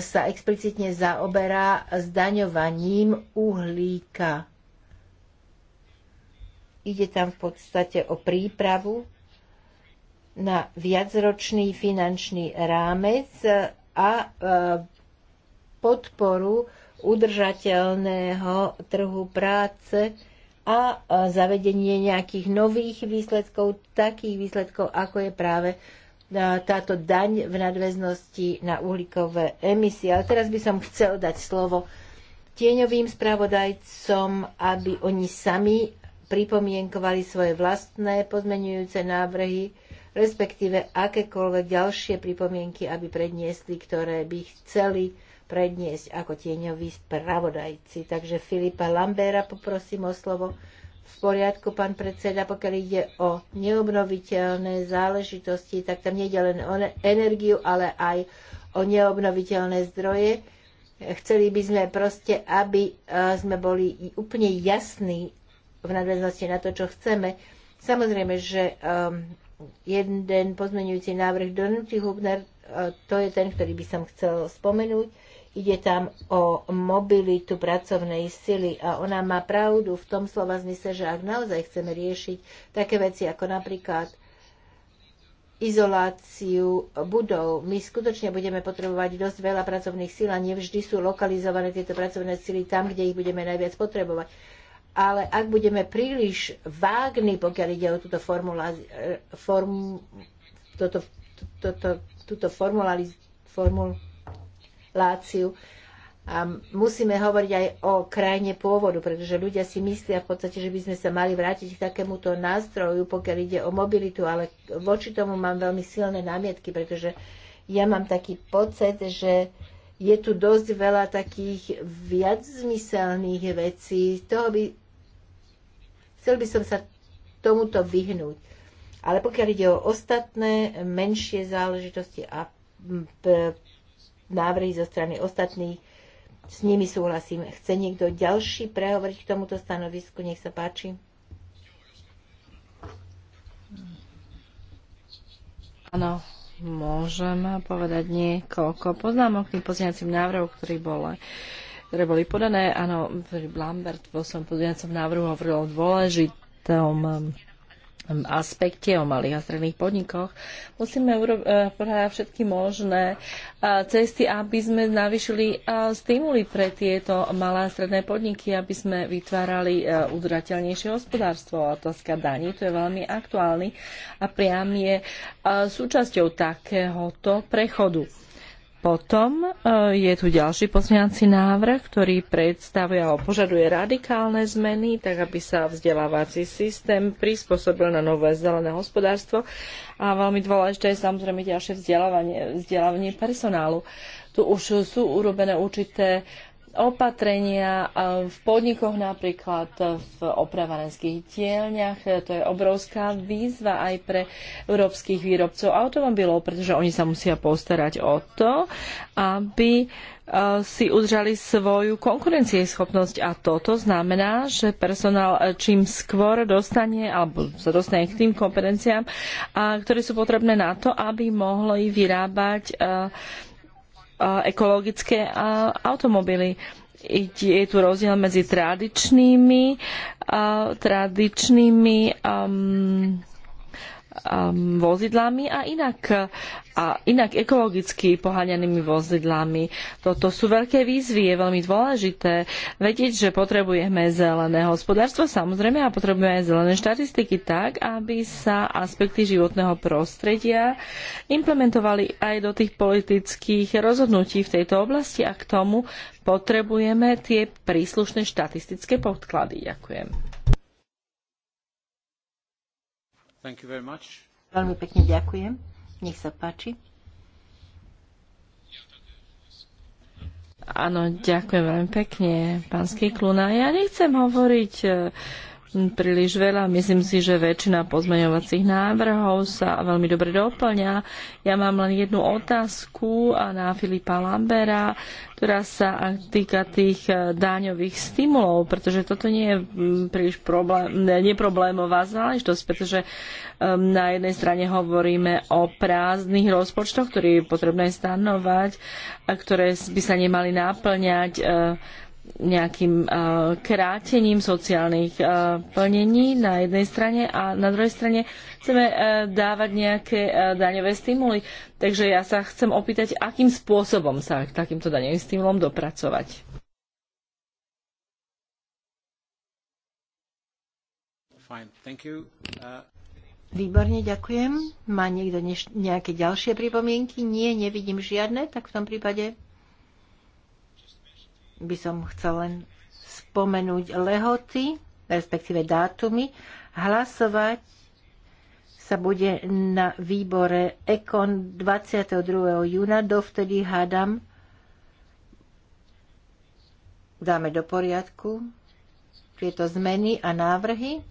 sa explicitne zaoberá zdaňovaním uhlíka. Ide tam v podstate o prípravu na viacročný finančný rámec a e, podporu udržateľného trhu práce a zavedenie nejakých nových výsledkov, takých výsledkov, ako je práve táto daň v nadväznosti na uhlíkové emisie. Ale teraz by som chcel dať slovo tieňovým spravodajcom, aby oni sami pripomienkovali svoje vlastné pozmenujúce návrhy, respektíve akékoľvek ďalšie pripomienky, aby predniesli, ktoré by chceli predniesť ako tieňový spravodajci. Takže Filipa Lambera poprosím o slovo. V poriadku, pán predseda, pokiaľ ide o neobnoviteľné záležitosti, tak tam nejde len o energiu, ale aj o neobnoviteľné zdroje. Chceli by sme proste, aby e, sme boli úplne jasní v nadväznosti na to, čo chceme. Samozrejme, že jeden pozmenujúci návrh Donuti Hubner, e, to je ten, ktorý by som chcel spomenúť. Ide tam o mobilitu pracovnej sily a ona má pravdu v tom slova zmysle, že ak naozaj chceme riešiť také veci ako napríklad izoláciu budov. My skutočne budeme potrebovať dosť veľa pracovných síl a nevždy sú lokalizované tieto pracovné síly tam, kde ich budeme najviac potrebovať. Ale ak budeme príliš vágni, pokiaľ ide o túto, formula, eh, form, toto, toto, túto formulali, formul, populáciu. A musíme hovoriť aj o krajine pôvodu, pretože ľudia si myslia v podstate, že by sme sa mali vrátiť k takémuto nástroju, pokiaľ ide o mobilitu, ale voči tomu mám veľmi silné námietky, pretože ja mám taký pocit, že je tu dosť veľa takých viac zmyselných vecí. Toho by, chcel by som sa tomuto vyhnúť. Ale pokiaľ ide o ostatné menšie záležitosti a návrhy zo strany ostatných. S nimi súhlasím. Chce niekto ďalší prehovoriť k tomuto stanovisku? Nech sa páči. Áno, môžem povedať niekoľko poznámok tým pozňacím návrhom, ktorý bol ktoré boli podané. Áno, Lambert vo svojom pozdňacom návrhu hovoril o dôležitom aspekte o malých a stredných podnikoch. Musíme urobiť e, všetky možné e, cesty, aby sme navýšili e, stimuly pre tieto malé a stredné podniky, aby sme vytvárali udrateľnejšie hospodárstvo. Otázka daní, to je veľmi aktuálny a priam je súčasťou takéhoto prechodu. Potom e, je tu ďalší pozmeňací návrh, ktorý predstavuje alebo požaduje radikálne zmeny, tak aby sa vzdelávací systém prispôsobil na nové zelené hospodárstvo. A veľmi dôležité je samozrejme ďalšie vzdelávanie, vzdelávanie personálu. Tu už sú urobené určité opatrenia e, v podnikoch, napríklad e, v opravárenských dielňach. E, to je obrovská výzva aj pre európskych výrobcov automobilov, pretože oni sa musia postarať o to, aby si udržali svoju konkurencieschopnosť a toto znamená, že personál čím skôr dostane alebo sa dostane k tým kompetenciám, ktoré sú potrebné na to, aby mohli vyrábať uh, ekologické automobily. Je tu rozdiel medzi tradičnými, tradičnými um, um, vozidlami a inak, a inak ekologicky poháňanými vozidlami. Toto sú veľké výzvy, je veľmi dôležité vedieť, že potrebujeme zelené hospodárstvo samozrejme a potrebujeme aj zelené štatistiky tak, aby sa aspekty životného prostredia implementovali aj do tých politických rozhodnutí v tejto oblasti a k tomu potrebujeme tie príslušné štatistické podklady. Ďakujem. Veľmi pekne ďakujem. Nech sa páči. Áno, ďakujem veľmi pekne, pán Skikluna. Ja nechcem hovoriť uh, príliš veľa. Myslím si, že väčšina pozmeňovacích návrhov sa veľmi dobre doplňa. Ja mám len jednu otázku na Filipa Lambera, ktorá sa týka tých e, daňových stimulov, pretože toto nie je príliš problém, neproblémová záležitosť, pretože na jednej strane hovoríme o prázdnych rozpočtoch, ktoré je potrebné stanovať, a ktoré by sa nemali náplňať e, nejakým eh, krátením sociálnych eh, plnení na jednej strane a na druhej strane chceme eh, dávať nejaké daňové stimuly. Takže ja sa chcem opýtať, akým spôsobom sa k takýmto daňovým stimulom dopracovať. Uh... Výborne, ďakujem. Má niekto nejaké ďalšie pripomienky? Nie, nevidím žiadne, tak v tom prípade by som chcel len spomenúť lehoty, respektíve dátumy. Hlasovať sa bude na výbore EKON 22. júna, dovtedy hádam dáme do poriadku tieto zmeny a návrhy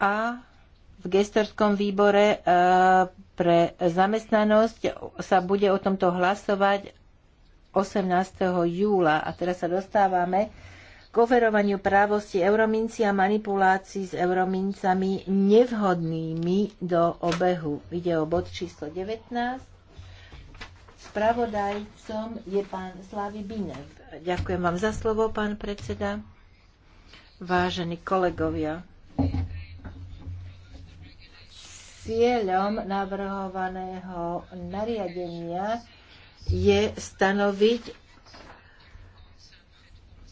a v gestorskom výbore eh, pre zamestnanosť sa bude o tomto hlasovať 18. júla. A teraz sa dostávame k oferovaniu právosti eurominci a manipulácii s euromincami nevhodnými do obehu. Ide o bod číslo 19. Spravodajcom je pán Slavy Binev. Ďakujem vám za slovo, pán predseda. Vážení kolegovia, cieľom navrhovaného nariadenia je stanoviť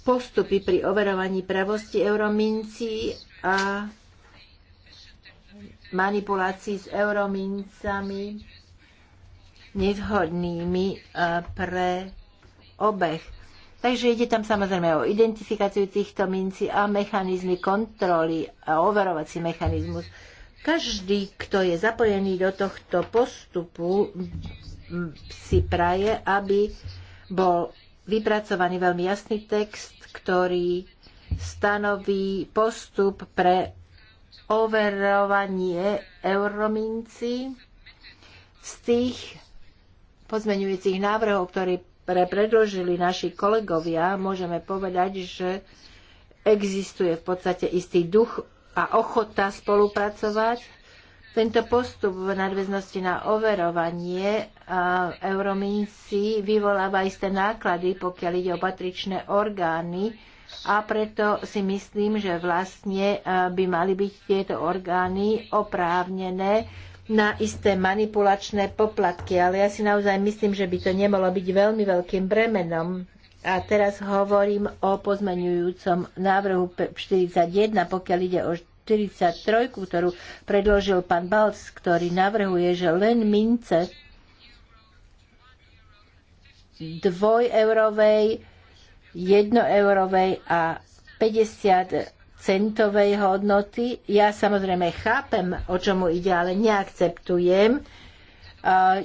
postupy pri overovaní pravosti euromincí a manipulácií s euromincami nevhodnými e, pre obeh. Takže ide tam samozrejme o identifikáciu týchto mincí a mechanizmy kontroly a overovací mechanizmus. Každý, kto je zapojený do tohto postupu, si praje, aby bol vypracovaný veľmi jasný text, ktorý stanoví postup pre overovanie eurominci z tých pozmeňujúcich návrhov, ktoré predložili naši kolegovia, môžeme povedať, že existuje v podstate istý duch a ochota spolupracovať tento postup v nadväznosti na overovanie eurominci vyvoláva isté náklady, pokiaľ ide o patričné orgány a preto si myslím, že vlastne by mali byť tieto orgány oprávnené na isté manipulačné poplatky, ale ja si naozaj myslím, že by to nemalo byť veľmi veľkým bremenom. A teraz hovorím o pozmenujúcom návrhu 41, pokiaľ ide o 43, ktorú predložil pán Balc, ktorý navrhuje, že len mince dvojeurovej, jednoeurovej a 50 centovej hodnoty. Ja samozrejme chápem, o čomu ide, ale neakceptujem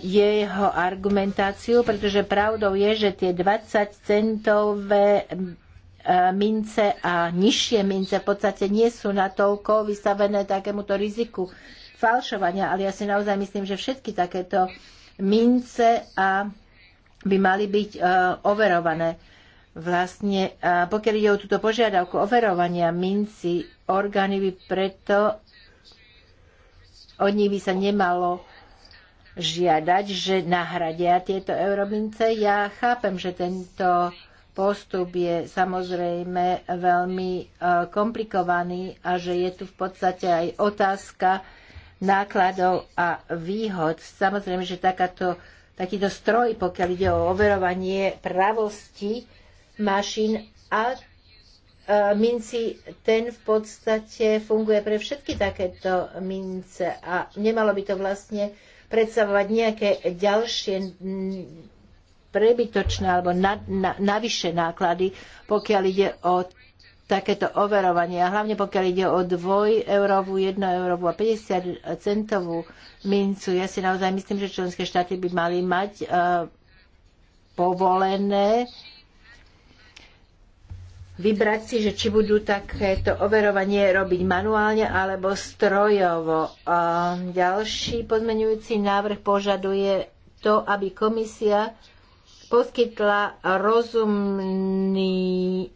jeho argumentáciu, pretože pravdou je, že tie 20 centové E, mince a nižšie mince v podstate nie sú natoľko vystavené takémuto riziku falšovania, ale ja si naozaj myslím, že všetky takéto mince a by mali byť uh, overované. Vlastne, uh, pokiaľ ide o túto požiadavku overovania minci, orgány by preto od nich by sa nemalo žiadať, že nahradia tieto euromince. Ja chápem, že tento postup je samozrejme veľmi e, komplikovaný a že je tu v podstate aj otázka nákladov a výhod. Samozrejme, že takáto, takýto stroj, pokiaľ ide o overovanie pravosti mašín a e, minci, ten v podstate funguje pre všetky takéto mince a nemalo by to vlastne predstavovať nejaké ďalšie prebytočné alebo na, na, navyše náklady, pokiaľ ide o takéto overovanie. A hlavne pokiaľ ide o 2eurovú, jedno eurovú a 50 centovú mincu, ja si naozaj myslím, že členské štáty by mali mať uh, povolené vybrať si, že či budú takéto overovanie robiť manuálne alebo strojovo. A ďalší pozmenujúci návrh požaduje to, aby komisia poskytla rozumnú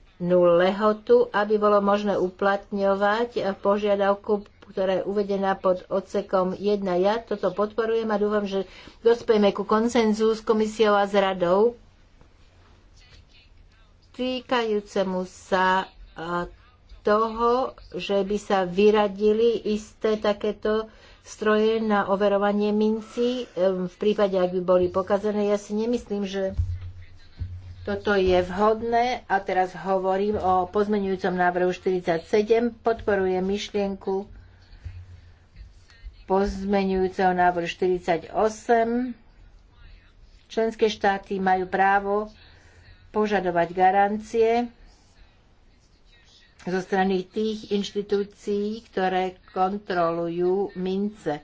lehotu, aby bolo možné uplatňovať požiadavku, ktorá je uvedená pod odsekom 1. Ja toto podporujem a dúfam, že dospejme ku konsenzu s komisiou a s radou týkajúcemu sa toho, že by sa vyradili isté takéto stroje na overovanie minci v prípade, ak by boli pokazené. Ja si nemyslím, že toto je vhodné a teraz hovorím o pozmenujúcom návrhu 47. Podporujem myšlienku pozmenujúceho návrhu 48. Členské štáty majú právo požadovať garancie zo strany tých inštitúcií, ktoré kontrolujú mince.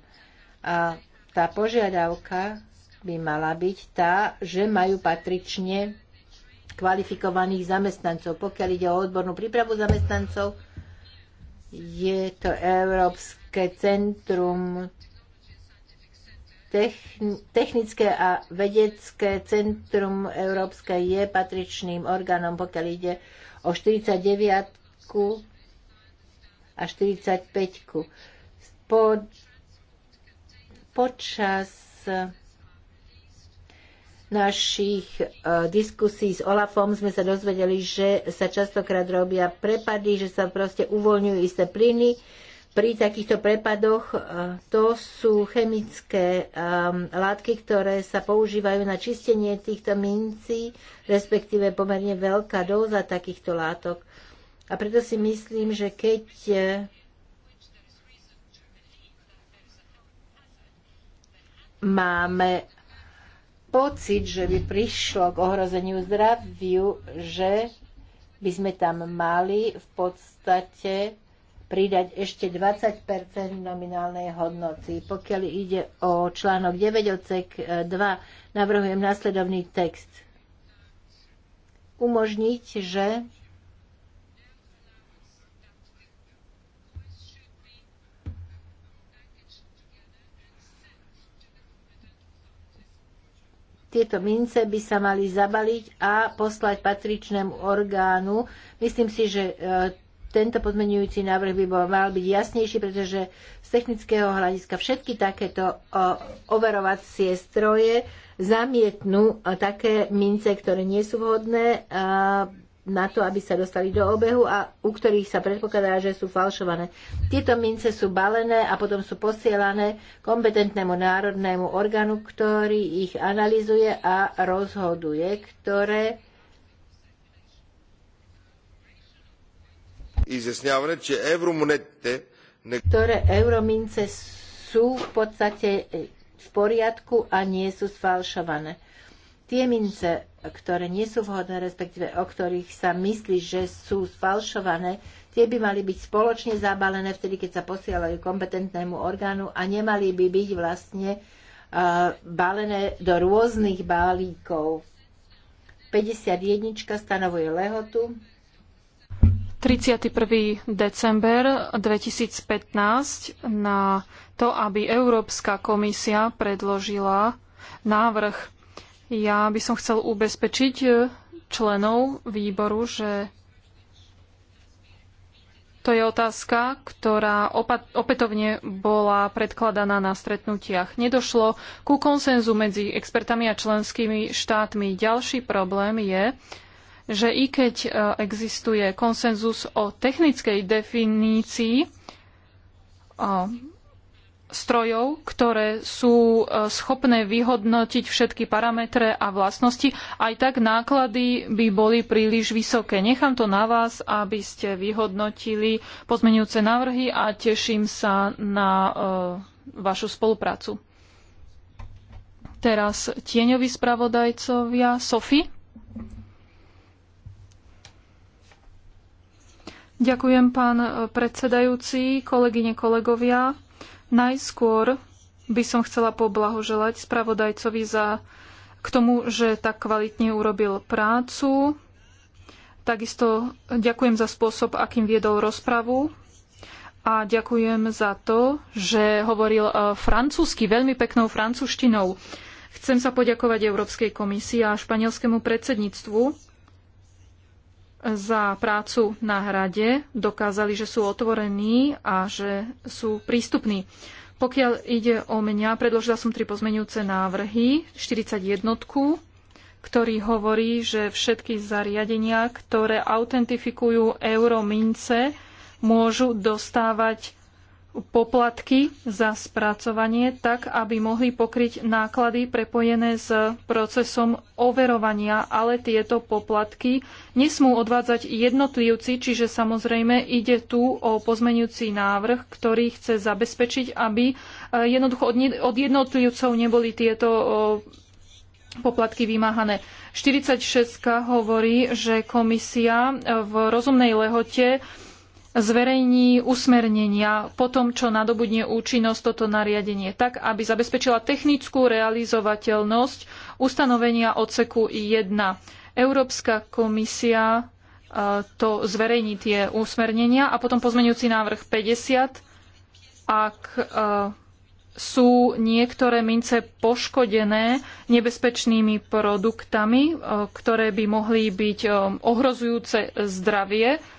A tá požiadavka by mala byť tá, že majú patrične kvalifikovaných zamestnancov. Pokiaľ ide o odbornú prípravu zamestnancov, je to Európske centrum technické a vedecké centrum Európske je patričným orgánom, pokiaľ ide o 49 a 45. Po, počas eh, našich eh, diskusí s Olafom sme sa dozvedeli, že sa častokrát robia prepady, že sa proste uvoľňujú isté plyny. Pri takýchto prepadoch eh, to sú chemické látky, ktoré sa používajú na čistenie týchto mincí, respektíve pomerne veľká dóza takýchto látok a preto si myslím, že keď e, máme pocit, že by prišlo k ohrozeniu zdraviu, že by sme tam mali v podstate pridať ešte 20 nominálnej hodnoty. Pokiaľ ide o článok 9 odsek 2, e, navrhujem následovný text. Umožniť, že Tieto mince by sa mali zabaliť a poslať patričnému orgánu. Myslím si, že e, tento podmenujúci návrh by bol, mal byť jasnejší, pretože z technického hľadiska všetky takéto e, overovacie stroje zamietnú e, také mince, ktoré nie sú vhodné na to, aby sa dostali do obehu a u ktorých sa predpokladá, že sú falšované. Tieto mince sú balené a potom sú posielané kompetentnému národnému orgánu, ktorý ich analizuje a rozhoduje, ktoré ktoré euromince sú v podstate v poriadku a nie sú sfalšované. Tie mince ktoré nie sú vhodné, respektíve o ktorých sa myslí, že sú sfalšované, tie by mali byť spoločne zabalené vtedy, keď sa posielajú kompetentnému orgánu a nemali by byť vlastne uh, balené do rôznych balíkov. 51. stanovuje lehotu. 31. december 2015 na to, aby Európska komisia predložila návrh ja by som chcel ubezpečiť e, členov výboru, že to je otázka, ktorá opätovne bola predkladaná na stretnutiach. Nedošlo ku konsenzu medzi expertami a členskými štátmi. Ďalší problém je, že i keď e, existuje konsenzus o technickej definícii strojov, ktoré sú e, schopné vyhodnotiť všetky parametre a vlastnosti, aj tak náklady by boli príliš vysoké. Nechám to na vás, aby ste vyhodnotili pozmenujúce návrhy a teším sa na e, vašu spoluprácu. Teraz tieňoví spravodajcovia. Sofi? Ďakujem, pán e, predsedajúci, kolegyne, kolegovia. Najskôr by som chcela poblahoželať spravodajcovi za k tomu, že tak kvalitne urobil prácu. Takisto ďakujem za spôsob, akým viedol rozpravu a ďakujem za to, že hovoril e, francúzsky veľmi peknou francúzštinou. Chcem sa poďakovať Európskej komisii a španielskému predsedníctvu za prácu na hrade dokázali, že sú otvorení a že sú prístupní. Pokiaľ ide o mňa, predložila som tri pozmenujúce návrhy. 41, ktorý hovorí, že všetky zariadenia, ktoré autentifikujú euromince, môžu dostávať poplatky za spracovanie tak, aby mohli pokryť náklady prepojené s procesom overovania, ale tieto poplatky nesmú odvádzať jednotlivci, čiže samozrejme ide tu o pozmenujúci návrh, ktorý chce zabezpečiť, aby e, jednoducho od jednotlivcov neboli tieto poplatky vymáhané. 46 hovorí, že komisia e, v rozumnej lehote zverejní usmernenia po tom, čo nadobudne účinnosť toto nariadenie, tak aby zabezpečila technickú realizovateľnosť ustanovenia odseku 1. Európska komisia e, to zverejní tie usmernenia a potom pozmeňujúci návrh 50, ak e, sú niektoré mince poškodené nebezpečnými produktami, e, ktoré by mohli byť ohrozujúce zdravie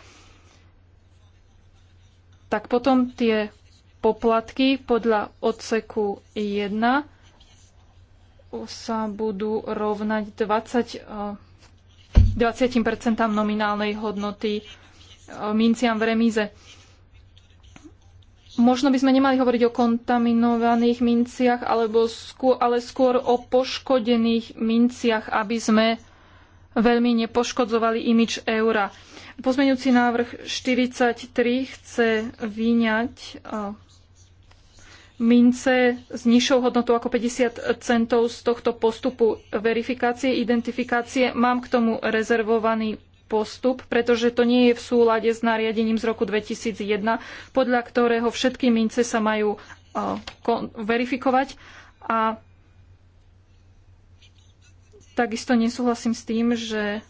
tak potom tie poplatky podľa odseku 1 sa budú rovnať 20, 20% eh, nominálnej hodnoty eh, minciam v remíze. Možno by sme nemali hovoriť o kontaminovaných minciach, alebo skôr, ale skôr o poškodených minciach, aby sme veľmi nepoškodzovali imič eura. Pozmeňujúci návrh 43 chce vyňať mince s nižšou hodnotou ako 50 centov z tohto postupu verifikácie, identifikácie. Mám k tomu rezervovaný postup, pretože to nie je v súlade s nariadením z roku 2001, podľa ktorého všetky mince sa majú verifikovať a takisto nesúhlasím s tým, že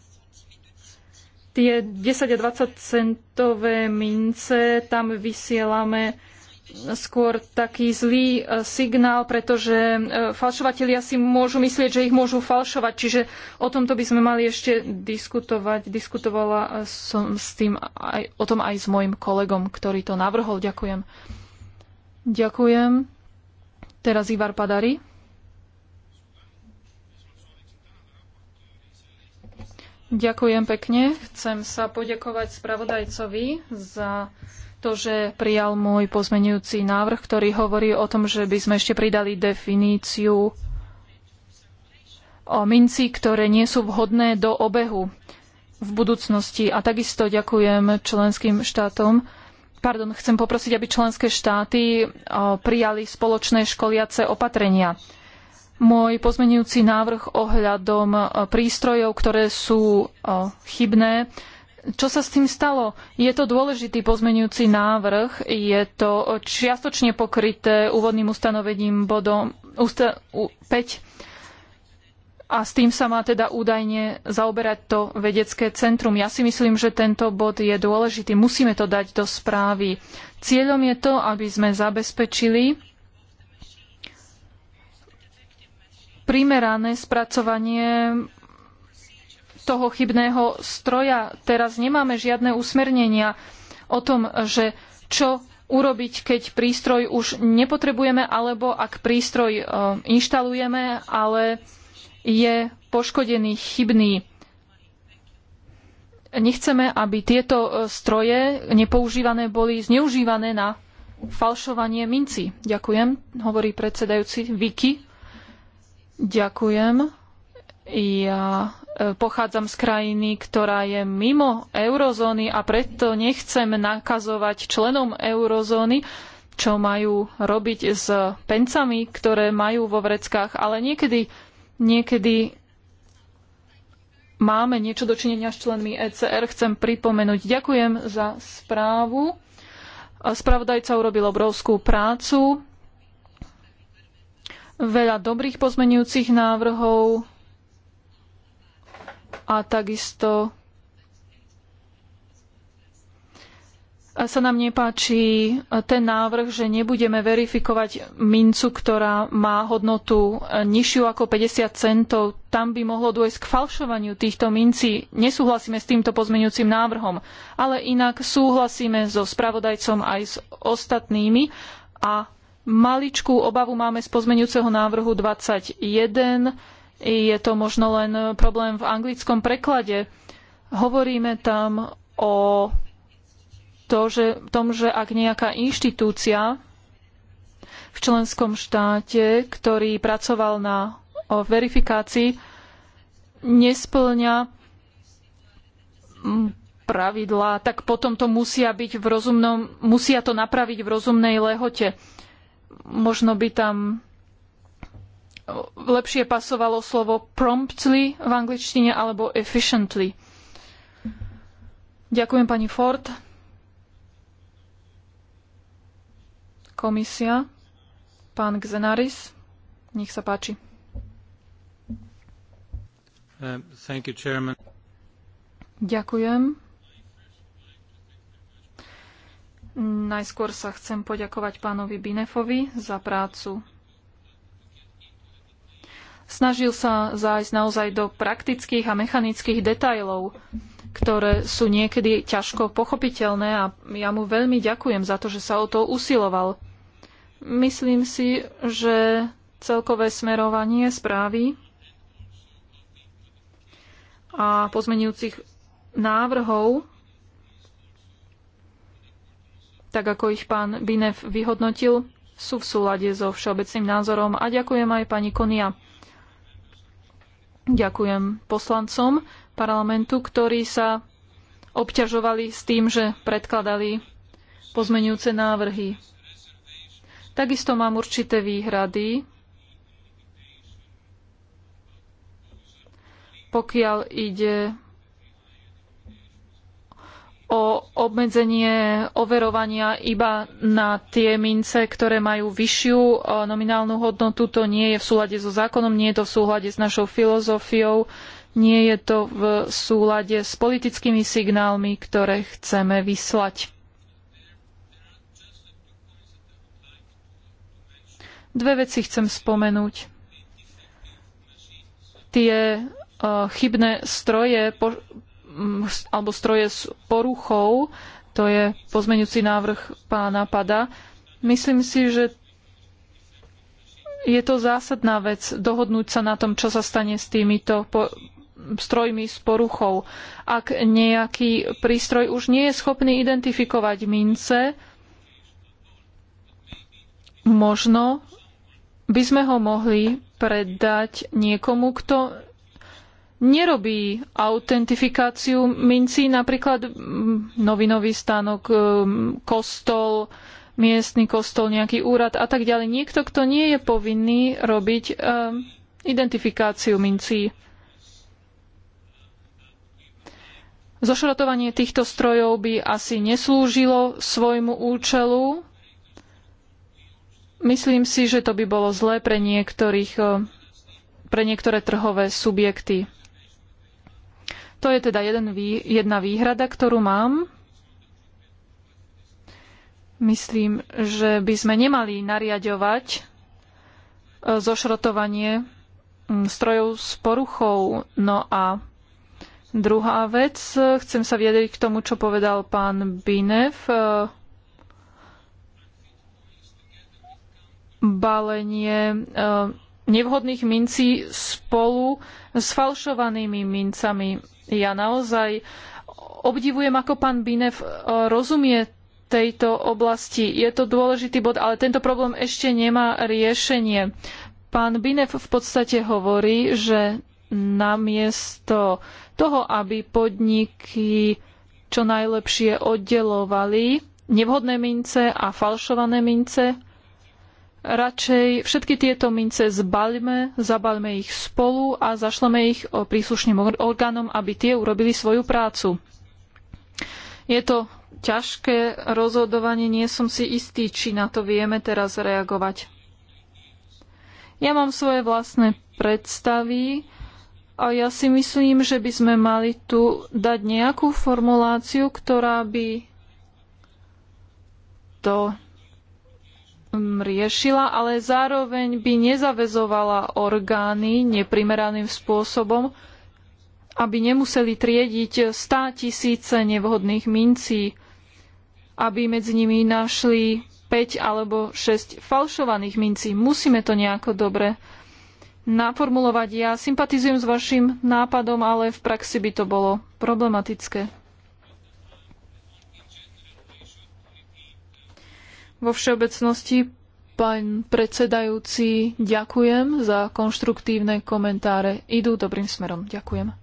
tie 10 a 20 centové mince, tam vysielame skôr taký zlý e, signál, pretože e, falšovatelia si môžu myslieť, že ich môžu falšovať. Čiže o tomto by sme mali ešte diskutovať. Diskutovala e, som s tým aj, o tom aj s môjim kolegom, ktorý to navrhol. Ďakujem. Ďakujem. Teraz Ivar Padari. Ďakujem pekne. Chcem sa poďakovať spravodajcovi za to, že prijal môj pozmenujúci návrh, ktorý hovorí o tom, že by sme ešte pridali definíciu o minci, ktoré nie sú vhodné do obehu v budúcnosti. A takisto ďakujem členským štátom. Pardon, chcem poprosiť, aby členské štáty prijali spoločné školiace opatrenia môj pozmenujúci návrh ohľadom e, prístrojov, ktoré sú e, chybné. Čo sa s tým stalo? Je to dôležitý pozmenujúci návrh, je to čiastočne pokryté úvodným ustanovením bodom usta, 5 a s tým sa má teda údajne zaoberať to vedecké centrum. Ja si myslím, že tento bod je dôležitý. Musíme to dať do správy. Cieľom je to, aby sme zabezpečili, primerané spracovanie toho chybného stroja. Teraz nemáme žiadne usmernenia o tom, že čo urobiť, keď prístroj už nepotrebujeme, alebo ak prístroj e, inštalujeme, ale je poškodený, chybný. Nechceme, aby tieto e, stroje nepoužívané boli zneužívané na falšovanie minci. Ďakujem, hovorí predsedajúci Viki. Ďakujem. Ja e, pochádzam z krajiny, ktorá je mimo eurozóny a preto nechcem nakazovať členom eurozóny, čo majú robiť s pencami, ktoré majú vo vreckách, ale niekedy, niekedy máme niečo dočinenia s členmi ECR. Chcem pripomenúť, ďakujem za správu. Spravodajca urobil obrovskú prácu veľa dobrých pozmenujúcich návrhov a takisto sa nám nepáči ten návrh, že nebudeme verifikovať mincu, ktorá má hodnotu nižšiu ako 50 centov. Tam by mohlo dôjsť k falšovaniu týchto mincí. Nesúhlasíme s týmto pozmeňujúcim návrhom, ale inak súhlasíme so spravodajcom aj s ostatnými a Maličkú obavu máme z pozmeňujúceho návrhu 21. Je to možno len problém v anglickom preklade. Hovoríme tam o to, že, tom, že ak nejaká inštitúcia v členskom štáte, ktorý pracoval na o verifikácii, nesplňa pravidlá, tak potom to musia byť v rozumnom, musia to napraviť v rozumnej lehote možno by tam lepšie pasovalo slovo promptly v angličtine alebo efficiently. Ďakujem pani Ford. Komisia. Pán Xenaris. Nech sa páči. Uh, you, Ďakujem. Najskôr sa chcem poďakovať pánovi Binefovi za prácu. Snažil sa zájsť naozaj do praktických a mechanických detajlov, ktoré sú niekedy ťažko pochopiteľné a ja mu veľmi ďakujem za to, že sa o to usiloval. Myslím si, že celkové smerovanie správy a pozmenujúcich návrhov tak ako ich pán Binev vyhodnotil, sú v súlade so všeobecným názorom a ďakujem aj pani Konia. Ďakujem poslancom parlamentu, ktorí sa obťažovali s tým, že predkladali pozmenujúce návrhy. Takisto mám určité výhrady, pokiaľ ide o obmedzenie overovania iba na tie mince, ktoré majú vyššiu nominálnu hodnotu. To nie je v súlade so zákonom, nie je to v súlade s našou filozofiou, nie je to v súlade s politickými signálmi, ktoré chceme vyslať. Dve veci chcem spomenúť. Tie chybné stroje alebo stroje s poruchou, to je pozmeňujúci návrh pána Pada. Myslím si, že je to zásadná vec dohodnúť sa na tom, čo sa stane s týmito strojmi s poruchou. Ak nejaký prístroj už nie je schopný identifikovať mince, možno by sme ho mohli predať niekomu, kto nerobí autentifikáciu mincí, napríklad novinový stánok, kostol, miestny kostol, nejaký úrad a tak ďalej. Niekto, kto nie je povinný robiť e, identifikáciu mincí. Zošrotovanie týchto strojov by asi neslúžilo svojmu účelu. Myslím si, že to by bolo zlé pre, niektorých, e, pre niektoré trhové subjekty. To je teda jeden, jedna výhrada, ktorú mám. Myslím, že by sme nemali nariadovať e, zošrotovanie strojov s poruchou. No a druhá vec, e, chcem sa viedriť k tomu, čo povedal pán Binev. E, balenie nevhodných mincí spolu s falšovanými mincami ja naozaj obdivujem, ako pán Binev e, rozumie tejto oblasti. Je to dôležitý bod, ale tento problém ešte nemá riešenie. Pán Binev v podstate hovorí, že namiesto toho, aby podniky čo najlepšie oddelovali nevhodné mince a falšované mince, radšej všetky tieto mince zbalme, zabalme ich spolu a zašleme ich príslušným orgánom, aby tie urobili svoju prácu. Je to ťažké rozhodovanie, nie som si istý, či na to vieme teraz reagovať. Ja mám svoje vlastné predstavy a ja si myslím, že by sme mali tu dať nejakú formuláciu, ktorá by to riešila, ale zároveň by nezavezovala orgány neprimeraným spôsobom, aby nemuseli triediť stá tisíce nevhodných mincí, aby medzi nimi našli 5 alebo 6 falšovaných mincí. Musíme to nejako dobre naformulovať. Ja sympatizujem s vašim nápadom, ale v praxi by to bolo problematické. Vo všeobecnosti, pán predsedajúci, ďakujem za konštruktívne komentáre. Idú dobrým smerom. Ďakujem.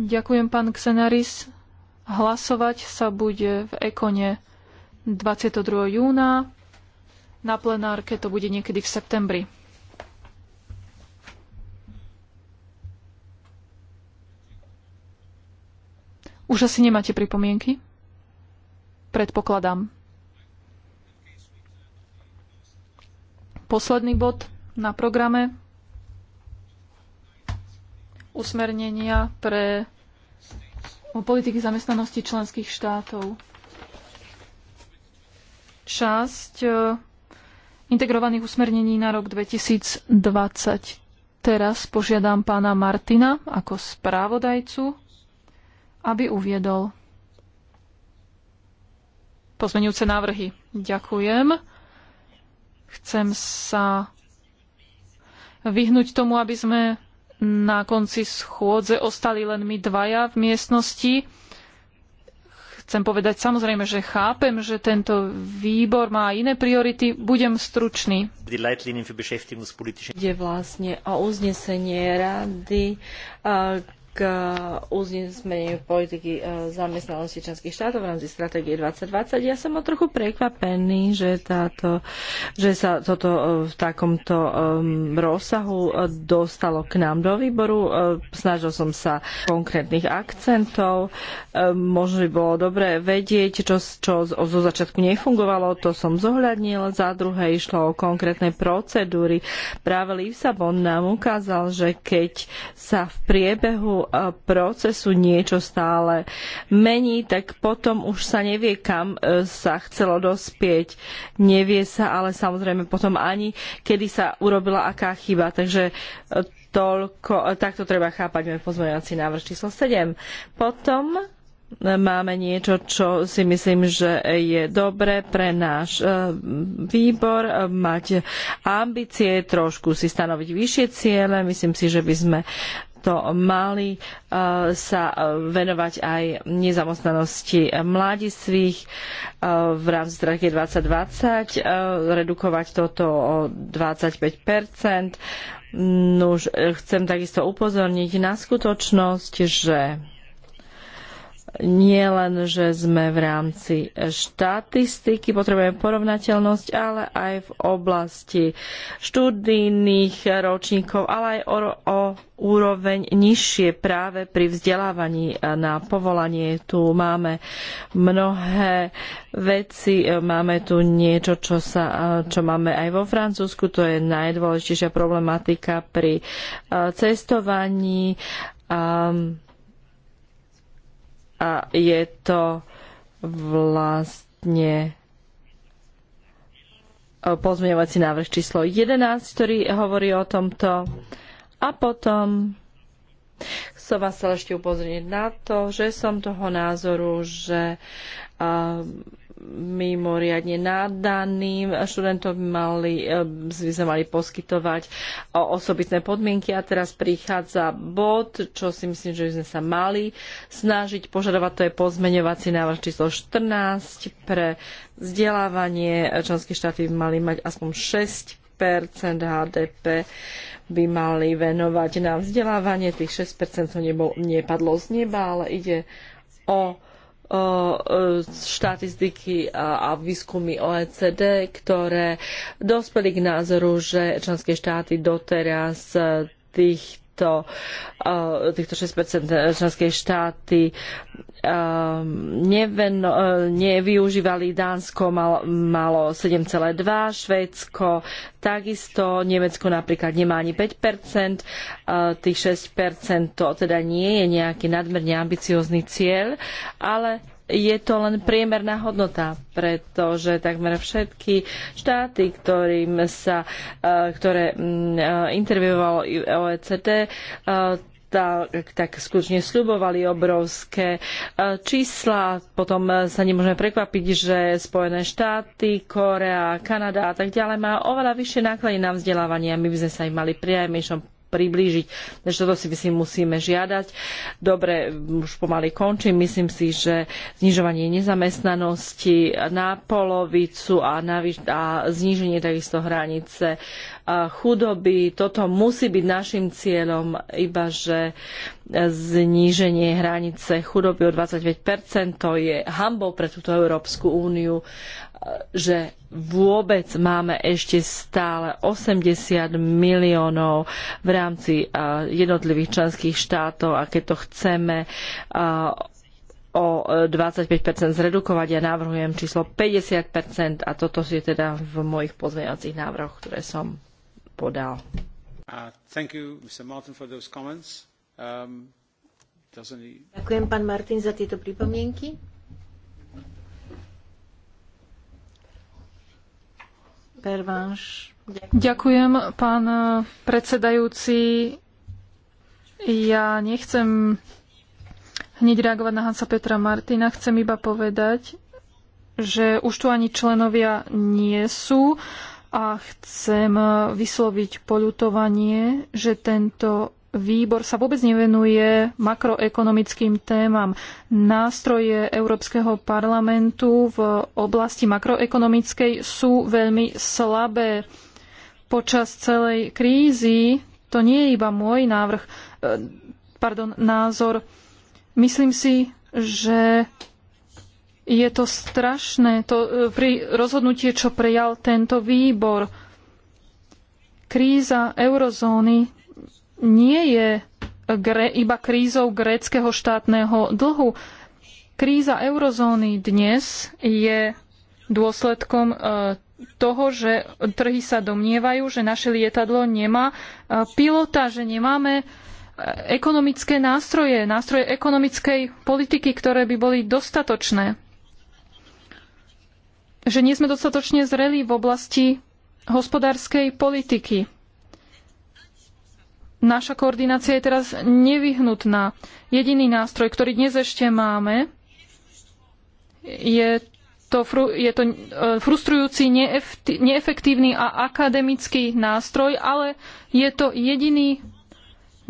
Ďakujem, pán Xenaris. Hlasovať sa bude v Ekone 22. júna. Na plenárke to bude niekedy v septembri. Už asi nemáte pripomienky? predpokladám. Posledný bod na programe usmernenia pre politiky zamestnanosti členských štátov. Časť e, integrovaných usmernení na rok 2020. Teraz požiadam pána Martina ako správodajcu, aby uviedol pozmeňujúce návrhy. Ďakujem. Chcem sa vyhnúť tomu, aby sme na konci schôdze ostali len my dvaja v miestnosti. Chcem povedať samozrejme, že chápem, že tento výbor má iné priority. Budem stručný. Ide vlastne o uznesenie rady, k eh, uznesmeniu politiky eh, zamestnanosti členských štátov v rámci stratégie 2020. Ja som o trochu prekvapený, že, táto, že sa toto eh, v takomto ehm, rozsahu dostalo k nám do výboru. Snažil som sa konkrétnych akcentov. Možno by bolo dobre vedieť, čo, čo zo začiatku nefungovalo, to som zohľadnil. Za druhé išlo o konkrétne procedúry. Práve Lisabon nám ukázal, že keď sa v priebehu procesu niečo stále mení, tak potom už sa nevie, kam e, sa chcelo dospieť. Nevie sa ale samozrejme potom ani, kedy sa urobila aká chyba. Takže e, toľko, e, takto treba chápať môj pozmeňovací návrh číslo 7. Potom máme niečo, čo si myslím, že je dobré pre náš výbor mať ambície, trošku si stanoviť vyššie ciele. Myslím si, že by sme to mali e, sa e, venovať aj nezamestnanosti mladistvých e, v rámci strategie 2020, redukovať toto o 25 Nuž, chcem takisto upozorniť na skutočnosť, že nie len, že sme v rámci štatistiky, potrebujeme porovnateľnosť, ale aj v oblasti študijných ročníkov, ale aj o, o úroveň nižšie práve pri vzdelávaní na povolanie. Tu máme mnohé veci, máme tu niečo, čo, sa, čo máme aj vo Francúzsku, to je najdôležitejšia problematika pri eh, cestovaní. Um, a je to vlastne pozmeňovací návrh číslo 11, ktorý hovorí o tomto. A potom som vás ešte upozorniť na to, že som toho názoru, že uh, mimoriadne nadaným študentom mali, eh, by sme mali poskytovať eh, osobitné podmienky a teraz prichádza bod, čo si myslím, že by sme sa mali snažiť požadovať, to je pozmeňovací návrh číslo 14 pre vzdelávanie. Členské štáty by mali mať aspoň 6 HDP by mali venovať na vzdelávanie. Tých 6% to nebol, nepadlo z neba, ale ide o E, štatistiky a výskumy OECD, ktoré dospeli k názoru, že členské štáty doteraz e, tých týchto eh, týchto 6% členské štáty eh, neven, eh, nevyužívali. Dánsko malo, malo 7,2, Švédsko takisto, Nemecko napríklad nemá ani 5%, tých 6% to teda nie je nejaký nadmerne ambiciózny cieľ, ale je to len priemerná hodnota, pretože takmer všetky štáty, ktorým sa, e, ktoré mm, e, intervjuoval OECD, e, tak, tak skutočne sľubovali obrovské čísla. Potom sa nemôžeme prekvapiť, že Spojené štáty, Korea, Kanada a tak ďalej má oveľa vyššie náklady na vzdelávanie a my by sme sa im mali priamejšom priblížiť. Takže toto si myslím musíme žiadať. Dobre, už pomaly končím. Myslím si, že znižovanie nezamestnanosti na polovicu a, na, a zníženie takisto hranice chudoby, toto musí byť našim cieľom, iba že zníženie hranice chudoby o 25%, to je hambou pre túto Európsku úniu, že vôbec máme ešte stále 80 miliónov v rámci jednotlivých členských štátov a keď to chceme o 25% zredukovať, ja navrhujem číslo 50% a toto je teda v mojich pozmeňovacích návrhoch, ktoré som podal. Uh, um, Ďakujem, pán Martin, za tieto pripomienky. Ďakujem, pán predsedajúci. Ja nechcem hneď reagovať na Hansa Petra Martina. Chcem iba povedať, že už tu ani členovia nie sú a chcem vysloviť poľutovanie, že tento výbor sa vôbec nevenuje makroekonomickým témam. Nástroje Európskeho parlamentu v oblasti makroekonomickej sú veľmi slabé. Počas celej krízy, to nie je iba môj návrh, eh, pardon, názor, myslím si, že je to strašné, to eh, pri rozhodnutie, čo prejal tento výbor. Kríza eurozóny nie je iba krízou gréckého štátneho dlhu. Kríza eurozóny dnes je dôsledkom e, toho, že trhy sa domnievajú, že naše lietadlo nemá e, pilota, že nemáme e, ekonomické nástroje, nástroje ekonomickej politiky, ktoré by boli dostatočné. Že nie sme dostatočne zreli v oblasti hospodárskej politiky naša koordinácia je teraz nevyhnutná. Jediný nástroj, ktorý dnes ešte máme, je to, fru, je to e, frustrujúci, neefektívny a akademický nástroj, ale je to jediný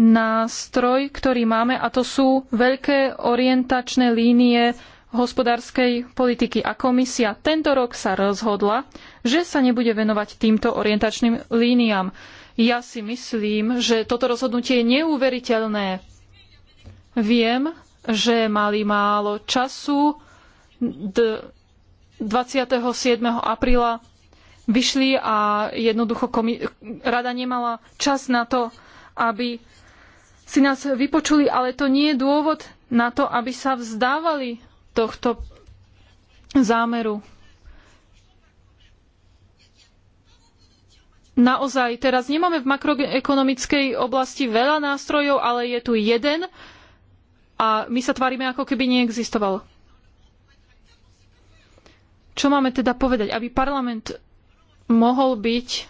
nástroj, ktorý máme a to sú veľké orientačné línie hospodárskej politiky. A komisia tento rok sa rozhodla, že sa nebude venovať týmto orientačným líniám. Ja si myslím, že toto rozhodnutie je neuveriteľné. Viem, že mali málo času. 27. apríla vyšli a jednoducho rada nemala čas na to, aby si nás vypočuli, ale to nie je dôvod na to, aby sa vzdávali tohto zámeru. naozaj teraz nemáme v makroekonomickej oblasti veľa nástrojov, ale je tu jeden a my sa tvárime, ako keby neexistoval. Čo máme teda povedať? Aby parlament mohol byť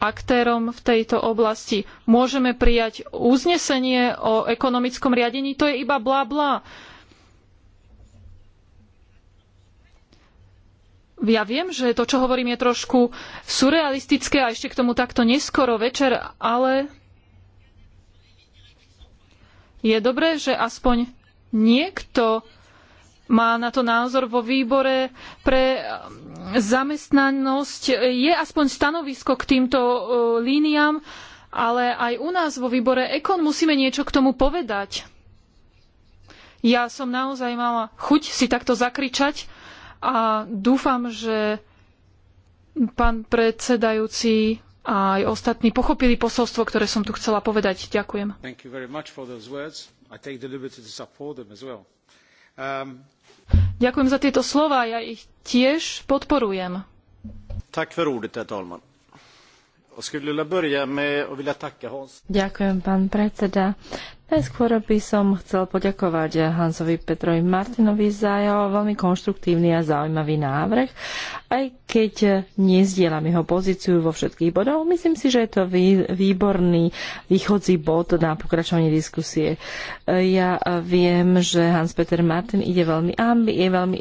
aktérom v tejto oblasti. Môžeme prijať uznesenie o ekonomickom riadení, to je iba bla bla. ja viem, že to, čo hovorím, je trošku surrealistické a ešte k tomu takto neskoro večer, ale je dobré, že aspoň niekto má na to názor vo výbore pre um, zamestnanosť. Je aspoň stanovisko k týmto uh, líniám, ale aj u nás vo výbore Ekon musíme niečo k tomu povedať. Ja som naozaj mala chuť si takto zakričať, a dúfam, že pán predsedajúci a aj ostatní pochopili posolstvo, ktoré som tu chcela povedať. Ďakujem. Um, Ďakujem za tieto slova, ja ich tiež podporujem. Ordet, Ďakujem, pán predseda. Najskôr by som chcel poďakovať Hansovi Petrovi Martinovi za jeho veľmi konštruktívny a zaujímavý návrh. Aj keď nezdielam jeho pozíciu vo všetkých bodoch, myslím si, že je to výborný východzí bod na pokračovanie diskusie. Ja viem, že Hans Peter Martin ide veľmi ambi, je veľmi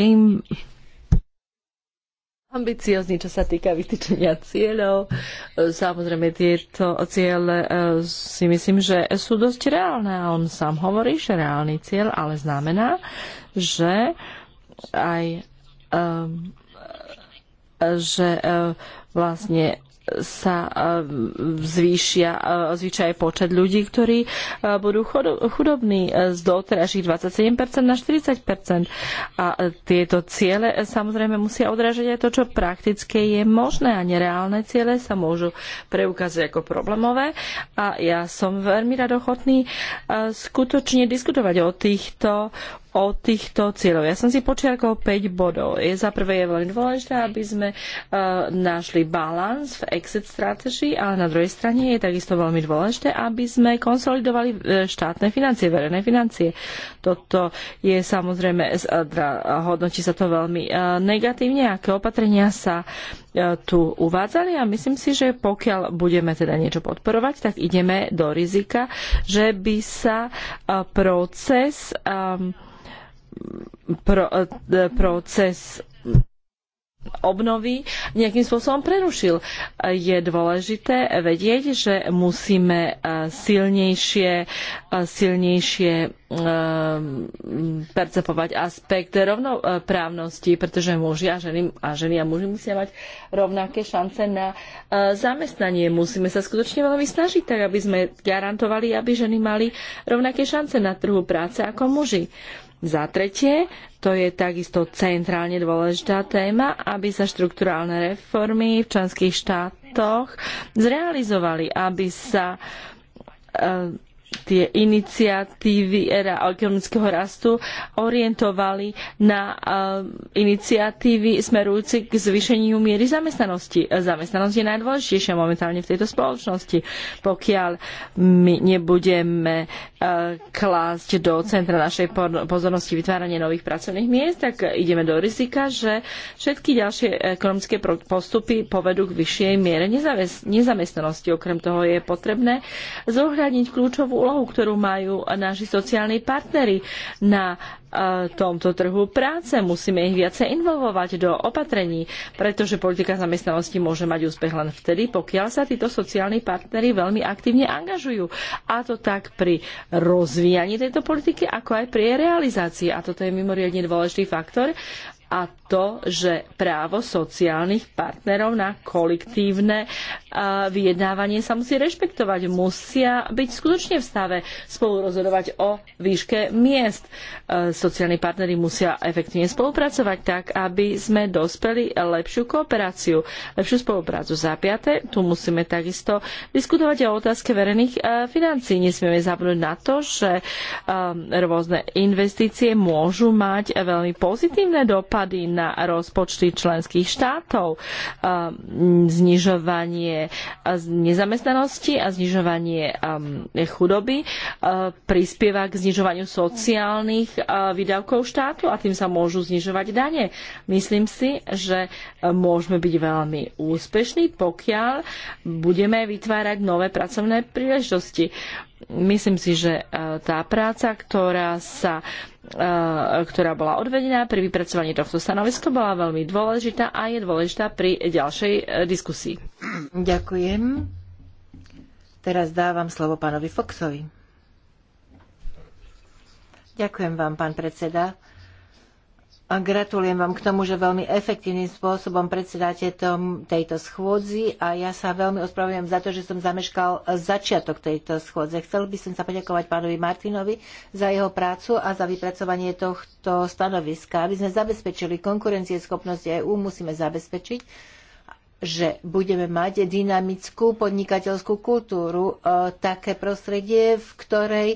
im, ambiciozný, čo sa týka vytýčenia cieľov. E, Samozrejme, tieto ciele e, si myslím, že sú dosť reálne. A on sám hovorí, že reálny cieľ, ale znamená, že aj um, že vlastne sa e, zvýšia, e, zvýšia aj počet ľudí, ktorí e, budú chudobní z doterajších 27% na 40%. A tieto ciele samozrejme musia odrážať aj to, čo praktické je možné a nereálne ciele sa môžu preukázať ako problémové. A ja som veľmi radochotný skutočne diskutovať o týchto o týchto cieľov. Ja som si počiarkol 5 bodov. Je za prvé je veľmi dôležité, aby sme uh, našli balans v exit strategy, ale na druhej strane je takisto veľmi dôležité, aby sme konsolidovali e, štátne financie, verejné financie. Toto je samozrejme, e, hodnotí sa to veľmi uh, negatívne, aké opatrenia sa uh, tu uvádzali a myslím si, že pokiaľ budeme teda niečo podporovať, tak ideme do rizika, že by sa proces um, pro, eh, proces obnovy nejakým spôsobom prerušil. Je dôležité vedieť, že musíme eh, silnejšie, eh, silnejšie percepovať aspekt rovnoprávnosti, pretože muži a ženy, a ženy a muži musia mať rovnaké šance na zamestnanie. Musíme sa skutočne veľmi snažiť, tak aby sme garantovali, aby ženy mali rovnaké šance na trhu práce ako muži. Za tretie, to je takisto centrálne dôležitá téma, aby sa štrukturálne reformy v členských štátoch zrealizovali, aby sa tie iniciatívy era ekonomického rastu orientovali na eh, iniciatívy smerujúce k zvýšeniu miery zamestnanosti. Zamestnanosť je najdôležitejšia momentálne v tejto spoločnosti. Pokiaľ my nebudeme eh, klásť do centra našej pozornosti vytváranie nových pracovných miest, tak ideme do rizika, že všetky ďalšie ekonomické postupy povedú k vyššej miere nezamestnanosti. Okrem toho je potrebné zohľadniť kľúčovú úlohu, ktorú majú naši sociálni partnery na e, tomto trhu práce. Musíme ich viacej involvovať do opatrení, pretože politika zamestnanosti môže mať úspech len vtedy, pokiaľ sa títo sociálni partnery veľmi aktívne angažujú. A to tak pri rozvíjaní tejto politiky, ako aj pri jej realizácii. A toto je mimoriadne dôležitý faktor, a to, že právo sociálnych partnerov na kolektívne e, vyjednávanie sa musí rešpektovať. Musia byť skutočne v stave spolu rozhodovať o výške miest. E, sociálni partnery musia efektívne spolupracovať tak, aby sme dospeli lepšiu kooperáciu, lepšiu spoluprácu. Za piate, tu musíme takisto diskutovať o otázke verejných e, financí. Nesmieme zabudnúť na to, že rôzne investície môžu mať veľmi pozitívne dopady dopady na rozpočty členských štátov, um, znižovanie nezamestnanosti a znižovanie um, chudoby uh, prispieva k znižovaniu sociálnych uh, výdavkov štátu a tým sa môžu znižovať dane. Myslím si, že uh, môžeme byť veľmi úspešní, pokiaľ budeme vytvárať nové pracovné príležitosti. Myslím si, že tá práca, ktorá sa Eh, ktorá bola odvedená pri vypracovaní tohto stanoviska, bola veľmi dôležitá a je dôležitá pri ďalšej eh, diskusii. Ďakujem. Teraz dávam slovo pánovi Foxovi. Ďakujem vám, pán predseda. A gratulujem vám k tomu, že veľmi efektívnym spôsobom predsedáte tom, tejto schôdzi a ja sa veľmi ospravedlňujem za to, že som zameškal začiatok tejto schôdze. Chcel by som sa poďakovať pánovi Martinovi za jeho prácu a za vypracovanie tohto stanoviska. Aby sme zabezpečili konkurencieschopnosť EÚ, musíme zabezpečiť, že budeme mať dynamickú podnikateľskú kultúru, e, také prostredie, v ktorej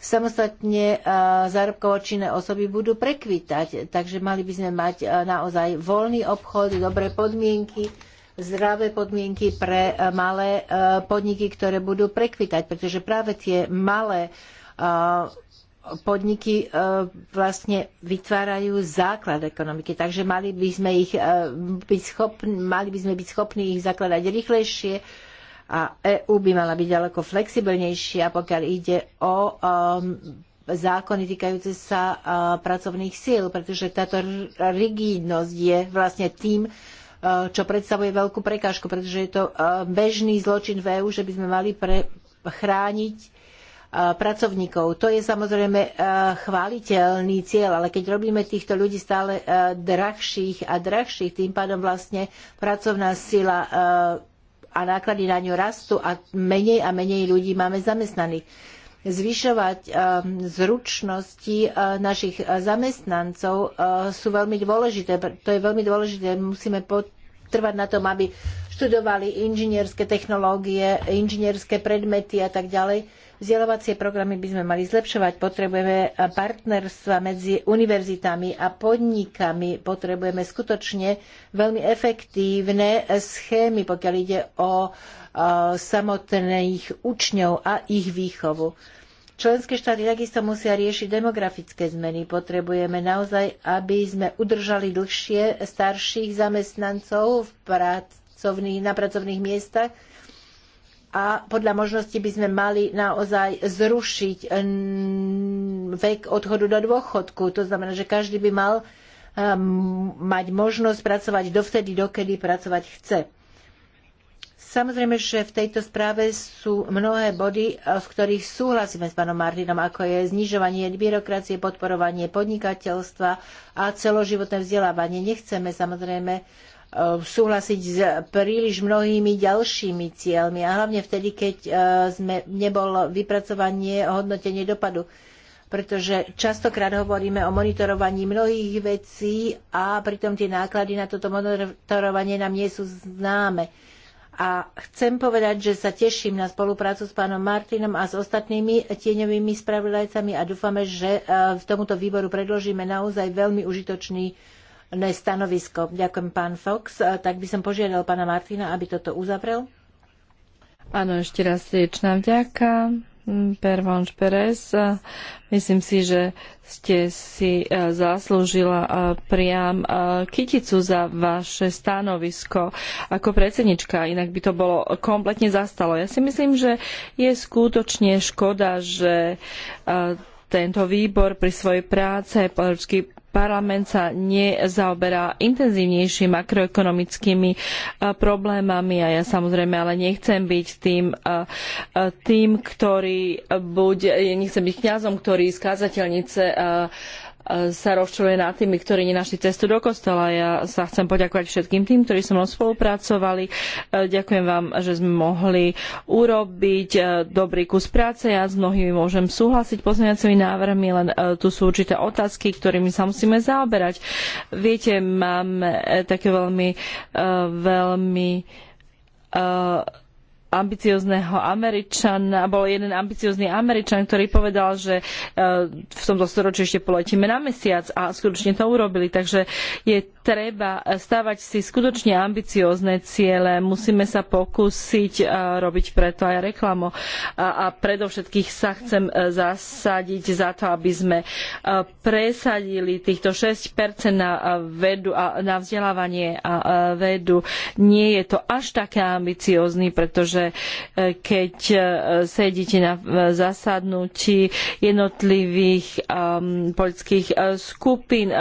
samostatne eh, zárobkovo činné osoby budú prekvítať, Takže mali by sme mať eh, naozaj voľný obchod, dobré podmienky, zdravé podmienky pre eh, malé podniky, ktoré budú prekvitať, pretože práve tie malé podniky vlastne vytvárajú základ ekonomiky, takže mali by sme, ich, byť schopni, mali by sme byť schopní ich zakladať rýchlejšie, a EÚ by mala byť ďaleko flexibilnejšia, pokiaľ ide o um, zákony týkajúce sa uh, pracovných síl, pretože táto rigidnosť je vlastne tým, uh, čo predstavuje veľkú prekážku, pretože je to uh, bežný zločin v EÚ, že by sme mali pre, chrániť pracovníkov. To je samozrejme chváliteľný cieľ, ale keď robíme týchto ľudí stále drahších a drahších, tým pádom vlastne pracovná sila a náklady na ňu rastú a menej a menej ľudí máme zamestnaných. Zvyšovať eh, zručnosti eh, našich zamestnancov eh, sú veľmi dôležité. To je veľmi dôležité. Musíme trvať na tom, aby študovali inžinierske technológie, inžinierske predmety a tak ďalej. Vzdelávacie programy by sme mali zlepšovať. Potrebujeme partnerstva medzi univerzitami a podnikami. Potrebujeme skutočne veľmi efektívne schémy, pokiaľ ide o samotných učňov a ich výchovu. Členské štáty takisto musia riešiť demografické zmeny. Potrebujeme naozaj, aby sme udržali dlhšie starších zamestnancov v práci pracovných, na pracovných miestach a podľa možnosti by sme mali naozaj zrušiť vek odchodu do dôchodku. To znamená, že každý by mal mať možnosť pracovať dovtedy, dokedy pracovať chce. Samozrejme, že v tejto správe sú mnohé body, v e, ktorých súhlasíme s pánom Martinom, ako je znižovanie byrokracie, podporovanie podnikateľstva a celoživotné vzdelávanie. Nechceme samozrejme E, súhlasiť s príliš mnohými ďalšími cieľmi a hlavne vtedy, keď e, sme, nebol vypracovanie hodnotenie dopadu pretože častokrát hovoríme o monitorovaní mnohých vecí a pritom tie náklady na toto monitorovanie nám nie sú známe. A chcem povedať, že sa teším na spoluprácu s pánom Martinom a s ostatnými tieňovými spravodajcami a dúfame, že e, v tomuto výboru predložíme naozaj veľmi užitočný stanovisko. Ďakujem, pán Fox. Tak by som požiadal pána Martina, aby toto uzavrel. Áno, ešte raz srdečná vďaka. Pervanš Perez, myslím si, že ste si e, zaslúžila e, priam e, kyticu za vaše stanovisko ako predsednička, inak by to bolo kompletne zastalo. Ja si myslím, že je skutočne škoda, že tento výbor pri svojej práce, Európsky parlament sa nezaoberá intenzívnejšie makroekonomickými e, problémami a ja samozrejme ale nechcem byť tým, e, e, tým ktorý bude, nechcem byť kňazom, ktorý z kázateľnice sa rozčuluje nad tými, ktorí nenašli cestu do kostola. Ja sa chcem poďakovať všetkým tým, ktorí so mnou spolupracovali. E, ďakujem vám, že sme mohli urobiť e, dobrý kus práce. Ja s mnohými môžem súhlasiť pozmeňacími návrhmi, len e, tu sú určité otázky, ktorými sa musíme zaoberať. Viete, máme také veľmi, veľmi ambiciozného Američana, bol jeden ambiciozný Američan, ktorý povedal, že e, v tomto storočí ešte poletíme na mesiac a skutočne to urobili. Takže je treba stavať si skutočne ambiciózne ciele, musíme sa pokúsiť e, robiť preto aj reklamu a, predovšetkých sa chcem e, zasadiť za to, aby sme presadili týchto 6% na vedu a na vzdelávanie a vedu. Nie je to až také ambiciózny, pretože že e, keď e, sedíte na zasadnutí jednotlivých um, politických e, skupín,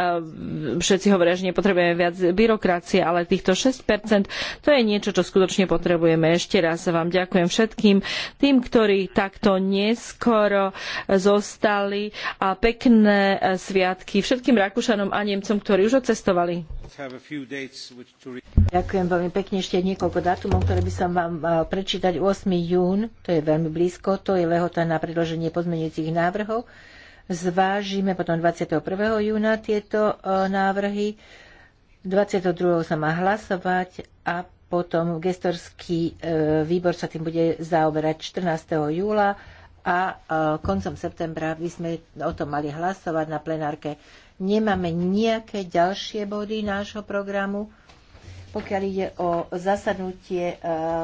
všetci hovoria, že nepotrebujeme viac byrokracie, ale týchto 6% to je niečo, čo skutočne potrebujeme. Ešte raz vám ďakujem všetkým tým, ktorí takto neskoro zostali a pekné sviatky všetkým Rakúšanom a Nemcom, ktorí už odcestovali. Ďakujem veľmi pekne ešte niekoľko dátumov, ktoré by som vám prečítala prečítať 8. jún, to je veľmi blízko, to je lehota na predloženie pozmeňujúcich návrhov. Zvážime potom 21. júna tieto e, návrhy. 22. sa má hlasovať a potom gestorský e, výbor sa tým bude zaoberať 14. júla a e, koncom septembra by sme o tom mali hlasovať na plenárke. Nemáme nejaké ďalšie body nášho programu. Pokiaľ ide o zasadnutie, e,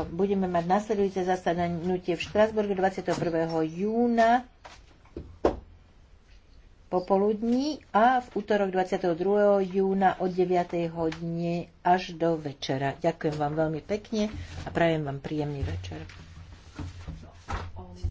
budeme mať nasledujúce zasadnutie v Štrasburgu 21. júna popoludní a v útorok 22. júna od 9. hodine až do večera. Ďakujem vám veľmi pekne a prajem vám príjemný večer.